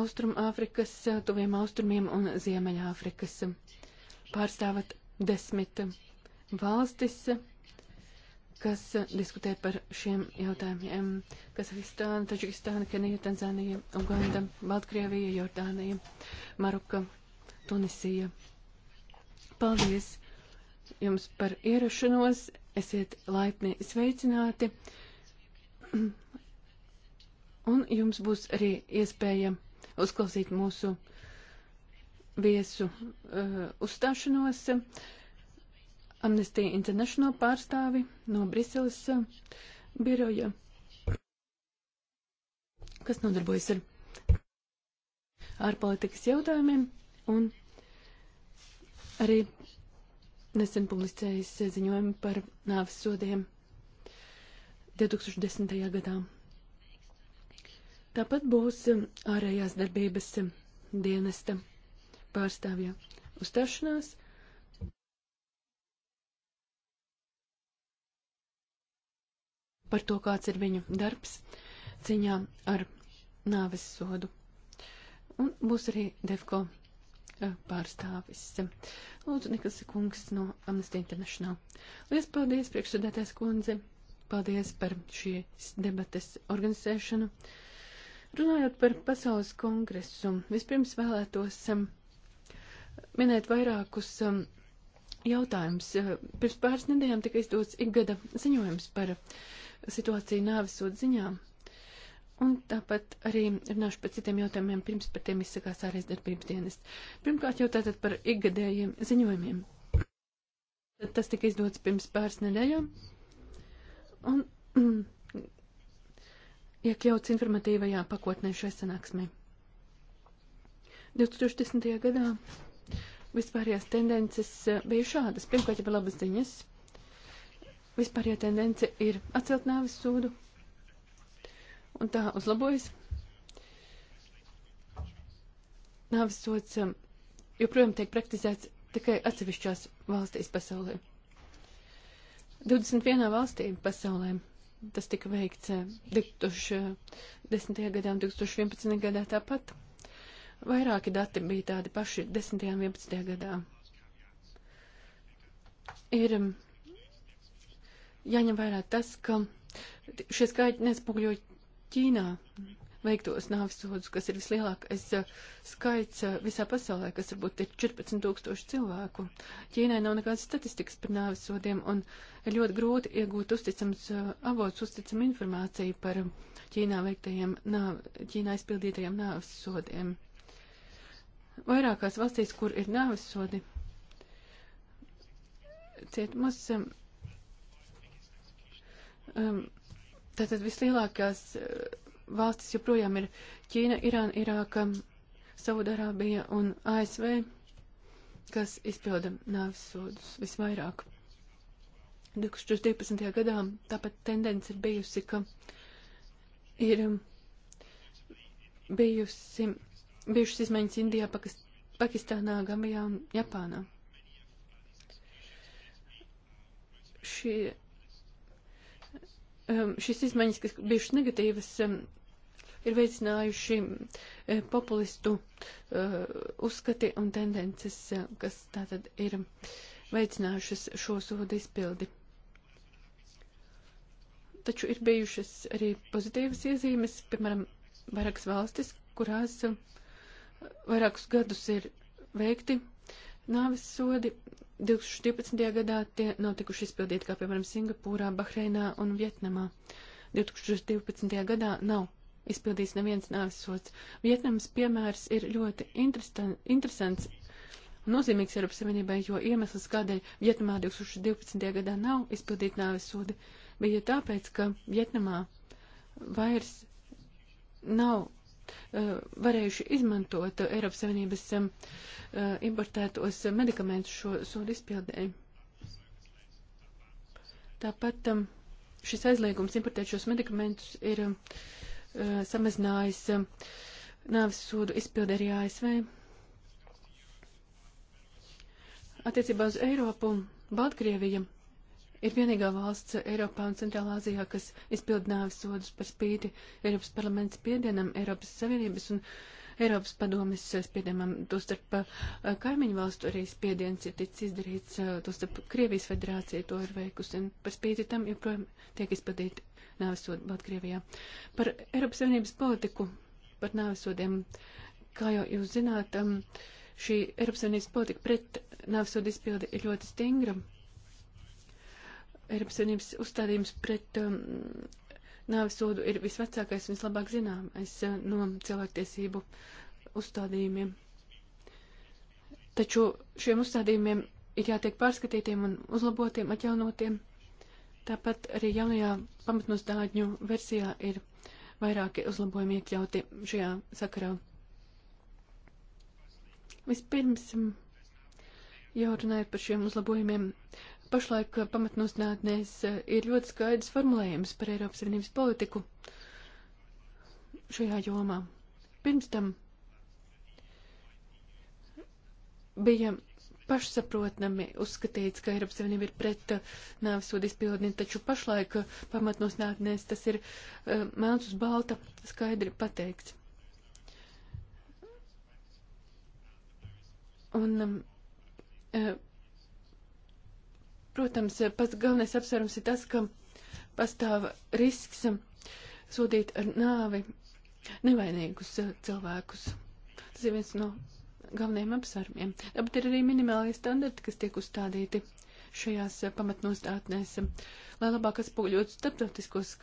Austrumāfrikas, Tuviem Austrumiem un Ziemeļāfrikas. Pārstāvat desmit valstis, kas diskutē par šiem jautājumiem. Kazahstāna, Taģikistāna, Kenija, Tanzānija, Uganda, Baltkrievija, Jordānija, Maroka, Tunisija. Paldies! jums par ierašanos. Esiet laipni sveicināti. [clears throat] Un jums būs arī iespēja uzklausīt mūsu viesu uh, uzstāšanos. Amnesty International pārstāvi no Briseles uh, biroja, kas nodarbojas ar ārpolitikas jautājumiem un arī nesen publicējis ziņojumu par nāves sodiem 2010. gadā. Tāpat būs ārējās darbības dienesta pārstāvja uzstāšanās. par to, kāds ir viņu darbs ciņā ar nāves sodu. Un būs arī Defko pārstāvis. Lūdzu, Niklasa kungs no Amnesty International. Lielas paldies, priekšsēdētājs kundze. Paldies par šīs debates organizēšanu. Runājot par pasaules kongresu, vispirms vēlētos um, minēt vairākus um, jautājumus. Pirms pāris nedēļām tika izdots ikgada ziņojums par situāciju nāvisot ziņām. Un tāpat arī runāšu par citiem jautājumiem, pirms par tiem izsakās ārējais darbības dienas. Pirmkārt jau tātad par ikgadējiem ziņojumiem. Tad tas tika izdots pirms pāris nedēļām. Un mm, iekļauts informatīvajā pakotnē šai sanāksmē. 2010. gadā vispārējās tendences eh, bija šādas. Pirmkārt jau labas ziņas. Vispārējā tendence ir atcelt nāvis sūdu un tā uzlabojas. Nāves sots um, joprojām tiek praktizēts tikai atsevišķās valstīs pasaulē. 21 valstī pasaulē tas tika veikts 2010. Uh, gadā un 2011. gadā tāpat. Vairāki dati bija tādi paši 10. un 11. gadā. Ir um, jāņem vērā tas, ka šie skaitļi nespoguļo Ķīnā veiktos nāvisodus, kas ir vislielākais eh, skaits eh, visā pasaulē, kas varbūt ir 14 tūkstoši cilvēku. Ķīnai nav nekādas statistikas par nāvisodiem, un ir ļoti grūti iegūt uzticams eh, avots, uzticam informāciju par Ķīnā veiktajiem, nāv, Ķīnā izpildītajiem nāvisodiem. Vairākās valstīs, kur ir nāvisodi, cietumos um, Tātad vislielākās eh, valstis joprojām ir Ķīna, Irāna, Irāka, Saudarābija un ASV, kas izpilda nāvis sodus visvairāk. 2012. gadā tāpat tendence ir bijusi, ka ir um, bijusi, bijušas izmaiņas Indijā, Pakist Pakistānā, Gambijā un Japānā. Šie Um, šīs izmaiņas, kas bijušas negatīvas, um, ir veicinājuši um, populistu uh, uzskati un tendences, uh, kas tātad ir veicinājušas šo sodu izpildi. Taču ir bijušas arī pozitīvas iezīmes, piemēram, vairākas valstis, kurās uh, vairākus gadus ir veikti nāves sodi 2012. gadā tie nav tikuši izpildīti, kā piemēram Singapūrā, Bahreinā un Vietnamā. 2012. gadā nav izpildīts neviens nāves sots. Vietnamas piemērs ir ļoti interesants un nozīmīgs Eiropas Savienībai, jo iemesls, kādēļ Vietnamā 2012. gadā nav izpildīta nāves sodi, bija tāpēc, ka Vietnamā vairs nav Eh, varējuši izmantot Eiropas Savienības eh, importētos medikamentus šo sodu izpildēji. Tāpat eh, šis aizliegums importēt šos medikamentus ir samazinājis nāves sodu izpildi arī ASV. Attiecībā uz Eiropu Baltkrievija ir vienīgā valsts Eiropā un Centrālāzijā, kas izpild nāves sodus par spīti Eiropas parlaments spiedienam, Eiropas Savienības un Eiropas padomes spiedienam, tostarp eh, kaimiņu valstu arī spiediens ir ticis izdarīts, eh, tostarp Krievijas federācija to ir veikusi, un par spīti tam joprojām tiek izpildīti nāves sodi Baltkrievijā. Par Eiropas Savienības politiku, par nāves sodiem, kā jau jūs zināt, um, šī Eiropas Savienības politika pret nāves sodu izpildi ir ļoti stingra. Eiropas Savienības uzstādījums pret um, nāves sodu ir visvecākais un vislabāk zināmais uh, no cilvēktiesību uzstādījumiem. Taču šiem uzstādījumiem ir jātiek pārskatītiem un uzlabotiem, atjaunotiem. Tāpat arī jaunajā pamatnostādņu versijā ir vairāki uzlabojumi iekļauti šajā sakarā. Vispirms mm, jau runājot par šiem uzlabojumiem, Pašlaik eh, pamatnostnātnēs eh, ir ļoti skaidrs formulējums par Eiropas Savienības politiku šajā jomā. Pirms tam bija pašsaprotami uzskatīts, ka Eiropas Savienība ir pret eh, nāvisodu izpildni, taču pašlaik pamatnosnātnēs tas ir uh, melns uz balta skaidri pateikts. Un um, uh, Protams, pats galvenais apsvērums ir tas, ka pastāv risks sodīt ar nāvi nevainīgus cilvēkus. Tas ir viens no galvenajiem apsvērumiem. Tāpat ir arī minimālie standarti, kas tiek uzstādīti šajās pamatnostātnēs, lai labāk atspoguļotu starptautiskos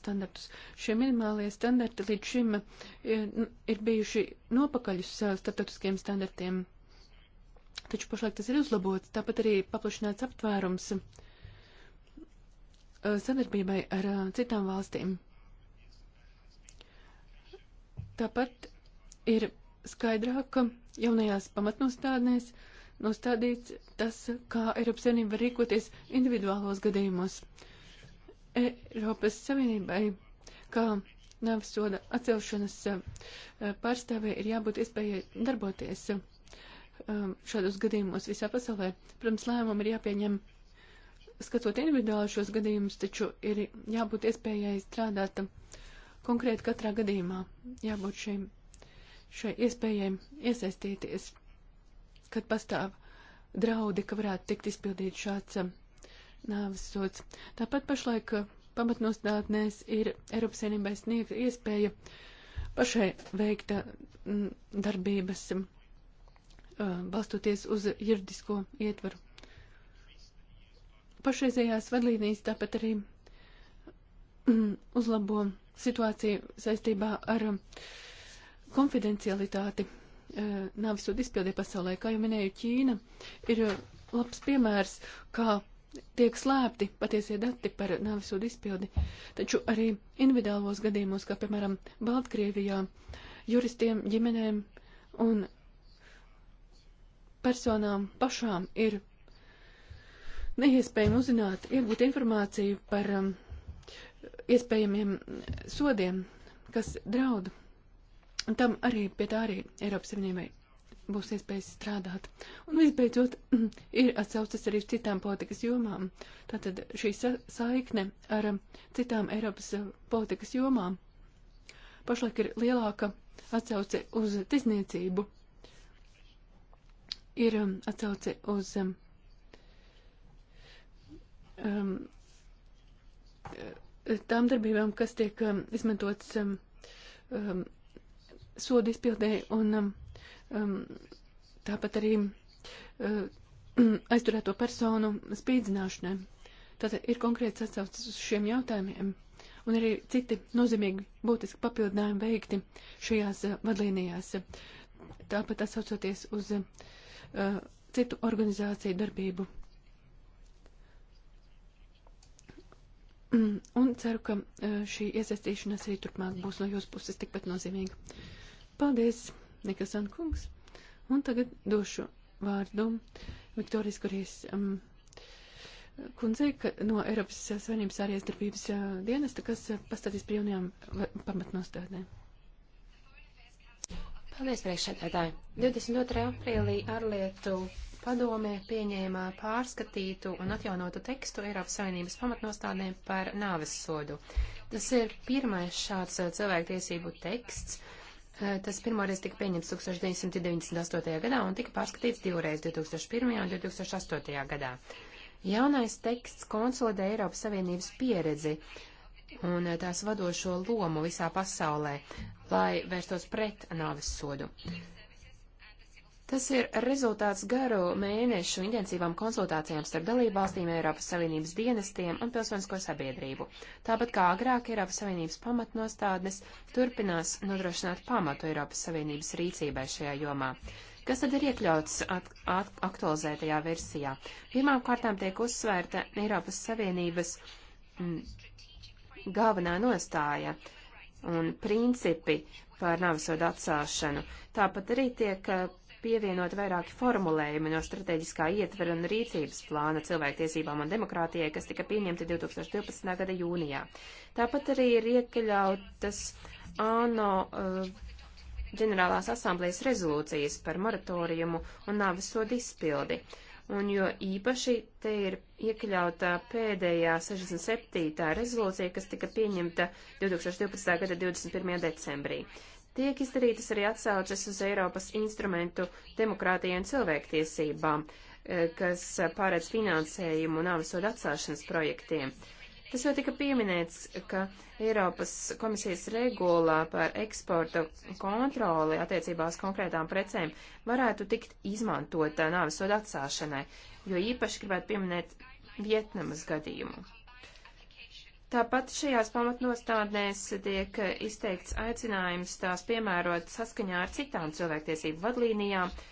standartus. Šie minimālie standarti līdz šim ir, eh, ir bijuši nopakaļ uz eh, starptautiskiem standartiem taču pašlaik tas ir uzlabots, tāpat arī paplašināts aptvērums uh, sadarbībai ar uh, citām valstīm. Tāpat ir skaidrāk jaunajās pamatnostādnēs nostādīts tas, kā Eiropas Savienība var rīkoties individuālos gadījumos. Eiropas Savienībai, kā nāves soda atcelšanas uh, pārstāvē, ir jābūt iespējai darboties Um, šādos gadījumos visā pasaulē. Protams, lēmumi ir jāpieņem skatot individuāli šos gadījumus, taču ir jābūt iespējai strādāt konkrēti katrā gadījumā, jābūt šiem, šai iespējai iesaistīties, kad pastāv draudi, ka varētu tikt izpildīt šāds um, nāves sots. Tāpat pašlaik uh, pamatnostādnēs ir Eiropas Savienībai sniegta iespēja pašai veikta uh, darbības um, Uh, balstoties uz juridisko ietvaru. Pašreizējās vadlīnijas tāpat arī mm, uzlabo situāciju saistībā ar um, konfidencialitāti uh, nāvisot izpildē pasaulē. Kā jau minēju, Ķīna ir uh, labs piemērs, kā tiek slēpti patiesie dati par nāvisodu izpildi, taču arī individuālos gadījumos, kā piemēram Baltkrievijā, juristiem, ģimenēm un personām pašām ir neiespējami uzzināt, iegūt informāciju par um, iespējamiem sodiem, kas draud. Un tam arī pie tā arī Eiropas Savienībai būs iespējas strādāt. Un visbeidzot, [clears throat] ir atsaucas arī uz citām politikas jomām. Tātad šī sa saikne ar um, citām Eiropas uh, politikas jomām pašlaik ir lielāka atsauce uz tirzniecību ir um, atsauce uz um, um uh, tām darbībām, kas tiek um, izmantotas um, um, sodu izpildēji un um, um, tāpat arī uh, [clears throat] aizturēto personu spīdzināšanai. Tātad ir konkrēts atsaucis uz šiem jautājumiem, un arī citi nozīmīgi būtiski papildinājumi veikti šajās uh, vadlīnijās. Tāpat atsaucoties uz uh, uh, citu organizāciju darbību. Mm, un ceru, ka uh, šī iesaistīšanās arī turpmāk būs no jūsu puses tikpat nozīmīga. Paldies, Nikasan kungs. Un tagad došu vārdu Viktorijas Kurijas um, kundzei no Eiropas Savienības ārējās darbības uh, dienesta, kas uh, pastāstīs par jaunajām pamatnostādēm. Paldies, priekšsēdētāji. 22. aprīlī ārlietu padomē pieņēma pārskatītu un atjaunotu tekstu Eiropas Savienības pamatnostādēm par nāves sodu. Tas ir pirmais šāds uh, cilvēktiesību teksts. Uh, tas pirmoreiz tika pieņemts 1998. gadā un tika pārskatīts divreiz 2001. un 2008. gadā. Jaunais teksts konsolidē Eiropas Savienības pieredzi un eh, tās vadošo lomu visā pasaulē, lai vērstos pret nāves sodu. Tas ir rezultāts garu mēnešu intensīvām konsultācijām starp dalībvalstīm, Eiropas Savienības dienestiem un pilsonisko sabiedrību. Tāpat kā agrāk Eiropas Savienības pamatnostādnes turpinās nodrošināt pamatu Eiropas Savienības rīcībai šajā jomā. Kas tad ir iekļauts at, at, aktualizētajā versijā? Pirmām kārtām tiek uzsvērta Eiropas Savienības m, mm, galvenā nostāja un principi par navasodu atcelšanu. Tāpat arī tiek eh, pievienot vairāki formulējumi no strateģiskā ietvera un rīcības plāna cilvēktiesībām un demokrātijai, kas tika pieņemti 2012. gada jūnijā. Tāpat arī ir iekļautas ANO uh, ģenerālās asamblējas rezolūcijas par moratoriumu un nāvis sodu izpildi. Uh, un jo īpaši te ir iekļautā pēdējā 67. rezolūcija, kas tika pieņemta 2012. gada 21. decembrī. Tiek izdarītas arī atsauces uz Eiropas instrumentu demokrātijai un cilvēktiesībām, eh, kas eh, pārēc finansējumu nāvisodu atcelšanas projektiem. Uh, Tas jau tika pieminēts, ka Eiropas komisijas regulā par eksporta kontroli attiecībās konkrētām precēm varētu tikt izmantota nāvisoda atsāšanai, jo īpaši gribētu pieminēt Vietnamas gadījumu. Tāpat šajās pamatnostādnēs tiek izteikts aicinājums tās piemērot saskaņā ar citām cilvēktiesību vadlīnijām, uh,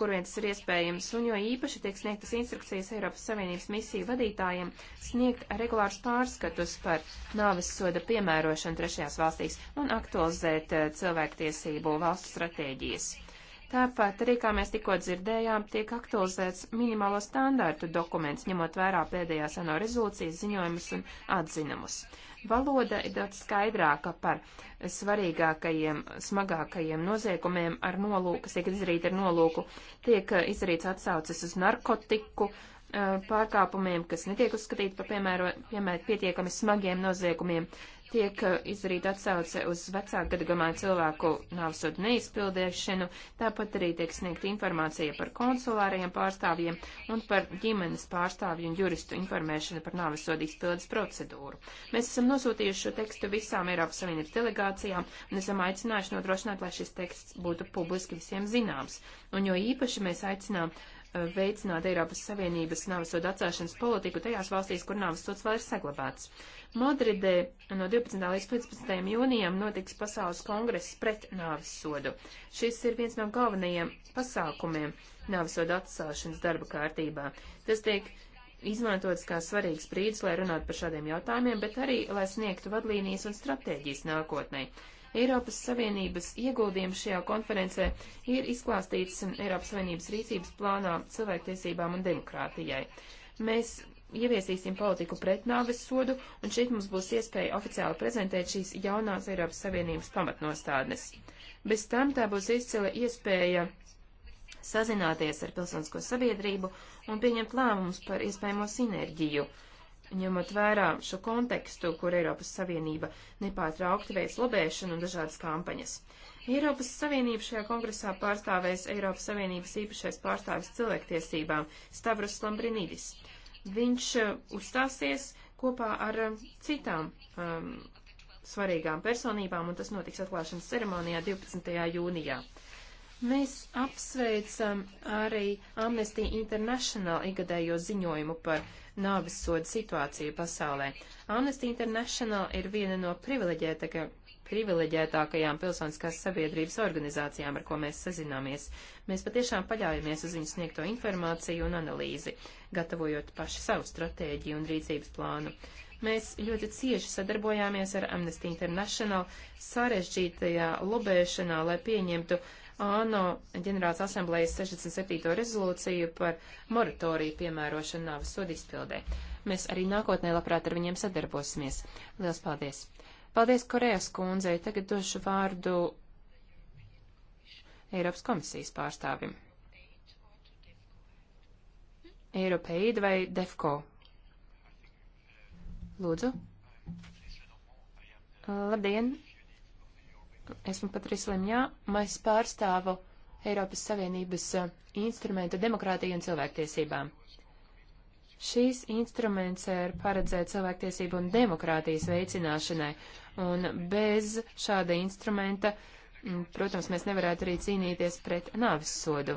kur vien tas ir iespējams, un jo īpaši tiek sniegtas instrukcijas Eiropas Savienības misiju vadītājiem sniegt regulārus pārskatus par nāves soda piemērošanu trešajās valstīs un aktualizēt eh, cilvēktiesību valsts stratēģijas. Tāpat arī, kā mēs tikko dzirdējām, tiek aktualizēts minimālo standārtu dokuments, ņemot vērā pēdējās ANO rezolūcijas ziņojumus un atzinumus. Valoda ir daudz skaidrāka par svarīgākajiem, smagākajiem noziegumiem ar nolūku, kas tiek izdarīta ar nolūku. Tiek izdarīts atsaucis uz narkotiku eh, pārkāpumiem, kas netiek uzskatīti par piemēro, piemēr, pietiekami smagiem noziegumiem tiek eh, izdarīta atsauce uz vecāku gadagumā cilvēku nāvsodu neizpildēšanu, tāpat arī tiek sniegta informācija par konsulāriem pārstāvjiem un par ģimenes pārstāvju un juristu informēšanu par nāvsodu izpildes procedūru. Mēs esam nosūtījuši šo tekstu visām Eiropas Savienības delegācijām un esam aicinājuši nodrošināt, lai šis teksts būtu publiski visiem zināms. Un jo īpaši mēs aicinām uh, Eh, veicināt Eiropas Savienības navasodu atcelšanas politiku tajās valstīs, kur navasods vēl ir saglabāts. Madridē no 12. līdz 15. jūnijam notiks pasaules kongress pret navasodu. Šis ir viens no galvenajiem pasākumiem navasodu atcelšanas darba kārtībā. Tas tiek izmantots kā svarīgs brīdis, lai runātu par šādiem jautājumiem, bet arī, lai sniegtu vadlīnijas un stratēģijas nākotnē. Eiropas Savienības ieguldījums šajā konferencē ir izklāstīts Eiropas Savienības rīcības plānā cilvēktiesībām un demokrātijai. Mēs ieviesīsim politiku pret nāves sodu, un šeit mums būs iespēja oficiāli prezentēt šīs jaunās Eiropas Savienības pamatnostādnes. Bez tam tā būs izcila iespēja sazināties ar pilsonisko sabiedrību un pieņemt lēmumus par iespējamo sinerģiju ņemot vērā šo kontekstu, kur Eiropas Savienība nepārtraukti veids lobēšanu un dažādas kampaņas. Eiropas Savienība šajā kongresā pārstāvēs Eiropas Savienības īpašais pārstāvis cilvēktiesībām Stavros Lambrinidis. Viņš e, uzstāsies kopā ar e, citām um, svarīgām personībām, un tas notiks atklāšanas ceremonijā 12. jūnijā. Uh, Mēs apsveicam arī Amnesty International ikgadējo ziņojumu par nāvis sodu situāciju pasaulē. Amnesty International ir viena no privileģētākā, privileģētākajām pilsoniskās sabiedrības organizācijām, ar ko mēs sazināmies. Mēs patiešām paļaujamies uz viņu sniegto informāciju un analīzi, gatavojot paši savu stratēģiju un rīcības plānu. Mēs ļoti cieši sadarbojāmies ar Amnesty International sarežģītajā lobēšanā, lai pieņemtu uh, ANO ģenerāls asamblējas 67. rezolūciju par moratoriju piemērošanu nāves sodu izpildē. Mēs arī nākotnē labprāt ar viņiem sadarbosimies. Liels paldies! Paldies Korejas kundzei. Tagad došu vārdu Eiropas komisijas pārstāvim. Eiropeid vai DEFCO? Lūdzu. Labdien, esmu Patrīs Lemjā, mēs pārstāvu Eiropas Savienības eh, instrumentu demokrātiju un cilvēktiesībām. Šīs instruments ir paredzēts cilvēktiesību un demokrātijas veicināšanai, un bez šāda instrumenta, protams, mēs nevarētu arī cīnīties pret nāvis sodu.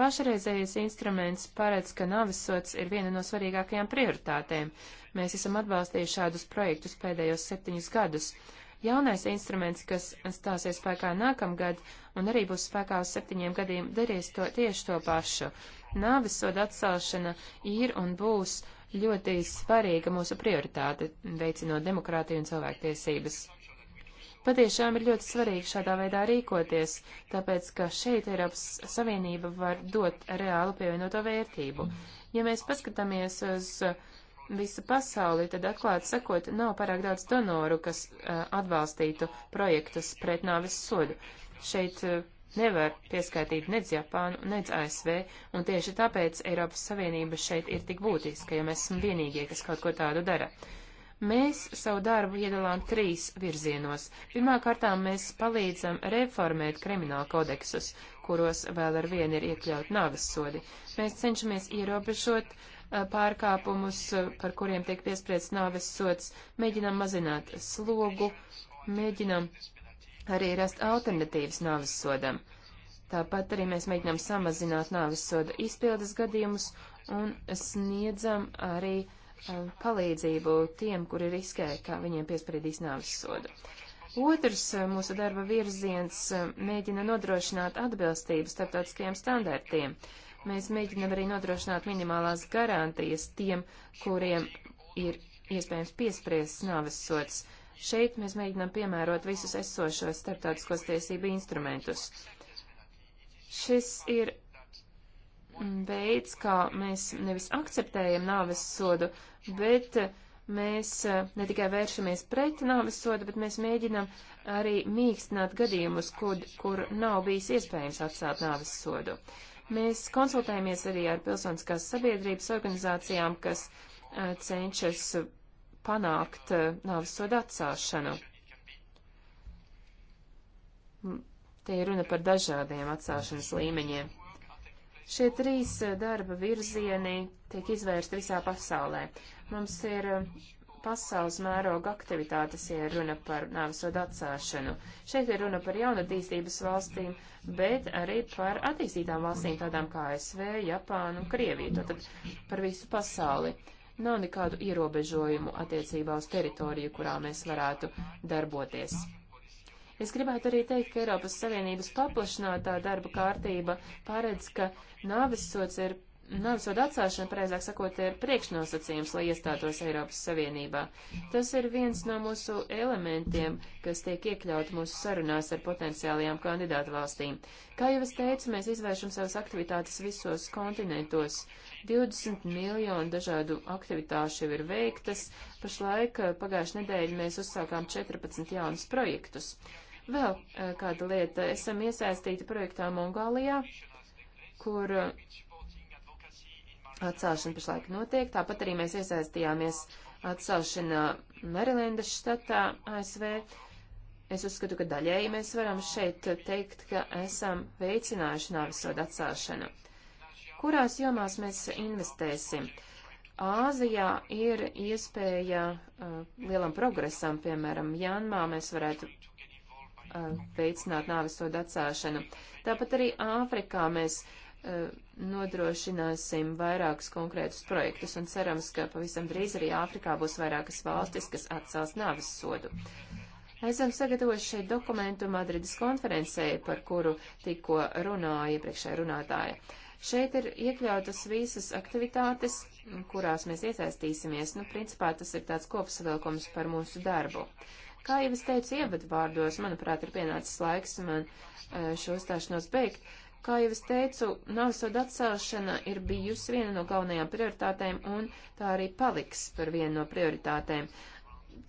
Pašreizējais instruments paredz, ka nāvis sods ir viena no svarīgākajām prioritātēm. Mēs esam atbalstījuši šādus projektus pēdējos septiņus gadus, Jaunais instruments, kas stāsies spēkā nākamgad un arī būs spēkā uz septiņiem gadiem, darīs to tieši to pašu. Nāves soda atcelšana ir un būs ļoti svarīga mūsu prioritāte, veicinot demokrātiju un cilvēktiesības. Patiešām ir ļoti svarīgi šādā veidā rīkoties, tāpēc, ka šeit Eiropas Savienība var dot reālu pievienoto vērtību. Ja mēs paskatāmies uz uh, visu pasauli, tad atklāti sakot, nav pārāk daudz donoru, kas uh, atbalstītu projektus pret nāvis sodu. Šeit uh, nevar pieskaitīt nec Japānu, nec ASV, un tieši tāpēc Eiropas Savienība šeit ir tik būtiska, jo mēs esam vienīgie, kas kaut ko tādu dara. Mēs savu darbu iedalām trīs virzienos. Pirmkārtām mēs palīdzam reformēt kriminālu kodeksus, kuros vēl ar vienu ir iekļaut nāves sodi. Mēs cenšamies ierobežot uh, pārkāpumus, par kuriem tiek piespriezt nāves sots, mēģinām mazināt slogu, mēģinām arī rast alternatīvas nāves sodam. Tāpat arī mēs mēģinām samazināt nāves soda izpildes gadījumus un sniedzam arī uh, palīdzību tiem, kuri riskē, ka viņiem piespriedīs nāves sodu. Otrs mūsu darba virziens mēģina nodrošināt atbilstību starptautiskajiem standartiem. Uh, Mēs mēģinam arī nodrošināt minimālās garantijas tiem, kuriem ir iespējams piespriests nāves sots. Šeit mēs mēģinām piemērot visus esošos starptautiskos tiesību instrumentus. Šis ir mm, veids, kā mēs nevis akceptējam nāves sodu, bet eh, mēs eh, ne tikai vēršamies pret nāves sodu, bet mēs mēģinam arī mīkstināt gadījumus, kur, kur nav bijis iespējams atstāt nāves sodu. Uh, Mēs konsultējamies arī ar pilsoniskās sabiedrības organizācijām, kas eh, cenšas panākt eh, nāvis sodu atcelšanu. Te ir runa par dažādiem atcelšanas līmeņiem. Šie trīs eh, darba virzieni tiek izvērsti visā pasaulē. Mums ir pasaules mēroga aktivitātes, ja runa par nāvisodu atcēšanu. Šeit ir runa par jaunatīstības valstīm, bet arī par attīstītām valstīm, tādām kā ASV, Japānu un Krieviju, tātad par visu pasauli. Nav nekādu ierobežojumu attiecībā uz teritoriju, kurā mēs varētu darboties. Es gribētu arī teikt, ka Eiropas Savienības paplašinātā darba kārtība paredz, ka nāvisots ir Nāvisoda atcelšana, pareizāk sakot, ir priekšnosacījums, lai iestātos Eiropas Savienībā. Tas ir viens no mūsu elementiem, kas tiek iekļaut mūsu sarunās ar potenciālajām kandidātu valstīm. Kā jau es teicu, mēs izvēršam savas aktivitātes visos kontinentos. 20 miljonu dažādu aktivitāšu jau ir veiktas. Pašlaik eh, pagājušajā nedēļā mēs uzsākām 14 jaunus projektus. Vēl eh, kāda lieta. Esam iesaistīti projektā Mongālijā, kur Atcelšana pašlaik notiek, tāpat arī mēs iesaistījāmies atcelšanā Merilendas štatā ASV. Es uzskatu, ka daļēji mēs varam šeit teikt, ka esam veicinājuši nāvisodu atcelšanu. Kurās jomās mēs investēsim? Āzijā ir iespēja uh, lielam progresam, piemēram, Janmā mēs varētu uh, veicināt nāvisodu atcelšanu. Tāpat arī Āfrikā mēs uh, Eh, nodrošināsim vairākus konkrētus projektus un cerams, ka pavisam drīz arī Āfrikā būs vairākas valstis, kas atcels nāvis sodu. Esam sagatavojuši šeit dokumentu Madrides konferencē, par kuru tikko runāja iepriekšējā runātāja. Šeit ir iekļautas visas aktivitātes, kurās mēs iesaistīsimies. Nu, principā tas ir tāds kopsavilkums par mūsu darbu. Kā jau es teicu ievadvārdos, manuprāt, ir pienācis laiks man eh, šo uzstāšanos beigt. Uh, Kā jau es teicu, nāvsoda atcelšana ir bijusi viena no galvenajām prioritātēm, un tā arī paliks par vienu no prioritātēm.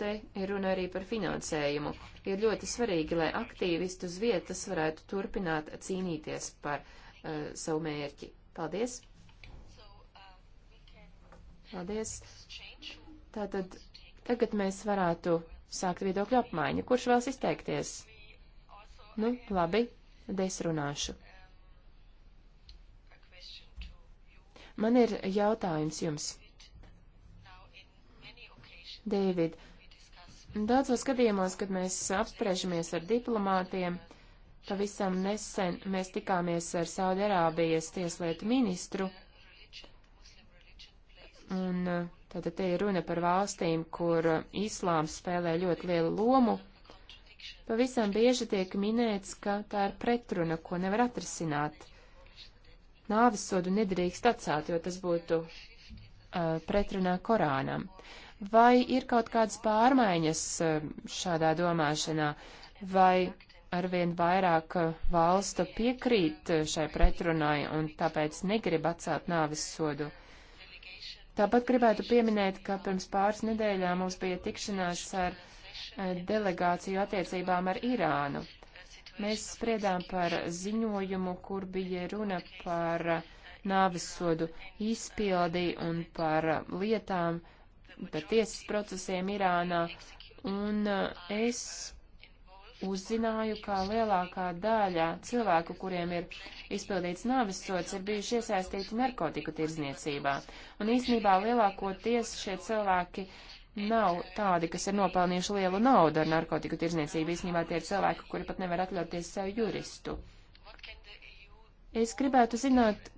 Te ir runa arī par finansējumu. Ir ļoti svarīgi, lai aktīvisti uz vietas varētu turpināt cīnīties par uh, savu mērķi. Paldies! Paldies! Tātad tagad mēs varētu sākt viedokļu apmaiņu. Kurš vēlas izteikties? Nu, labi, tad es runāšu. Man ir jautājums jums. Dēvid, daudzos gadījumos, kad mēs apspriežamies ar diplomātiem, pavisam nesen mēs tikāmies ar Saudarābijas tieslietu ministru, un tātad te ir runa par valstīm, kur islāms spēlē ļoti lielu lomu. Pavisam bieži tiek minēts, ka tā ir pretruna, ko nevar atrisināt nāves sodu nedrīkst atcelt, jo tas būtu uh, pretrunā Korānam. Vai ir kaut kādas pārmaiņas uh, šādā domāšanā, vai arvien vairāk valstu piekrīt šai pretrunai un tāpēc negrib atcelt nāves sodu? Tāpat gribētu pieminēt, ka pirms pāris nedēļām mums bija tikšanās ar delegāciju attiecībām ar Irānu. Mēs spriedām par ziņojumu, kur bija runa par nāvisodu izpildi un par lietām, par tiesas procesiem Irānā. Un uh, es uzzināju, ka lielākā daļa cilvēku, kuriem ir izpildīts nāvisots, ir bijuši iesaistīti narkotiku tirdzniecībā. Un īsnībā lielākoties šie cilvēki nav tādi, kas ir nopelnījuši lielu naudu ar narkotiku tirzniecību. Īsnībā tie ir cilvēki, kuri pat nevar atļauties sev juristu. Es gribētu zināt,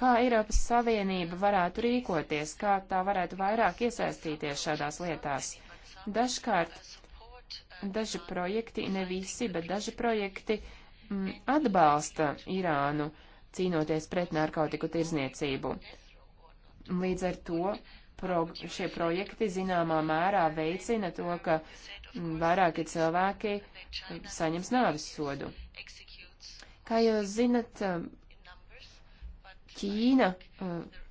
kā Eiropas Savienība varētu rīkoties, kā tā varētu vairāk iesaistīties šādās lietās. Dažkārt daži projekti, ne visi, bet daži projekti m, mm, atbalsta Irānu cīnoties pret narkotiku tirzniecību. Līdz ar to pro, šie projekti zināmā mērā veicina to, ka vairāki cilvēki saņems nāvis sodu. Kā jūs zinat, Ķīna uh,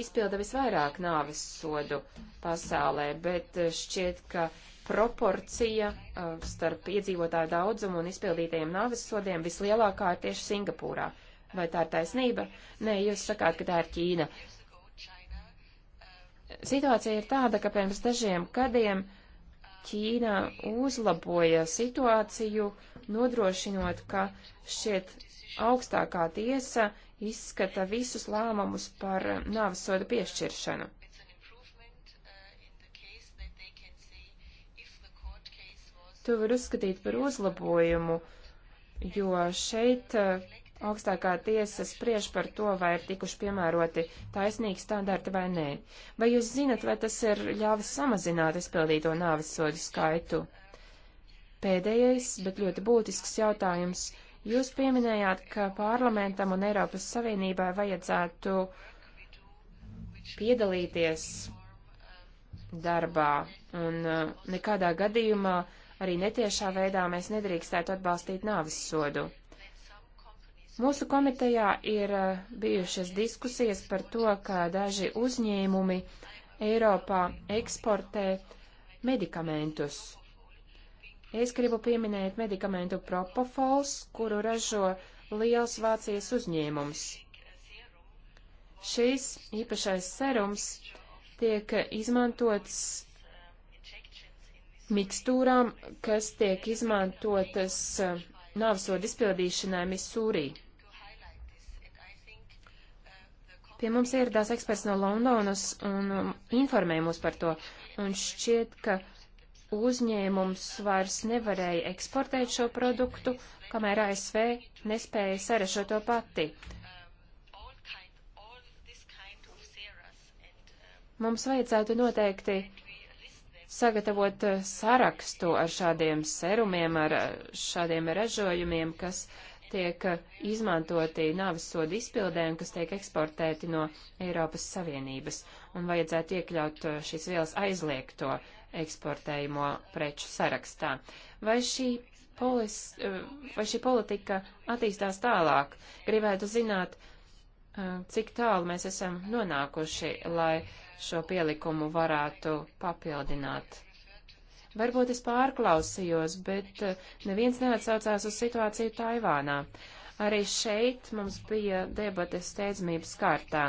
izpilda visvairāk nāvis sodu pasaulē, bet uh, šķiet, ka proporcija uh, starp iedzīvotāju daudzumu un izpildītajiem nāvis sodiem vislielākā ir tieši Singapūrā. Vai tā ir taisnība? Nē, jūs sakāt, ka tā ir Ķīna. Situācija ir tāda, ka pirms dažiem gadiem Ķīna uzlaboja situāciju, nodrošinot, ka šķiet augstākā tiesa izskata visus lēmumus par nāvisodu piešķiršanu. To var uzskatīt par uzlabojumu, jo šeit augstākā tiesa spriež par to, vai ir tikuši piemēroti taisnīgi standarti vai nē. Vai jūs zinat, vai tas ir ļāvis samazināt izpildīto nāves sodu skaitu? Pēdējais, bet ļoti būtisks jautājums. Jūs pieminējāt, ka parlamentam un Eiropas Savienībai vajadzētu piedalīties darbā, un uh, nekādā gadījumā arī netiešā veidā mēs nedrīkstētu atbalstīt nāvis sodu. Mūsu komitejā ir eh, bijušas diskusijas par to, ka daži uzņēmumi Eiropā eksportē medikamentus. Es gribu pieminēt medikamentu Propofols, kuru ražo liels Vācijas uzņēmums. Šīs īpašais serums tiek izmantots mikstūrām, kas tiek izmantotas eh, nāvsodu izpildīšanai Misūrī. Pie mums ieradās eksperts no Londonas un um, informēja mūs par to. Un šķiet, ka uzņēmums vairs nevarēja eksportēt šo produktu, kamēr ASV nespēja sarešot to pati. Mums vajadzētu noteikti sagatavot uh, sarakstu ar šādiem serumiem, ar uh, šādiem ražojumiem, kas uh, tiek eh, izmantoti nāvis sodu izpildēm, kas tiek eksportēti no Eiropas Savienības, un vajadzētu iekļaut eh, šīs vielas aizliegto eksportējumo preču sarakstā. Vai šī, polis, eh, vai šī politika attīstās tālāk? Gribētu zināt, cik tālu mēs esam nonākuši, lai šo pielikumu varētu papildināt. Varbūt es pārklausījos, bet eh, neviens neatsaucās uz situāciju Taivānā. Arī šeit mums bija debates steidzamības kārtā.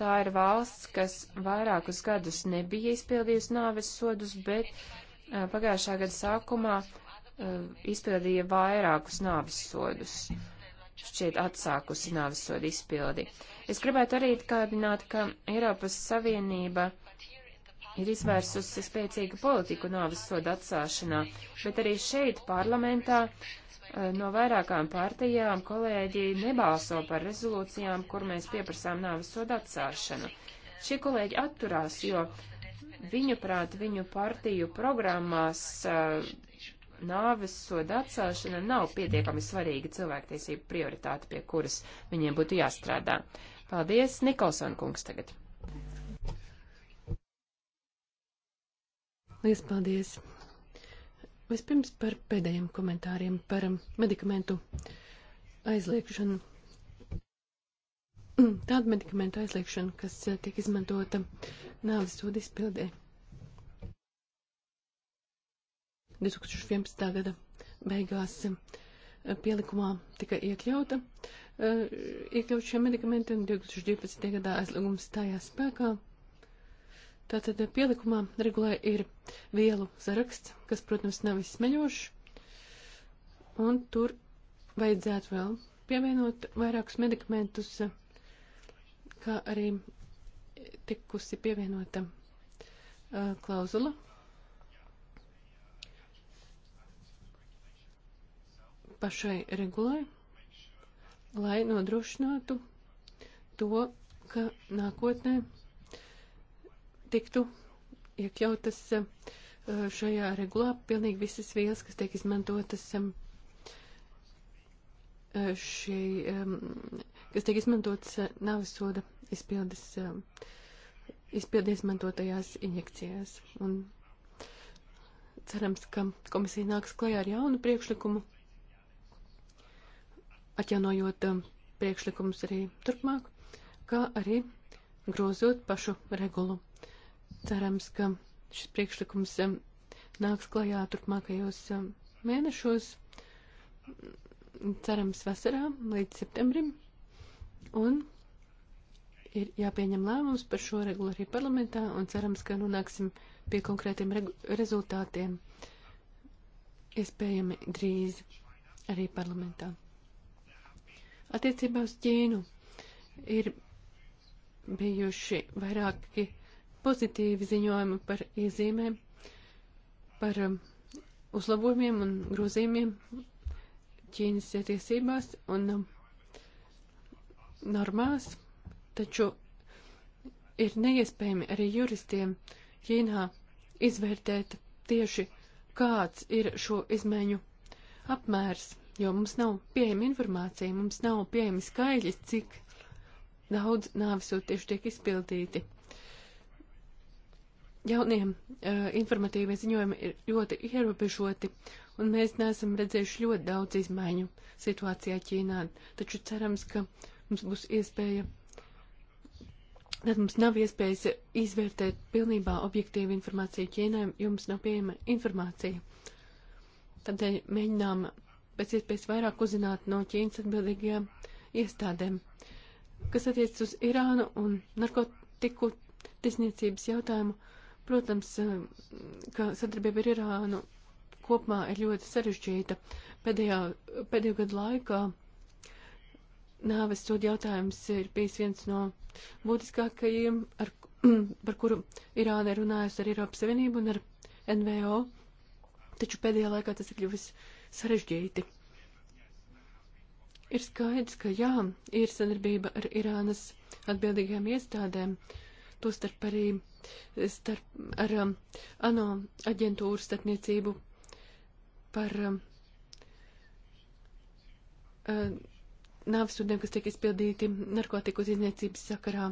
Tā ir valsts, kas vairākus gadus nebija izpildījusi nāves sodus, bet eh, pagājušā gada sākumā eh, izpildīja vairākus nāves sodus šķiet atsākusi nāvisodu izpildi. Es gribētu arī atgādināt, ka Eiropas Savienība uh, ir izvērsusi spēcīgu politiku nāvis sodu atsāšanā, bet arī šeit parlamentā eh, no vairākām partijām kolēģi nebalso par rezolūcijām, kur mēs pieprasām nāvis sodu atsāšanu. Šie kolēģi atturās, jo viņuprāt, viņu partiju programmās eh, nāvis sodu atsāšana nav pietiekami svarīga cilvēktiesība prioritāte, pie kuras viņiem būtu jāstrādā. Paldies, Nikolson kungs tagad. Lielas paldies! Vispirms par pēdējiem komentāriem par medikamentu aizliekšanu. Mm, tāda medikamentu aizliekšana, kas eh, tiek izmantota nāves sodu izpildē. 2011. gada beigās eh, pielikumā tika iekļauta, eh, iekļaut šie medikamenti un 2012. gadā aizliegums stājās spēkā. Tātad pielikumā regulē ir vielu saraksts, kas, protams, nav izsmeļošs, un tur vajadzētu vēl pievienot vairākus medikamentus, kā arī tikusi pievienota uh, klauzula. pašai regulai, lai nodrošinātu to, ka nākotnē tiktu iekļautas eh, šajā regulā pilnīgi visas vielas, kas tiek izmantotas eh, šī, kas tiek izmantotas eh, navas soda izpildes, izpildi izmantotajās injekcijās. Un cerams, ka komisija nāks klajā ar jaunu priekšlikumu, atjaunojot priekšlikumus arī turpmāk, kā arī grozot pašu regulu. Cerams, ka šis priekšlikums nāks klajā turpmākajos mēnešos, cerams, vasarā līdz septembrim. Un ir jāpieņem lēmums par šo regulu arī parlamentā, un cerams, ka nonāksim pie konkrētiem rezultātiem iespējami drīz arī parlamentā. Attiecībā uz Ķīnu ir bijuši vairāki pozitīvi ziņojumi par iezīmēm, par um, uzlabojumiem un grozījumiem Ķīnas tiesībās un um, normās, taču ir neiespējami arī juristiem Ķīnā izvērtēt tieši, kāds ir šo izmaiņu apmērs, jo mums nav pieejama informācija, mums nav pieejami skaidri, cik daudz nāvisot tieši tiek izpildīti jauniem uh, eh, informatīvie ziņojumi ir ļoti ierobežoti, un mēs neesam redzējuši ļoti daudz izmaiņu situācijā Ķīnā. Taču cerams, ka mums būs iespēja, tad mums nav iespējas izvērtēt pilnībā objektīvu informāciju Ķīnai, jo mums nav pieejama informācija. Tādēļ mēģinām pēc iespējas vairāk uzzināt no Ķīnas atbildīgajām iestādēm. Kas attiecas uz Irānu un narkotiku tiesniecības jautājumu, uh, Protams, eh, ka sadarbība ar Irānu kopumā ir ļoti sarežģīta. Pēdējā, pēdējo gadu laikā nāves sodu jautājums ir bijis viens no būtiskākajiem, ar, [clears throat] par kuru Irāna ir runājusi ar Eiropas Savienību un ar NVO, taču pēdējā laikā tas ir kļuvis sarežģīti. Ir skaidrs, ka jā, ir sadarbība ar Irānas atbildīgajām iestādēm, uh, tostarp arī starp, ar um, ANO aģentūru starpniecību par um, uh, nāvesūdiem, kas tiek izpildīti narkotiku izniecības sakarā.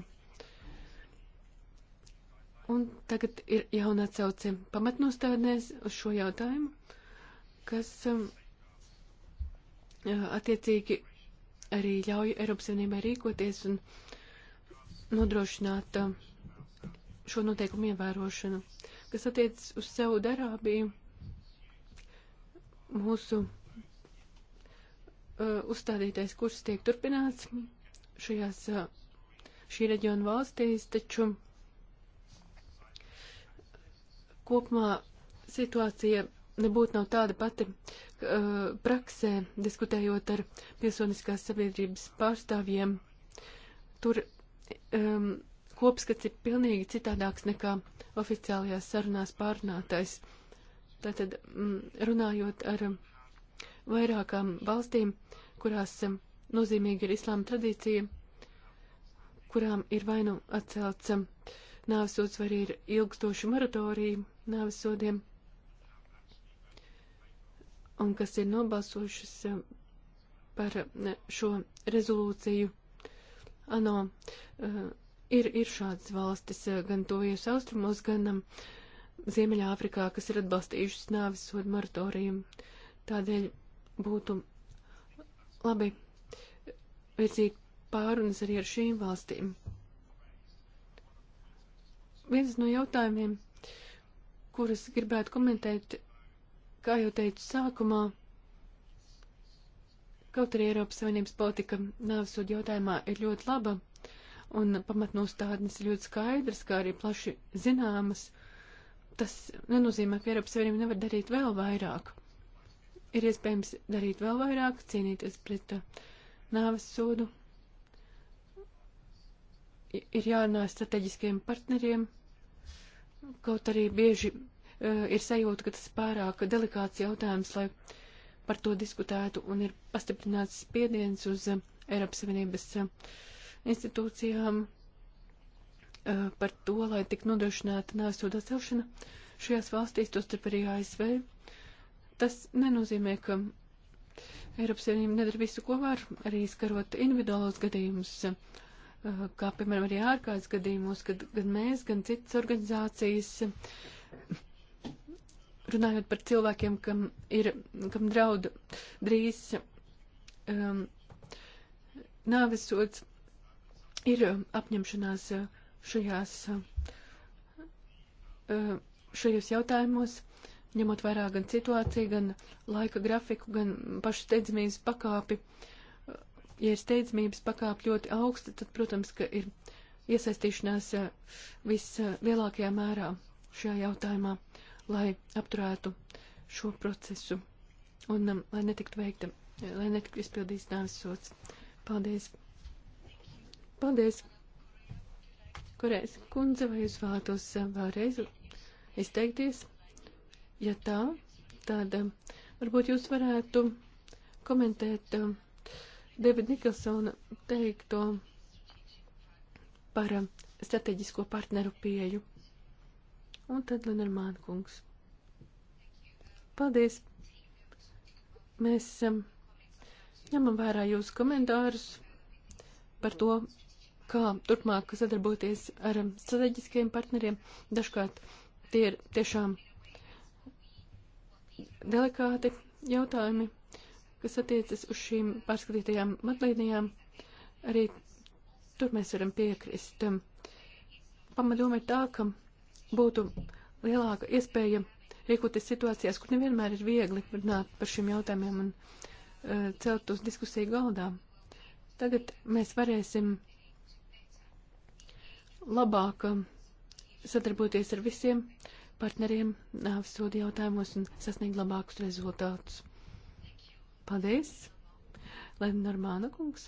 Un tagad ir jauna atsauce pamatnostādnēs uz šo jautājumu, kas um, uh, attiecīgi arī ļauj Eiropas Savienībai rīkoties un nodrošināt uh, šo noteikumu ievērošanu. Kas attiecas uz savu darābiju, mūsu uh, uzstādītais kurs tiek turpināts šajās uh, šī reģiona valstīs, taču kopumā situācija nebūtu nav tāda pati uh, praksē, diskutējot ar pilsoniskās sabiedrības pārstāvjiem. Tur um, kopskats ir pilnīgi citādāks nekā oficiālajās sarunās pārunātais. Tātad, mm, runājot ar mm, vairākām valstīm, kurās mm, nozīmīgi ir islāma tradīcija, kurām ir vai nu atcelts nāvesods vai ir ilgstoši moratorija nāvesodiem, un kas ir nobalsojušas par šo rezolūciju ANO Ir, ir šādas valstis eh, gan tojies austrumos, gan um, Ziemeļāfrikā, kas ir atbalstījušas nāvis sodu moratoriju. Tādēļ būtu labi eh, veicīt pārunas arī ar šīm valstīm. Viens no jautājumiem, kurus gribētu komentēt, kā jau teicu sākumā, kaut arī Eiropas Savienības politika nāvisodu jautājumā ir ļoti laba un pamatnostādnes ļoti skaidrs, kā arī plaši zināmas. Tas nenozīmē, ka Eiropas Savienība nevar darīt vēl vairāk. Ir iespējams darīt vēl vairāk, cīnīties pret uh, nāves sodu. Ir jārunā strateģiskiem partneriem, kaut arī bieži uh, ir sajūta, ka tas pārāk delikāts jautājums, lai par to diskutētu, un ir pastiprināts spiediens uz uh, Eiropas Savienības uh, institūcijām uh, par to, lai tik nodrošināta nāsoda celšana šajās valstīs, tostarp arī ASV. Tas nenozīmē, ka Eiropas Savienība nedara visu, ko var, arī skarot individuālos gadījumus, uh, kā piemēram arī ārkārtas gadījumos, kad gan mēs, gan citas organizācijas runājot par cilvēkiem, kam, ir, kam draud drīz um, nāvesots, ir um, apņemšanās uh, šajās, uh, uh, šajos jautājumos, ņemot vērā gan situāciju, gan laika grafiku, gan pašu steidzamības pakāpi. Ja ir steidzamības pakāpe ļoti augsta, tad, protams, ka ir iesaistīšanās vislielākajā mērā šajā jautājumā, lai apturētu šo procesu un um, lai netiktu veikta, lai netiktu izpildīts nāves sots. Paldies! Paldies! Korēs kundze, vai jūs vēlētos eh, vēlreiz izteikties? Ja tā, tad eh, varbūt jūs varētu komentēt eh, Davida Nikolsona teikto par strateģisko partneru pieju. Un tad Lenormāna kungs. Paldies! Mēs um, ņemam vērā jūsu komentārus par to, kā turpmāk sadarboties ar strateģiskiem partneriem. Dažkārt tie ir tiešām delikāti jautājumi, kas attiecas uz šīm pārskatītajām matlīnijām. Arī tur mēs varam piekrist. Pamatdoma ir tā, ka būtu lielāka iespēja rīkoties situācijās, kur nevienmēr ir viegli runāt par šiem jautājumiem un uh, celt uz diskusiju galdā. Tagad mēs varēsim uh, labāk sadarboties ar visiem partneriem uh, sodu jautājumos un sasniegt labākus rezultātus. Paldies, Lena Normāna kungs.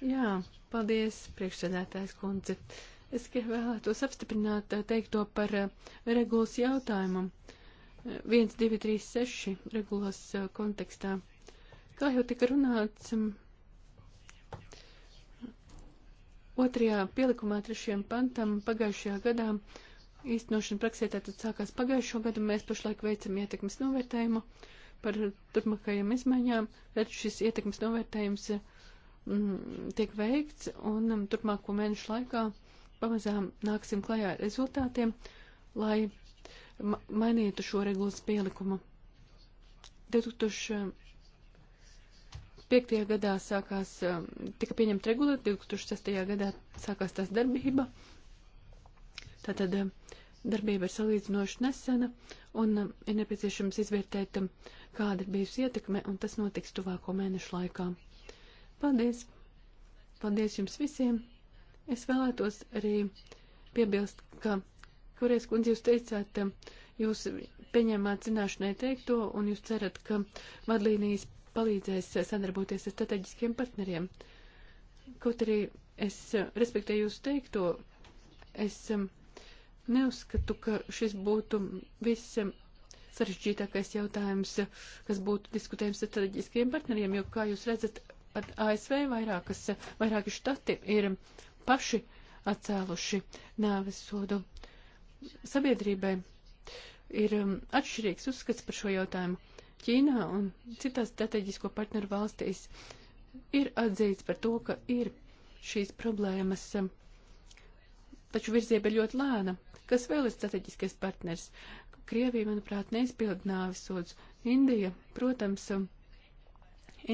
Jā, paldies, priekšsēdētājs kundze. Es vēlētos apstiprināt uh, teikto par uh, regulas jautājumu. 1, 2, 3, 6 regulas kontekstā. Kā jau tika runāts, Otrajā pielikumā trešajam pantam pagājušajā gadā īstenošana praksē tātad sākās pagājušo gadu, mēs pašlaik veicam ietekmes novērtējumu par turpmākajām izmaiņām, bet šis ietekmes novērtējums mm, tiek veikts un mm, turpmāko mēnešu laikā pamazām nāksim klajā ar rezultātiem, lai ma mainītu šo regulas pielikumu. 2000 2005. gadā sākās, um, tika pieņemta regula, 2006. gadā sākās tās darbība. Tātad um, darbība ir salīdzinoši nesena un um, ir nepieciešams izvērtēt, kāda ir bijusi ietekme, un tas notiks tuvāko mēnešu laikā. Paldies! Paldies jums visiem! Es vēlētos arī piebilst, ka, kuries kundze jūs teicāt, jūs pieņēmāt zināšanai teikto, un jūs cerat, ka vadlīnijas palīdzēs sadarboties ar strateģiskiem partneriem. Kaut arī es respektēju jūs teikto, es um, neuzskatu, ka šis būtu viss um, sarežģītākais jautājums, kas būtu diskutējams ar strateģiskiem partneriem, jo, kā jūs redzat, pat ASV vairākas, vairāki štati ir paši atcēluši nāves sodu. Sabiedrībai ir um, atšķirīgs uzskats par šo jautājumu. Ķīnā un citās strateģisko partneru valstīs ir atzīts par to, ka ir šīs problēmas, um, taču virzība ir ļoti lēna. Kas vēl ir strateģiskais partners? Krievija, manuprāt, neizpild nāvis sods. Indija, protams, um,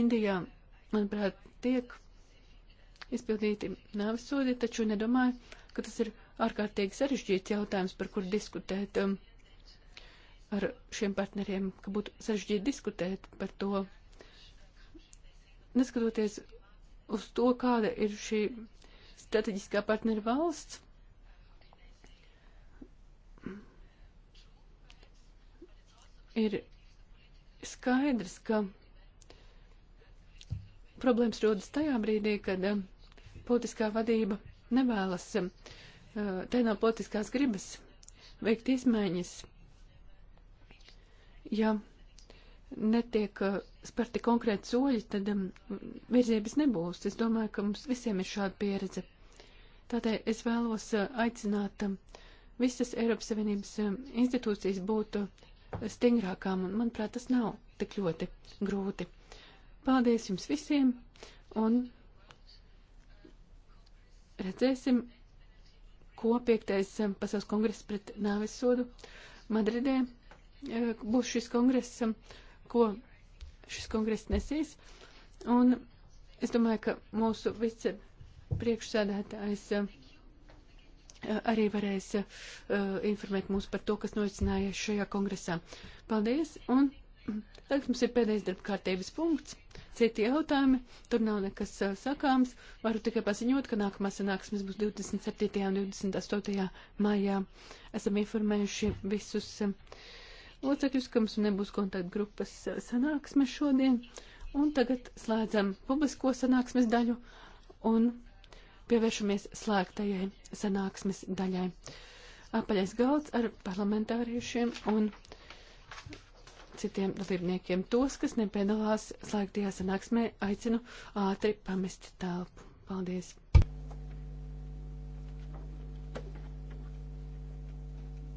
Indijā, manuprāt, tiek izpildīti nāvis sodi, taču nedomāju, ka tas ir ārkārtīgi sarežģīts jautājums, par kur diskutēt. Um, ar šiem partneriem, ka būtu sažģīti diskutēt par to, neskatoties uz to, kāda ir šī strateģiskā partneru valsts. Ir skaidrs, ka problēmas rodas tajā brīdī, kad um, politiskā vadība nevēlas, uh, tai nav politiskās gribas veikt izmaiņas ja netiek uh, sparti konkrēti soļi, tad um, virzības nebūs. Es domāju, ka mums visiem ir šāda pieredze. Tādēļ es vēlos uh, aicināt um, visas Eiropas Savienības um, institūcijas būt uh, stingrākām, un manuprāt, tas nav tik ļoti grūti. Paldies jums visiem, un redzēsim, ko piektais um, pasaules kongress pret nāves sodu Madridē Eh, būs šis kongress, um, ko šis kongress nesīs. Un es domāju, ka mūsu vice priekšsēdētājs um, eh, arī varēs eh, informēt mūs par to, kas noicinājies šajā kongresā. Paldies! Un mm, tagad mums ir pēdējais darba kārtības punkts. Citi jautājumi, tur nav nekas sakāms. Varu tikai paziņot, ka nākamā sanāksmes būs 27. un 28. maijā. Esam informējuši visus. Uh, locekļus, ka mums nebūs kontaktgrupas eh, sanāksme šodien. Un tagad slēdzam publisko sanāksmes daļu un pievēršamies slēgtajai sanāksmes daļai. Apaļais galds ar parlamentāriešiem un citiem dalībniekiem. Tos, kas nepiedalās slēgtajā sanāksmē, aicinu ātri pamest telpu. Paldies!